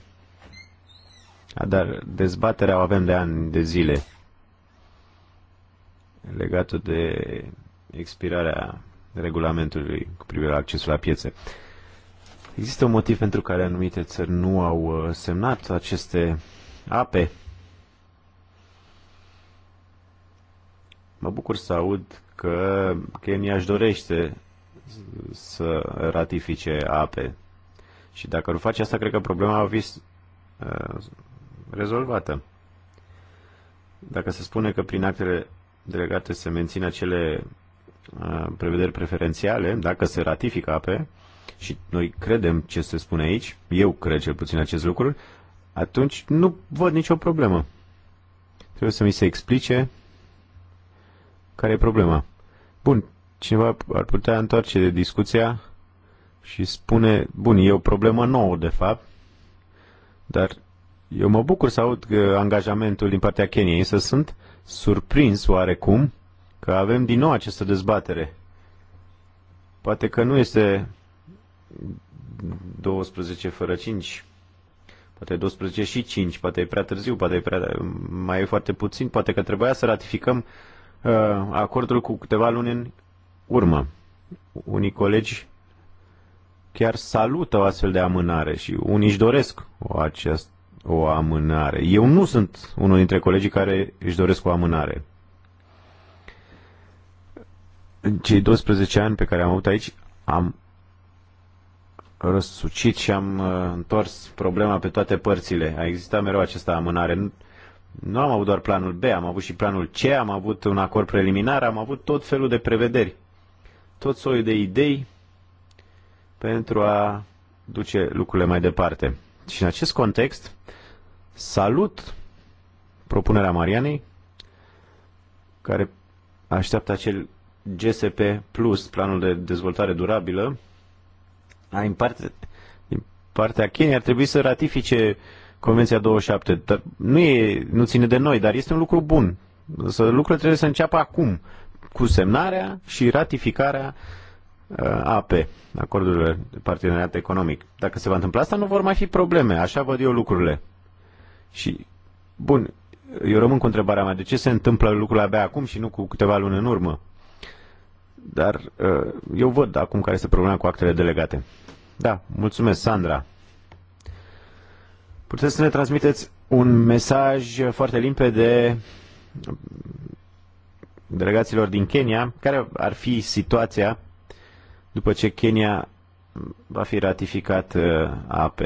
dar dezbaterea o avem de ani de zile legată de expirarea regulamentului cu privire la accesul la piețe. Există un motiv pentru care anumite țări nu au uh, semnat aceste ape Mă bucur să aud că Kenya își dorește să ratifice APE. Și dacă nu face asta, cred că problema a fost uh, rezolvată. Dacă se spune că prin actele delegate se mențin acele uh, prevederi preferențiale, dacă se ratifică APE, și noi credem ce se spune aici, eu cred cel puțin acest lucru, atunci nu văd nicio problemă. Trebuie să mi se explice care e problema. Bun, cineva ar putea întoarce de discuția și spune, bun, e o problemă nouă, de fapt, dar eu mă bucur să aud că angajamentul din partea Keniei, însă sunt surprins oarecum că avem din nou această dezbatere. Poate că nu este 12 fără 5, poate 12 și 5, poate e prea târziu, poate e prea, mai e foarte puțin, poate că trebuia să ratificăm uh, Uh, acordul cu câteva luni în urmă. Unii colegi chiar salută o astfel de amânare și unii își doresc o, aceast, o amânare. Eu nu sunt unul dintre colegii care își doresc o amânare. În cei 12 ani pe care am avut aici, am răsucit și am uh, întors problema pe toate părțile. A existat mereu această amânare. Nu am avut doar planul B, am avut și planul C, am avut un acord preliminar, am avut tot felul de prevederi, tot soiul de idei pentru a duce lucrurile mai departe. Și în acest context, salut propunerea Marianei, care așteaptă acel GSP Plus, planul de dezvoltare durabilă, a, în parte, din partea Chinei ar trebui să ratifice uh, Convenția 27. Nu, e, nu ține de noi, dar este un lucru bun. Să, lucrurile trebuie să înceapă acum, cu semnarea și ratificarea uh, AP, acordurile de parteneriat economic. Dacă se va întâmpla asta, nu vor mai fi probleme. Așa văd eu lucrurile. Și, bun, eu rămân cu întrebarea mea, de ce se întâmplă lucrurile abia acum și nu cu câteva luni în urmă? Dar uh, eu văd acum care este problema cu actele delegate. Da, mulțumesc, Sandra. Puteți să ne transmiteți un mesaj foarte limpede delegaților din Kenya, care ar fi situația după ce Kenya va fi ratificat uh, AP.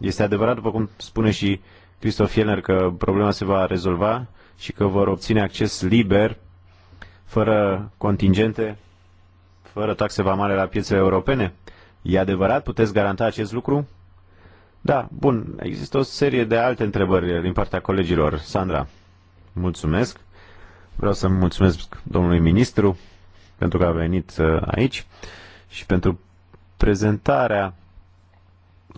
Este adevărat, după cum spune și Christoph Fielner, că problema se va rezolva și că vor obține acces liber, fără contingente, fără taxe vamale la piețele europene. E adevărat? Puteți garanta acest lucru? Da, bun. Există o serie de alte întrebări din partea colegilor. Sandra, mulțumesc. Vreau să mulțumesc domnului ministru pentru că a venit uh, aici și pentru prezentarea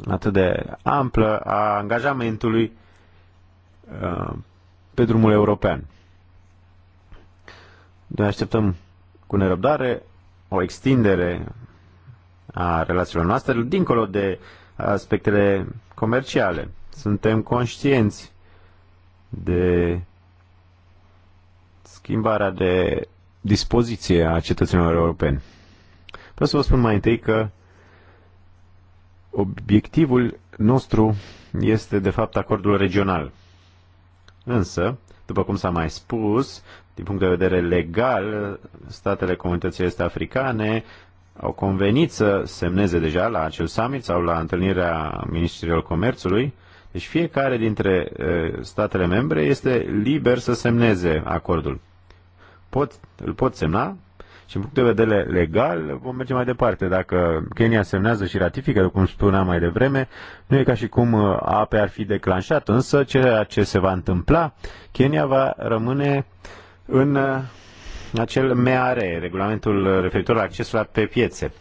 atât de amplă a angajamentului uh, pe drumul european. Noi așteptăm cu nerăbdare o extindere a relațiilor noastre dincolo de uh, aspectele comerciale. Suntem conștienți de schimbarea de dispoziție a cetățenilor europeni. Vreau să vă spun mai întâi că obiectivul nostru este de fapt acordul regional. Însă, după cum s-a mai spus, din punct de vedere legal, statele comunității este africane au convenit să semneze deja la acel summit sau la întâlnirea ministrilor comerțului. Deci fiecare dintre statele membre este liber să semneze acordul. Pot, îl pot semna și în punct de vedere legal vom merge mai departe. Dacă Kenya semnează și ratifică, cum spuneam mai devreme, nu e ca și cum APE ar fi declanșat, însă ceea ce se va întâmpla, Kenya va rămâne în acel MAR, regulamentul referitor la accesul la pe piețe.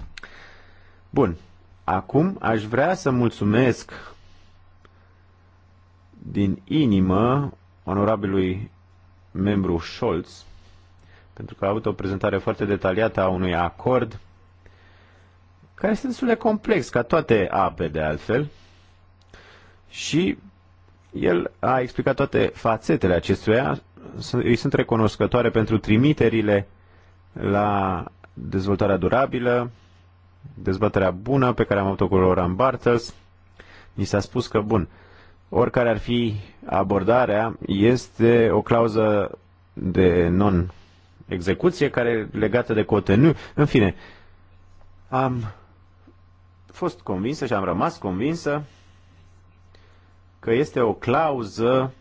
Bun. Acum aș vrea să mulțumesc din inimă onorabilui membru Scholz pentru că a avut o prezentare foarte detaliată a unui acord care este destul de complex, ca toate ape de altfel, și el a explicat toate fațetele acestuia îi sunt recunoscătoare pentru trimiterile la dezvoltarea durabilă, dezbaterea bună pe care am avut-o cu Laurent Bartels. Mi s-a spus că, bun, oricare ar fi abordarea, este o clauză de non-execuție care e legată de cote. Nu, În fine, am fost convinsă și am rămas convinsă că este o clauză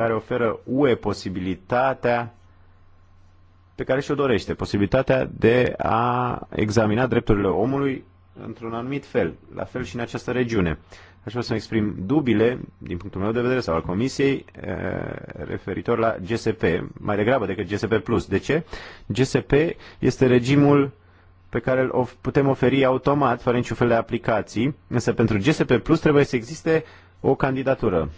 care oferă UE posibilitatea pe care și-o dorește, posibilitatea de a examina drepturile omului într-un anumit fel, la fel și în această regiune. Aș vrea să-mi exprim dubile, din punctul meu de vedere, sau al Comisiei, eh, referitor la GSP, mai degrabă decât GSP+. De ce? GSP este regimul pe care îl putem oferi automat, fără niciun fel de aplicații, însă pentru GSP Plus trebuie să existe o candidatură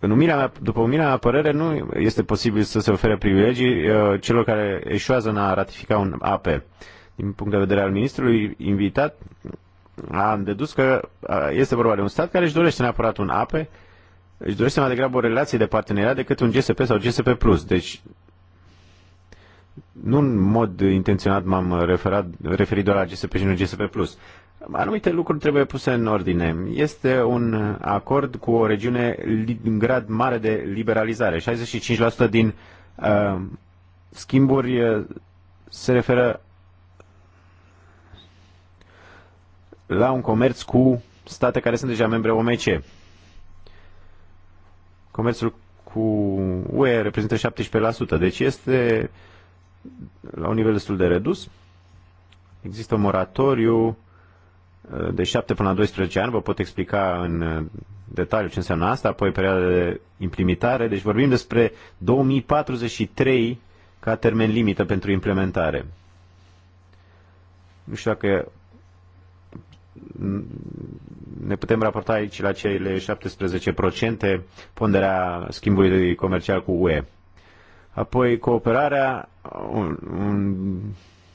în umirea, după umirea mea părere, nu este posibil să se ofere privilegii uh, celor care eșuează în a ratifica un AP. Din punct de vedere al ministrului invitat, am dedus că uh, este vorba de un stat care își dorește neapărat un AP, își dorește mai degrabă o relație de parteneriat decât un GSP sau GSP+. Plus. Deci, nu în mod intenționat m-am referat, referit doar la GSP și nu GSP+. Plus. Anumite lucruri trebuie puse în ordine. Este un acord cu o regiune în grad mare de liberalizare. 65% din uh, schimburi uh, se referă la un comerț cu state care sunt deja membre OMC. Comerțul cu UE reprezintă 17%, deci este la un nivel destul de redus. Există un moratoriu de 7 până la 12 ani, vă pot explica în uh, detaliu ce înseamnă asta, apoi perioada de implementare, deci vorbim despre 2043 ca termen limită pentru implementare. Nu știu dacă ne putem raporta aici la cele 17% ponderea schimbului comercial cu UE. Apoi cooperarea, un, un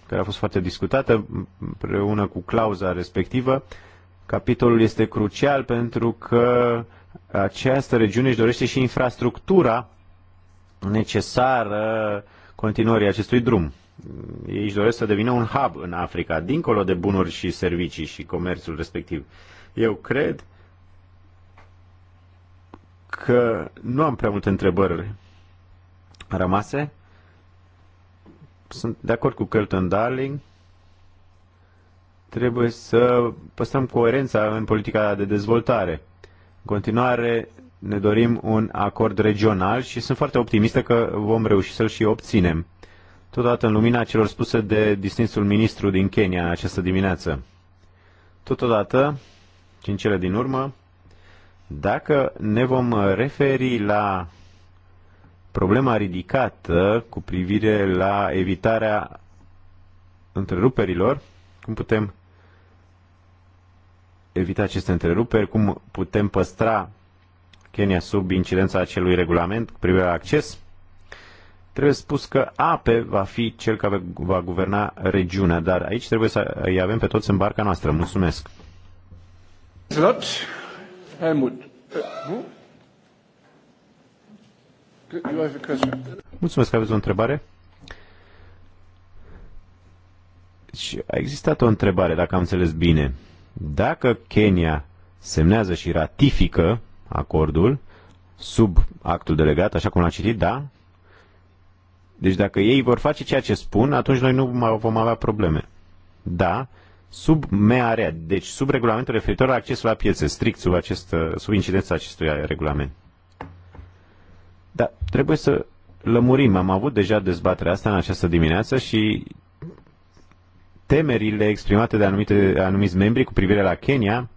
care a fost foarte discutată împreună cu clauza respectivă. Capitolul este crucial pentru că această regiune își dorește și infrastructura necesară continuării acestui drum. Ei își doresc să devină un hub în Africa, dincolo de bunuri și servicii și comerțul respectiv. Eu cred că nu am prea multe întrebări rămase. Sunt de acord cu Kelton Darling. Trebuie să păstrăm coerența în politica de dezvoltare. În continuare, ne dorim un acord regional și sunt foarte optimistă că vom reuși să-l și obținem. Totodată în lumina celor spuse de distinsul ministru din Kenya în această dimineață. Totodată, în cele din urmă, dacă ne vom referi la problema ridicată cu privire la evitarea întreruperilor, cum putem evita aceste întreruperi, cum putem păstra Kenya sub incidența acelui regulament cu privire la acces, trebuie spus că APE va fi cel care va guverna regiunea, dar aici trebuie să îi avem pe toți în barca noastră. Mulțumesc! Helmut. Mulțumesc că aveți o întrebare. Și a existat o întrebare, dacă am înțeles bine. Dacă Kenya semnează și ratifică acordul sub actul delegat, așa cum l-am citit, da? Deci dacă ei vor face ceea ce spun, atunci noi nu vom avea probleme. Da, sub MEAREA, deci sub regulamentul referitor la accesul la piețe, strict sub, acest, sub incidența acestui regulament. Dar trebuie să lămurim. Am avut deja dezbaterea asta în această dimineață și temerile exprimate de anumite, anumiți membri cu privire la Kenya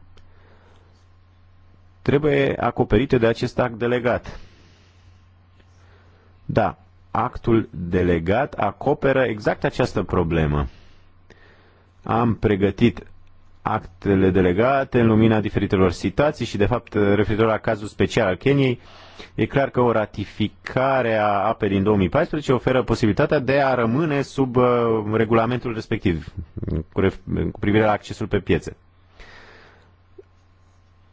trebuie acoperite de acest act delegat. Da, actul delegat acoperă exact această problemă. Am pregătit actele delegate în lumina diferitelor situații și, de fapt, referitor la cazul special al Keniei, E clar că o ratificare a apei din 2014 oferă posibilitatea de a rămâne sub uh, regulamentul respectiv cu, ref- cu privire la accesul pe piețe.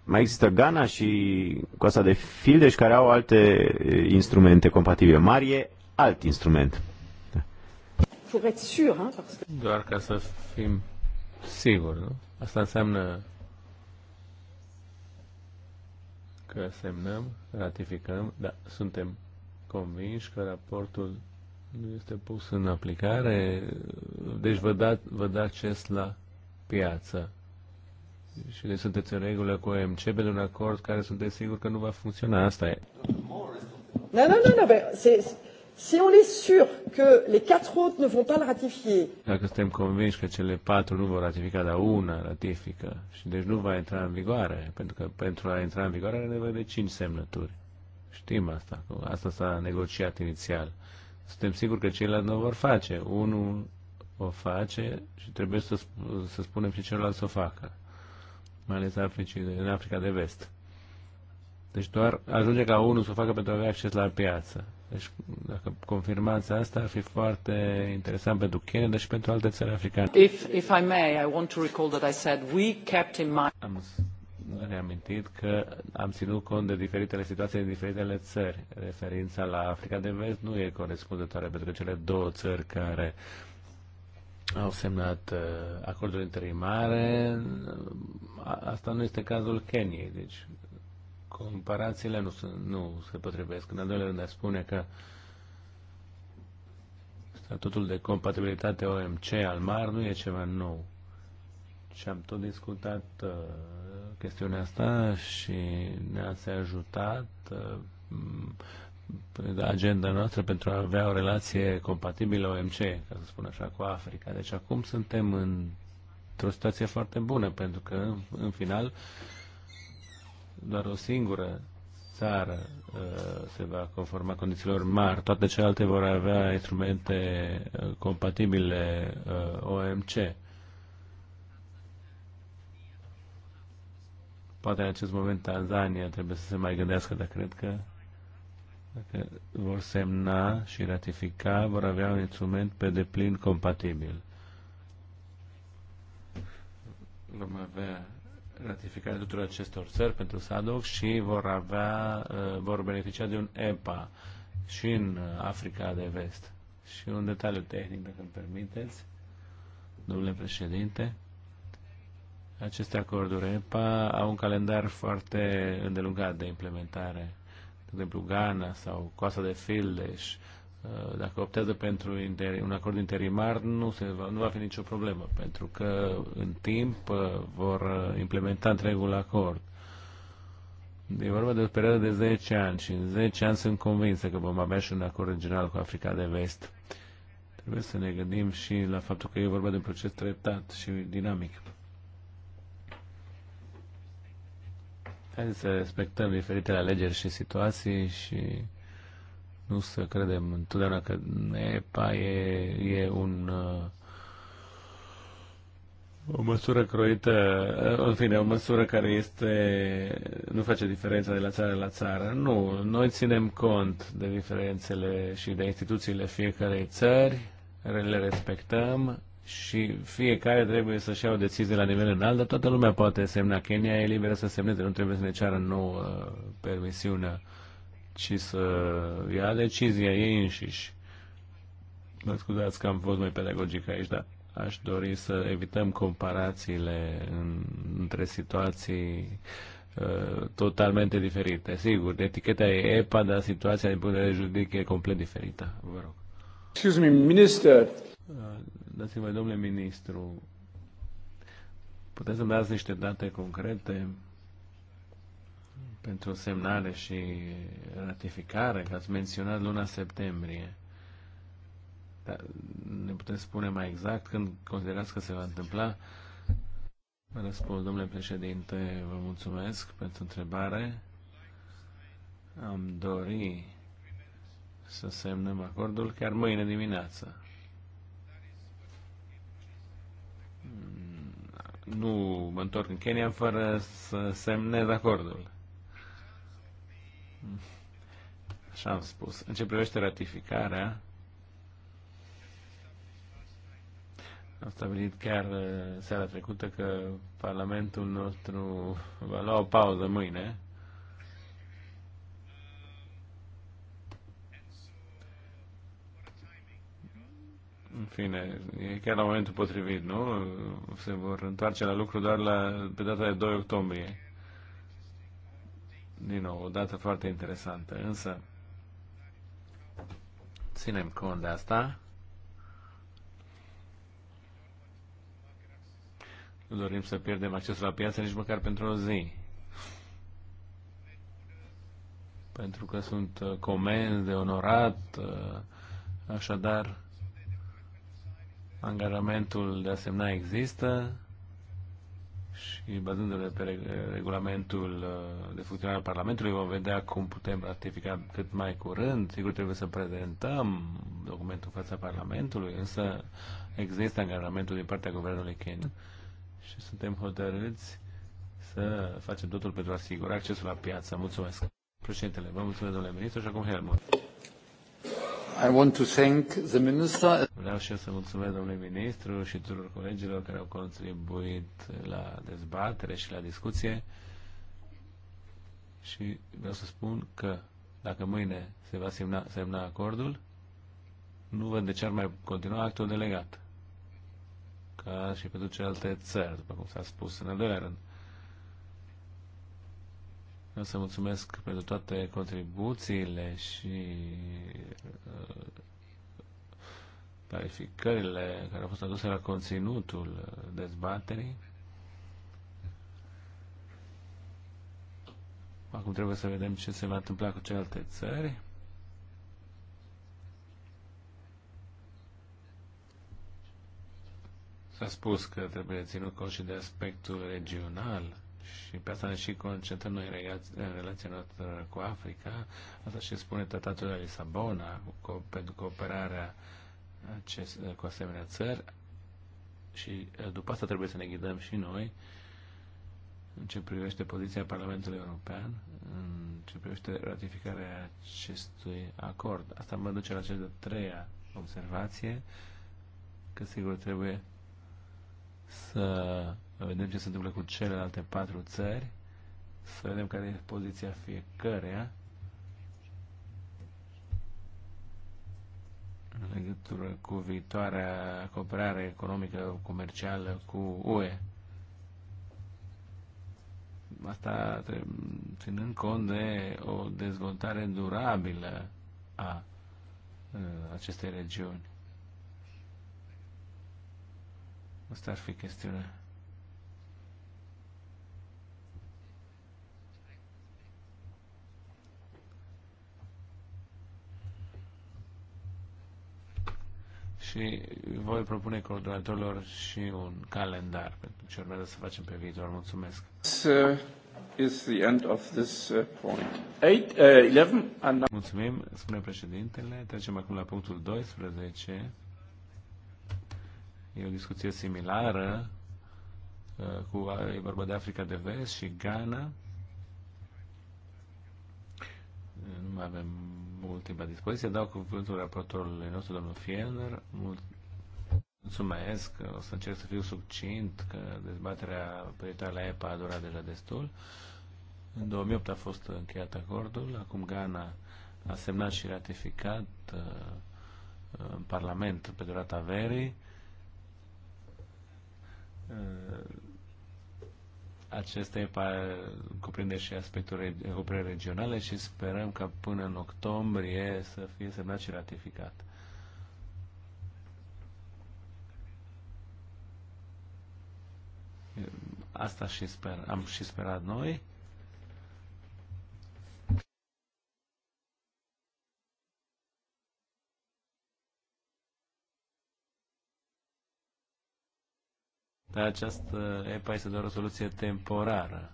Mai există Ghana și Coasa de Fildeș care au alte uh, instrumente compatibile. Mari e alt instrument. Doar ca să fim siguri, nu? Asta înseamnă că semnăm, ratificăm, dar suntem convinși că raportul nu este pus în aplicare, deci vă, dați vă da acces la piață. Și deci sunteți în regulă cu OMC pentru un acord care sunteți sigur că nu va funcționa. Asta e. Nu, nu, nu, nu, Si on est sûr que les quatre autres ne vont pas le ratifier. Dacă suntem convinși că cele patru nu vor ratifica, dar una ratifică și deci nu va intra în vigoare, pentru că pentru a intra în vigoare are nevoie de cinci semnături. Știm asta, că asta s-a negociat inițial. Suntem siguri că ceilalți nu vor face. Unul o face și trebuie să, să spunem și celălalt să o facă. Mai ales în Africa de Vest. Deci doar ajunge ca unul să o facă pentru a avea acces la piață. Deci, dacă confirmați asta, ar fi foarte interesant pentru Kenya, dar și pentru alte țări africane. If, if I may, I want to recall that I said we kept in mind... Am reamintit că am ținut cont de diferitele situații din diferitele țări. Referința la Africa de Vest nu e corespunzătoare pentru că cele două țări care au semnat uh, acordul interimare, asta nu este cazul Keniei, deci comparațiile nu, sunt, nu se potrivesc. În al doilea rând, spune că statutul de compatibilitate OMC al MAR nu e ceva nou. Și am tot discutat uh, chestiunea asta și ne-ați ajutat uh, mm, agenda noastră pentru a avea o relație compatibilă OMC, ca să spun așa, cu Africa. Deci acum suntem într-o situație foarte bună, pentru că în final uh, doar o singură țară uh, se va conforma condițiilor mari, toate celelalte vor avea instrumente uh, compatibile uh, OMC. Poate în acest moment Tanzania trebuie să se mai gândească, dar cred că dacă vor semna și ratifica, vor avea un instrument pe deplin compatibil. Vom avea ratificarea tuturor acestor țări pentru SADOC și vor avea, uh, vor beneficia de un EPA și în Africa de Vest. Și un detaliu tehnic, dacă îmi permiteți, domnule președinte. Aceste acorduri EPA au un calendar foarte îndelungat de implementare. De exemplu, Ghana sau Coasa de Fildeș Uh, dacă optează pentru un acord interimar, nu, se va, nu va fi nicio problemă, pentru că în timp uh, vor uh, implementa întregul acord. E vorba de o perioadă de 10 ani și în 10 ani sunt convinsă că vom avea și un acord general cu Africa de Vest. Trebuie să ne gândim și la faptul că e vorba de un proces treptat și dinamic. Hai să respectăm diferitele alegeri și situații și nu să credem întotdeauna că EPA e, e un uh, o măsură croită, uh, în fine, o măsură care este, nu face diferența de la țară la țară. Nu, noi ținem cont de diferențele și de instituțiile fiecarei țări, le respectăm și fiecare trebuie să-și ia o decizie la nivel înalt, dar toată lumea poate semna. Kenya e liberă să semneze, nu trebuie să ne ceară nouă uh, permisiunea ci să ia decizia ei înșiși. Mă scuzați că am fost mai pedagogic aici, dar aș dori să evităm comparațiile în, între situații uh, totalmente diferite. Sigur, eticheta e EPA, dar situația din punct de vedere juridic e complet diferită. Vă rog. Excuse me, minister. Uh, Dați-vă, domnule ministru, puteți să-mi dați niște date concrete pentru semnare și ratificare, că ați menționat luna septembrie. Dar ne puteți spune mai exact când considerați că se va întâmpla? răspund, domnule președinte, vă mulțumesc pentru întrebare. Am dori să semnăm acordul chiar mâine dimineață. Nu mă întorc în Kenya fără să semnez acordul. Așa am spus. În ce privește ratificarea, am stabilit chiar uh, seara trecută că Parlamentul nostru va lua o pauză mâine. În fine, e chiar la momentul potrivit, nu? Se vor întoarce la lucru doar la, pe data de 2 octombrie din nou, o dată foarte interesantă, însă ținem cont de asta. Nu dorim să pierdem accesul la piață nici măcar pentru o zi. Pentru că sunt uh, comenzi de onorat, uh, așadar angajamentul de asemenea există și bazându-ne pe regulamentul uh, de funcționare al Parlamentului vom vedea cum putem ratifica cât mai curând. Sigur trebuie să prezentăm documentul în fața Parlamentului, însă există angajamentul din partea Guvernului Kenya și suntem hotărâți să facem totul pentru a asigura accesul la piață. Mulțumesc. Președintele, vă mulțumesc, domnule ministru, și acum Helmut. I want to thank the minister. Vreau și eu să mulțumesc domnului ministru și tuturor colegilor care au contribuit la dezbatere și la discuție. Și vreau să spun că dacă mâine se va semna, semna acordul, nu văd de ce ar mai continua actul delegat. Ca și pentru celelalte țări, după cum s-a spus în al doilea rând. Vreau să mulțumesc pentru toate contribuțiile și uh, clarificările care au fost aduse la conținutul dezbaterii. Acum trebuie să vedem ce se va întâmpla cu celelalte țări. S-a spus că trebuie ținut cont și de aspectul regional și pe asta ne și concentrăm noi în relația noastră uh, cu Africa. Asta și spune tratatul de Lisabona cu, pentru cooperarea acest, uh, cu asemenea țări și uh, după asta trebuie să ne ghidăm și noi în ce privește poziția Parlamentului European, în ce privește ratificarea acestui acord. Asta mă duce la cea de treia observație, că sigur trebuie să să vedem ce se întâmplă cu celelalte patru țări, să vedem care e poziția fiecăreia în legătură cu viitoarea cooperare economică comercială cu UE. Asta ținând cont de o dezvoltare durabilă a uh, acestei regiuni. Asta ar fi chestiunea. și voi propune coordonatorilor și un calendar pentru ce urmează să facem pe viitor. Mulțumesc. Uh, is the end of this uh, point. Eight, uh, 11 and... Mulțumim, spune președintele. Trecem acum la punctul 12. E o discuție similară uh, cu e vorba de Africa de Vest și Ghana. Nu mai avem mult timp la dispoziție. Dau cuvântul raportorului nostru, domnul Fielner. Mulțumesc, o să încerc să fiu succint, că dezbaterea privitoare la EPA a durat deja destul. În 2008 a fost încheiat acordul, acum Ghana a semnat și ratificat uh, în Parlament pe durata verii uh, aceste cuprinde și aspectul cooperării regionale și sperăm ca până în octombrie să fie semnat și ratificat. Asta și sper, am și sperat noi. Dar această EPA este doar o soluție temporară.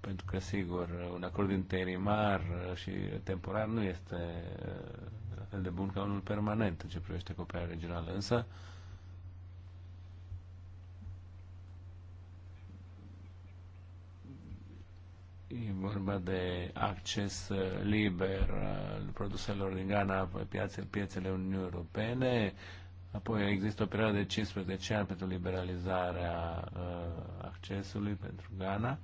Pentru că, sigur, un acord interimar și temporar nu este la uh, fel de bun ca unul permanent în ce privește cooperarea regională. Însă, E vorba de acces uh, liber al uh, produselor din Ghana pe piațele, piețele Uniunii Europene, Apoi există o perioadă de 15 ani pentru liberalizarea uh, accesului pentru Ghana.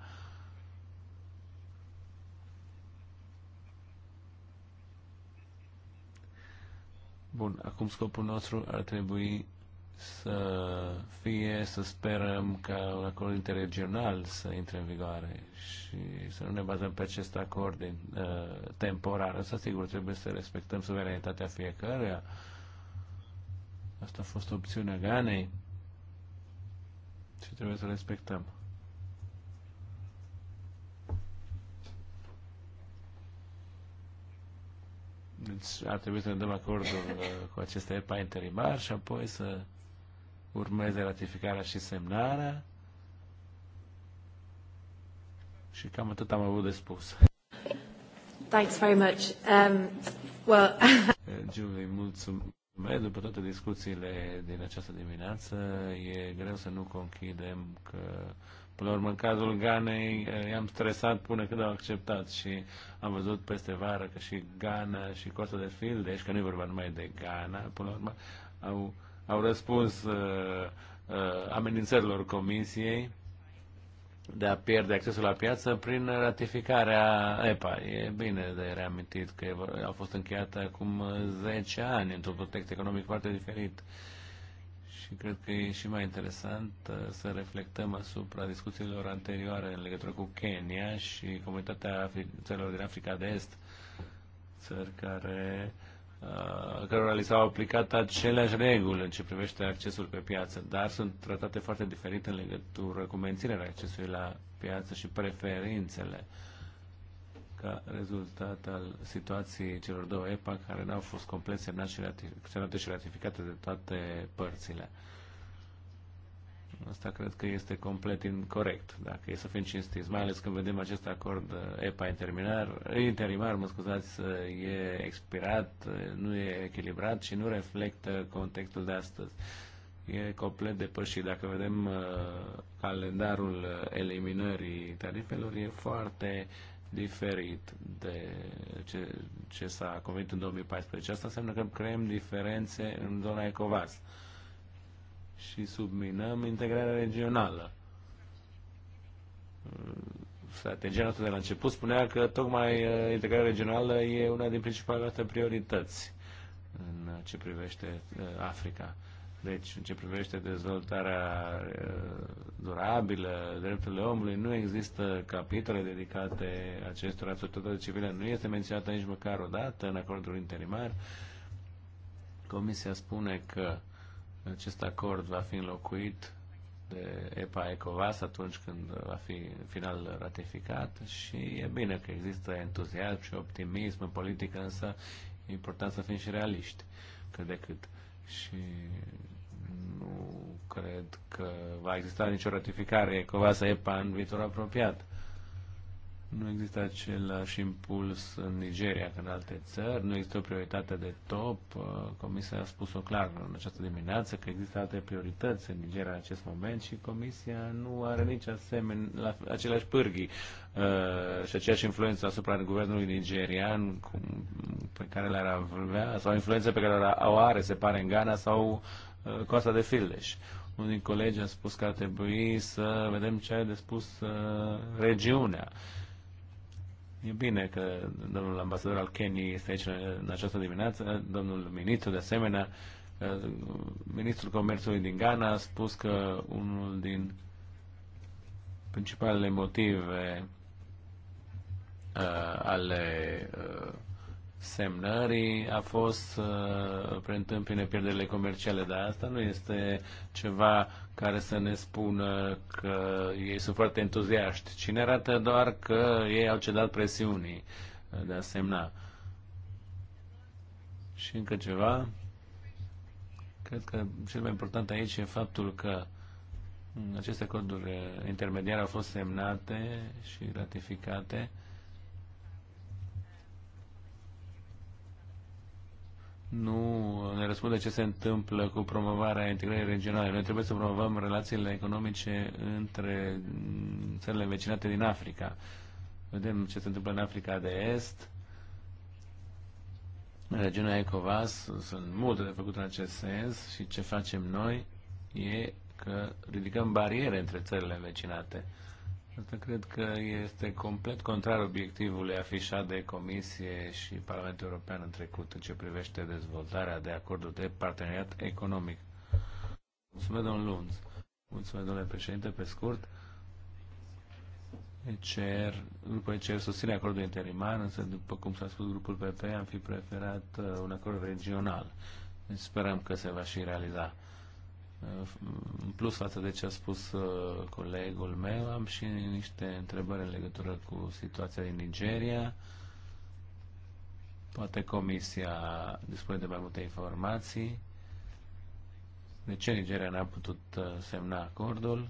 Bun, acum scopul nostru ar trebui să fie, să sperăm ca un acord interregional să intre în vigoare și să nu ne bazăm pe acest acord de, uh, temporar. Însă, sigur trebuie să respectăm suveranitatea fiecăruia. Uh, Asta a fost opțiunea Ganei și trebuie să respectăm. Deci ar trebui să ne dăm acordul uh, cu aceste EPA interimar și apoi să urmeze ratificarea și semnarea. Și cam atât am avut de spus. Thanks very much. Um, well... Julie, mulțumesc. Mulțumesc. După toate discuțiile din această dimineață, e greu să nu conchidem că, până la urmă, în cazul Ganei, eh, i-am stresat până când au acceptat și am văzut peste vară că și Gana și Costa de Filde, și că nu e vorba numai de Gana, până la urmă, au, au răspuns uh, uh, amenințărilor comisiei de a pierde accesul la piață prin ratificarea EPA. E bine de reamintit că a fost încheiată acum 10 ani într-un context economic foarte diferit. Și cred că e și mai interesant uh, să reflectăm asupra discuțiilor anterioare în legătură cu Kenya și comunitatea țărilor din Africa de Est, țări care uh, Uh, cărora li s-au aplicat aceleași reguli în ce privește accesul pe piață, dar sunt tratate foarte diferit în legătură cu menținerea accesului la piață și preferințele ca rezultat al situației celor două EPA care n-au fost complet semnate și ratificate de toate părțile. Asta cred că este complet incorrect, dacă e să fim cinstiți, mai ales când vedem acest acord uh, EPA interimar, interimar mă scuzați, uh, e expirat, uh, nu e echilibrat și nu reflectă contextul de astăzi. E complet depășit. Dacă vedem calendarul eliminării tarifelor, e foarte diferit de ce, ce s-a convenit în 2014. Asta înseamnă că creăm diferențe în zona ECOVAS și subminăm integrarea regională. Strategia noastră de la început spunea că tocmai uh, integrarea regională e una din principalele noastre priorități în uh, ce privește uh, Africa. Deci, în ce privește dezvoltarea durabilă, drepturile omului, nu există capitole dedicate acestor Societatea civile. nu este menționată nici măcar o dată în acordul interimar. Comisia spune că acest acord va fi înlocuit de EPA ECOVAS atunci când va fi final ratificat și e bine că există entuziasm și optimism în politică, însă e important să fim și realiști cât de cât. Și nu cred că va exista nicio ratificare ECOVAS-EPA în viitorul apropiat. Nu există același impuls în Nigeria ca în alte țări, nu există o prioritate de top. Uh, Comisia a spus-o clar în această dimineață că există alte priorități în Nigeria în acest moment și Comisia nu are nici asemenea la, aceleași pârghii uh, și aceeași influență asupra guvernului nigerian cum, pe care le-ar avea sau influența pe care o are, se pare, în Ghana sau uh, Costa de Fildeș unii colegi a spus că ar trebui să vedem ce are de spus uh, regiunea. E bine că domnul ambasador al Keniei este aici în această dimineață, domnul ministru de asemenea, ministrul comerțului din Ghana a spus că unul din principalele motive uh, ale uh, semnării a fost uh, preîntâmpine pierderile comerciale, dar asta nu este ceva care să ne spună că ei sunt foarte entuziaști, ci ne arată doar că ei au cedat presiunii de a semna. Și încă ceva, cred că cel mai important aici e faptul că mm, aceste acorduri uh, intermediare au fost semnate și ratificate nu ne răspunde ce se întâmplă cu promovarea integrării regionale. Noi trebuie să promovăm relațiile economice între țările vecinate din Africa. Vedem ce se întâmplă în Africa de Est, în regiunea ECOVAS, sunt multe de făcut în acest sens și ce facem noi e că ridicăm bariere între țările vecinate. Asta cred că este complet contrar obiectivului afișat de Comisie și Parlamentul European în trecut în ce privește dezvoltarea de acordul de parteneriat economic. Mulțumesc, domnul Lunz. Mulțumesc, domnule președinte, pe scurt. ECR, după ECR susține acordul interimar, însă, după cum s-a spus, grupul PP am fi preferat uh, un acord regional. sperăm că se va și realiza în plus față de ce a spus uh, colegul meu, am și niște întrebări în legătură cu situația din Nigeria. Poate comisia dispune de mai multe informații. De ce Nigeria n-a putut uh, semna acordul?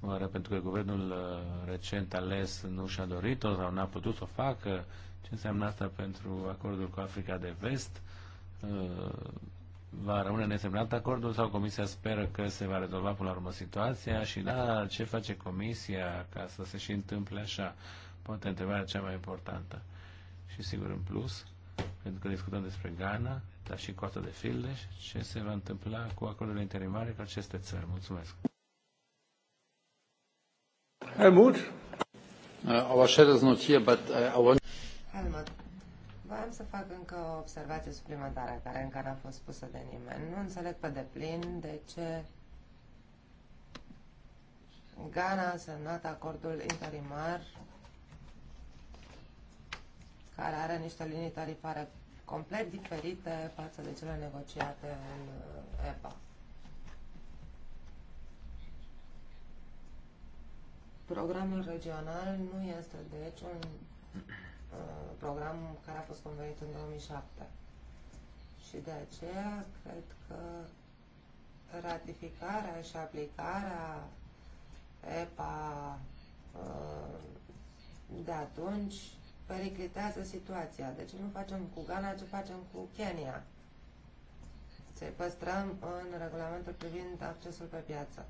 Oare pentru că guvernul uh, recent ales nu și-a dorit-o sau n-a putut să o facă? Ce înseamnă asta pentru acordul cu Africa de Vest? va rămâne nesemnat acordul sau Comisia speră că se va rezolva până la urmă situația și da, ce face Comisia ca să se și întâmple așa? Poate întrebarea cea mai importantă. Și sigur în plus, pentru că discutăm despre Ghana, dar și Coasta de Fildeș, ce se va întâmpla cu acordurile interimare cu aceste țări? Mulțumesc! Helmut? Uh, our shadow is not uh, Helmut. Voiam să fac încă o observație suplimentară care încă n-a fost spusă de nimeni. Nu înțeleg pe deplin de ce Ghana a semnat acordul interimar care are niște linii tarifare complet diferite față de cele negociate în uh, EPA. Programul regional nu este, deci, un Uh, program care a fost convenit în 2007. Și de aceea cred că ratificarea și aplicarea EPA uh, de atunci periclitează situația. Deci nu facem cu Ghana ce facem cu Kenya. Să-i păstrăm în regulamentul privind accesul pe piață.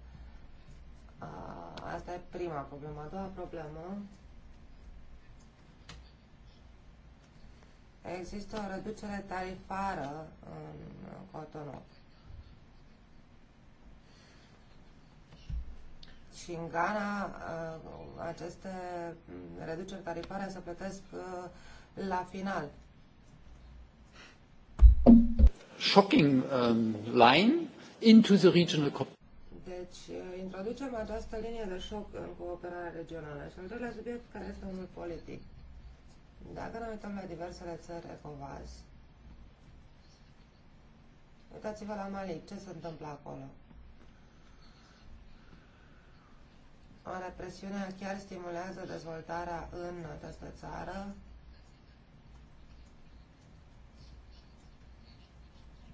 Asta e prima problemă. A doua problemă există o reducere tarifară în Cotonou. Și în Ghana uh, aceste reduceri tarifare se plătesc uh, la final. Shocking um, line into the regional deci, uh, introducem această linie de șoc în cooperarea regională. Și al doilea subiect, care este unul politic. Dacă ne uităm la diversele țări ECOVAS, uitați-vă la Mali, ce se întâmplă acolo? O represiune chiar stimulează dezvoltarea în această țară,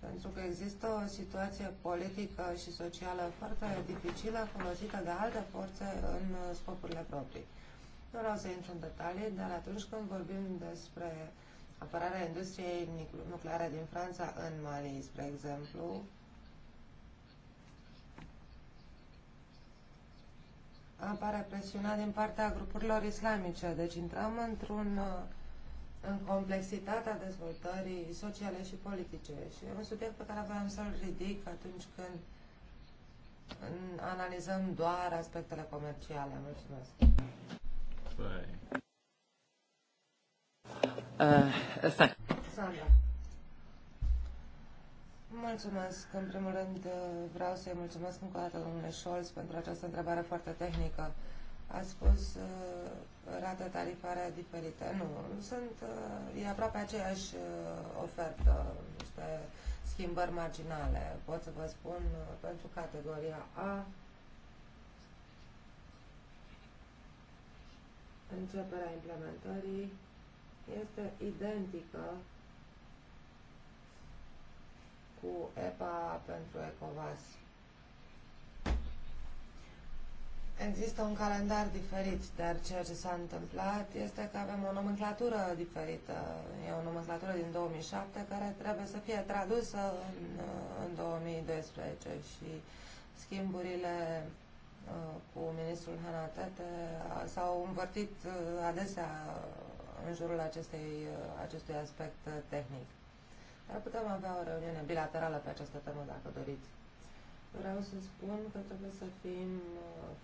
pentru că există o situație politică și socială foarte dificilă folosită de alte forțe în scopurile proprii. Nu vreau să intru în detalii, dar atunci când vorbim despre apărarea industriei nucleare din Franța în Mali, spre exemplu, apare presiunea din partea grupurilor islamice. Deci intrăm într-un în complexitatea dezvoltării sociale și politice. Și e un subiect pe care voiam să-l ridic atunci când analizăm doar aspectele comerciale. Mulțumesc! Uh, Mulțumesc. În primul rând uh, vreau să-i mulțumesc încă o dată domnule Scholz pentru această întrebare foarte tehnică. A spus uh, rată tarifare diferite. Nu, sunt, uh, e aproape aceeași uh, ofertă, niște schimbări marginale. Pot să vă spun, uh, pentru categoria A începerea implementării este identică cu EPA pentru ECOVAS. Există un calendar diferit, dar ceea ce s-a întâmplat este că avem o nomenclatură diferită. E o nomenclatură din 2007 care trebuie să fie tradusă în, în 2012 și schimburile Uh, cu ministrul Hanatete uh, s-au învărtit uh, adesea în jurul acestei, acestui aspect tehnic. Dar putem avea o reuniune bilaterală pe această temă, dacă doriți. Vreau să spun că trebuie să fim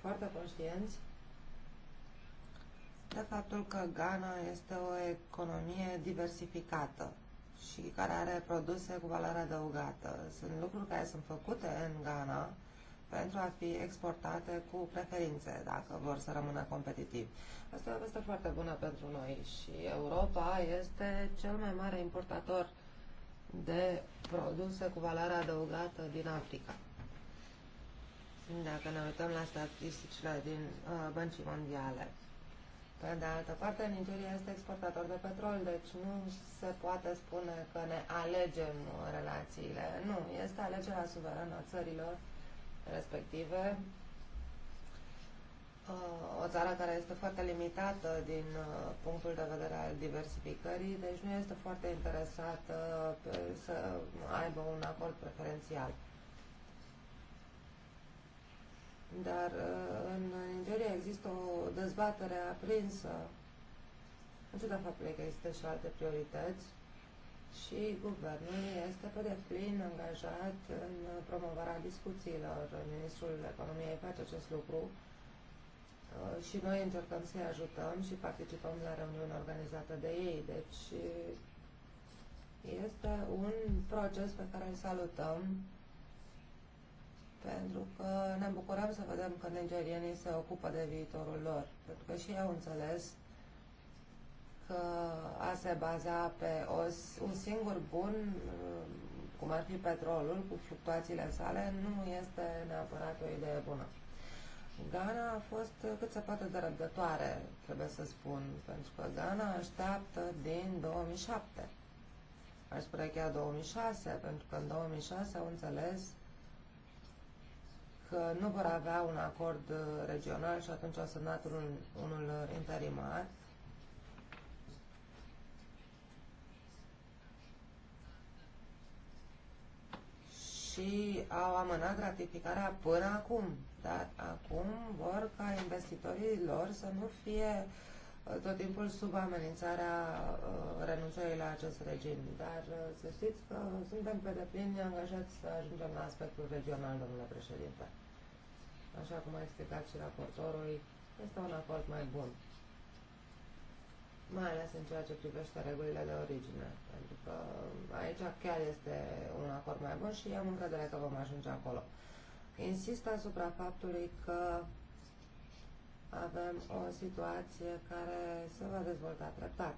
foarte conștienți de faptul că Ghana este o economie diversificată și care are produse cu valoare adăugată. Sunt lucruri care sunt făcute în Ghana, pentru a fi exportate cu preferințe, dacă vor să rămână competitivi. Asta e o veste foarte bună pentru noi și Europa este cel mai mare importator de produse cu valoare adăugată din Africa. Dacă ne uităm la statisticile din uh, băncii mondiale. Pe de altă parte, Nigeria este exportator de petrol, deci nu se poate spune că ne alegem relațiile. Nu, este alegerea suverană a țărilor respective. Uh, o țară care este foarte limitată din uh, punctul de vedere al diversificării, deci nu este foarte interesată uh, să aibă un acord preferențial. Dar în Nigeria există o dezbatere aprinsă, în ciuda faptului că există și alte priorități, și guvernul este pe deplin angajat în promovarea discuțiilor. Ministrul Economiei face acest lucru uh, și noi încercăm să-i ajutăm și participăm la reuniunea organizată de ei. Deci este un proces pe care îl salutăm pentru că ne bucurăm să vedem că nigerienii se ocupă de viitorul lor, pentru că și ei au înțeles a se baza pe o, un singur bun, uh, cum ar fi petrolul, cu fluctuațiile sale, nu este neapărat o idee bună. Ghana a fost cât se poate de răbdătoare, trebuie să spun, pentru că Ghana așteaptă din 2007. Aș spune chiar 2006, pentru că în 2006 au înțeles că nu vor avea un acord uh, regional și atunci au semnat unul, unul interimar și au amânat gratificarea până acum. Dar acum vor ca investitorii lor să nu fie uh, tot timpul sub amenințarea uh, renunțării la acest regim. Dar uh, să știți că suntem pe deplin angajați să ajungem la aspectul regional, domnule președinte. Așa cum a explicat și raportorul, este un acord mai bun mai ales în ceea ce privește regulile de origine. Pentru că aici chiar este un acord mai bun și am încredere că vom ajunge acolo. Insist asupra faptului că avem o situație care se va dezvolta treptat.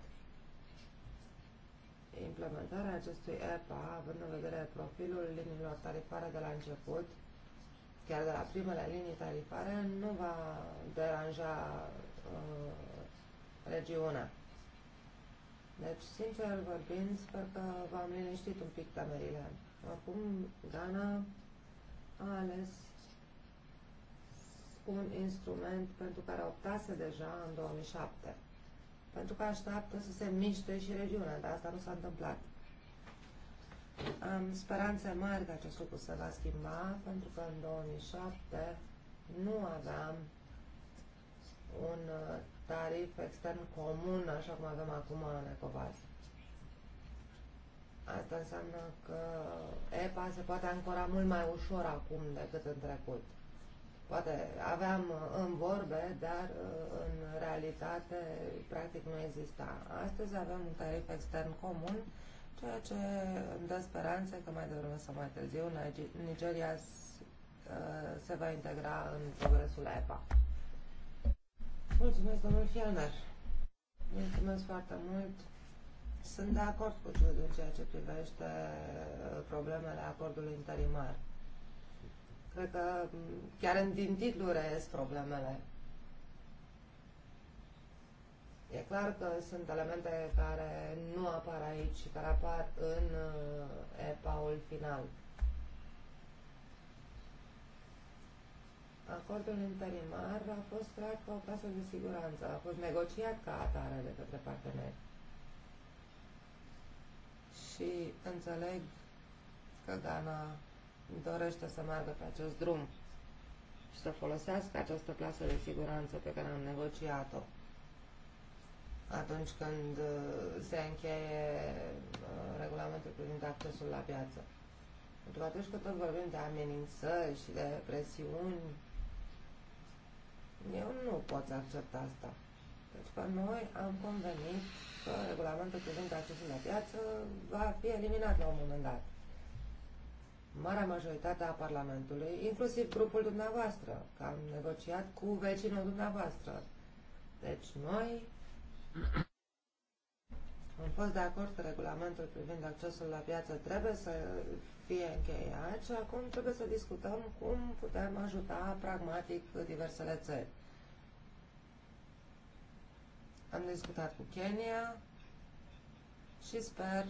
Implementarea acestui EPA, având în vedere profilul liniilor tarifare de la început, chiar de la primele linii tarifare, nu va deranja uh, regiunea. Deci, sincer vorbind, sper că v-am liniștit un pic tamerile. Acum, dana a ales un instrument pentru care optase deja în 2007, pentru că așteaptă să se miște și regiunea, dar asta nu s-a întâmplat. Am speranțe mari că acest lucru se va schimba, pentru că în 2007 nu aveam un uh, tarif extern comun, așa cum avem acum în ECOVAS. Asta înseamnă că EPA se poate ancora mult mai ușor acum decât în trecut. Poate aveam uh, în vorbe, dar uh, în realitate practic nu exista. Astăzi avem un tarif extern comun, ceea ce îmi dă speranțe că mai devreme sau mai târziu Nigeria uh, se va integra în progresul EPA. Mulțumesc, domnul Fianar. Mulțumesc foarte mult. Sunt de acord cu Ciudu în ceea ce privește uh, problemele acordului interimar. Cred că mm, chiar în, din titlu reiesc problemele. E clar că sunt elemente care nu apar aici care apar în uh, epaul final. Acordul interimar a fost creat ca o casă de siguranță, a fost negociat ca atare de către parteneri. Și înțeleg că Gana dorește să meargă pe acest drum și să folosească această clasă de siguranță pe care am negociat-o atunci când uh, se încheie uh, regulamentul privind accesul la piață. Pentru că atunci când tot vorbim de amenințări și de presiuni eu nu pot accepta asta. Deci Pentru că noi am convenit că regulamentul privind accesul la piață va fi eliminat la un moment dat. Marea majoritate a Parlamentului, inclusiv grupul dumneavoastră, că am negociat cu vecinul dumneavoastră. Deci noi am fost de acord că regulamentul privind accesul la piață trebuie să fie încheiat și acum trebuie să discutăm cum putem ajuta pragmatic diversele țări. Am discutat cu Kenya și sper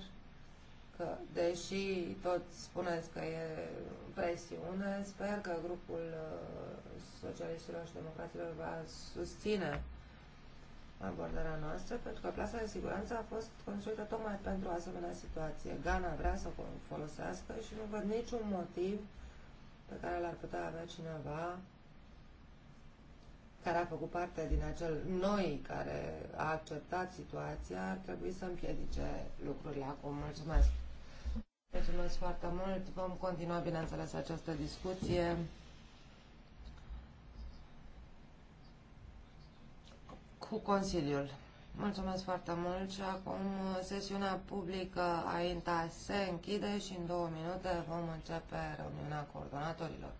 că, deși tot spuneți că e presiune, sper că grupul uh, socialiștilor și democraților va susține abordarea noastră, pentru că plasa de siguranță a fost construită tocmai pentru o asemenea situație. Ghana vrea să o folosească și nu văd niciun motiv pe care l-ar putea avea cineva care a făcut parte din acel noi care a acceptat situația, ar trebui să împiedice lucrurile acum. Mulțumesc! Mulțumesc foarte mult! Vom continua, bineînțeles, această discuție. cu Consiliul. Mulțumesc foarte mult și acum sesiunea publică a INTA se închide și în două minute vom începe reuniunea coordonatorilor.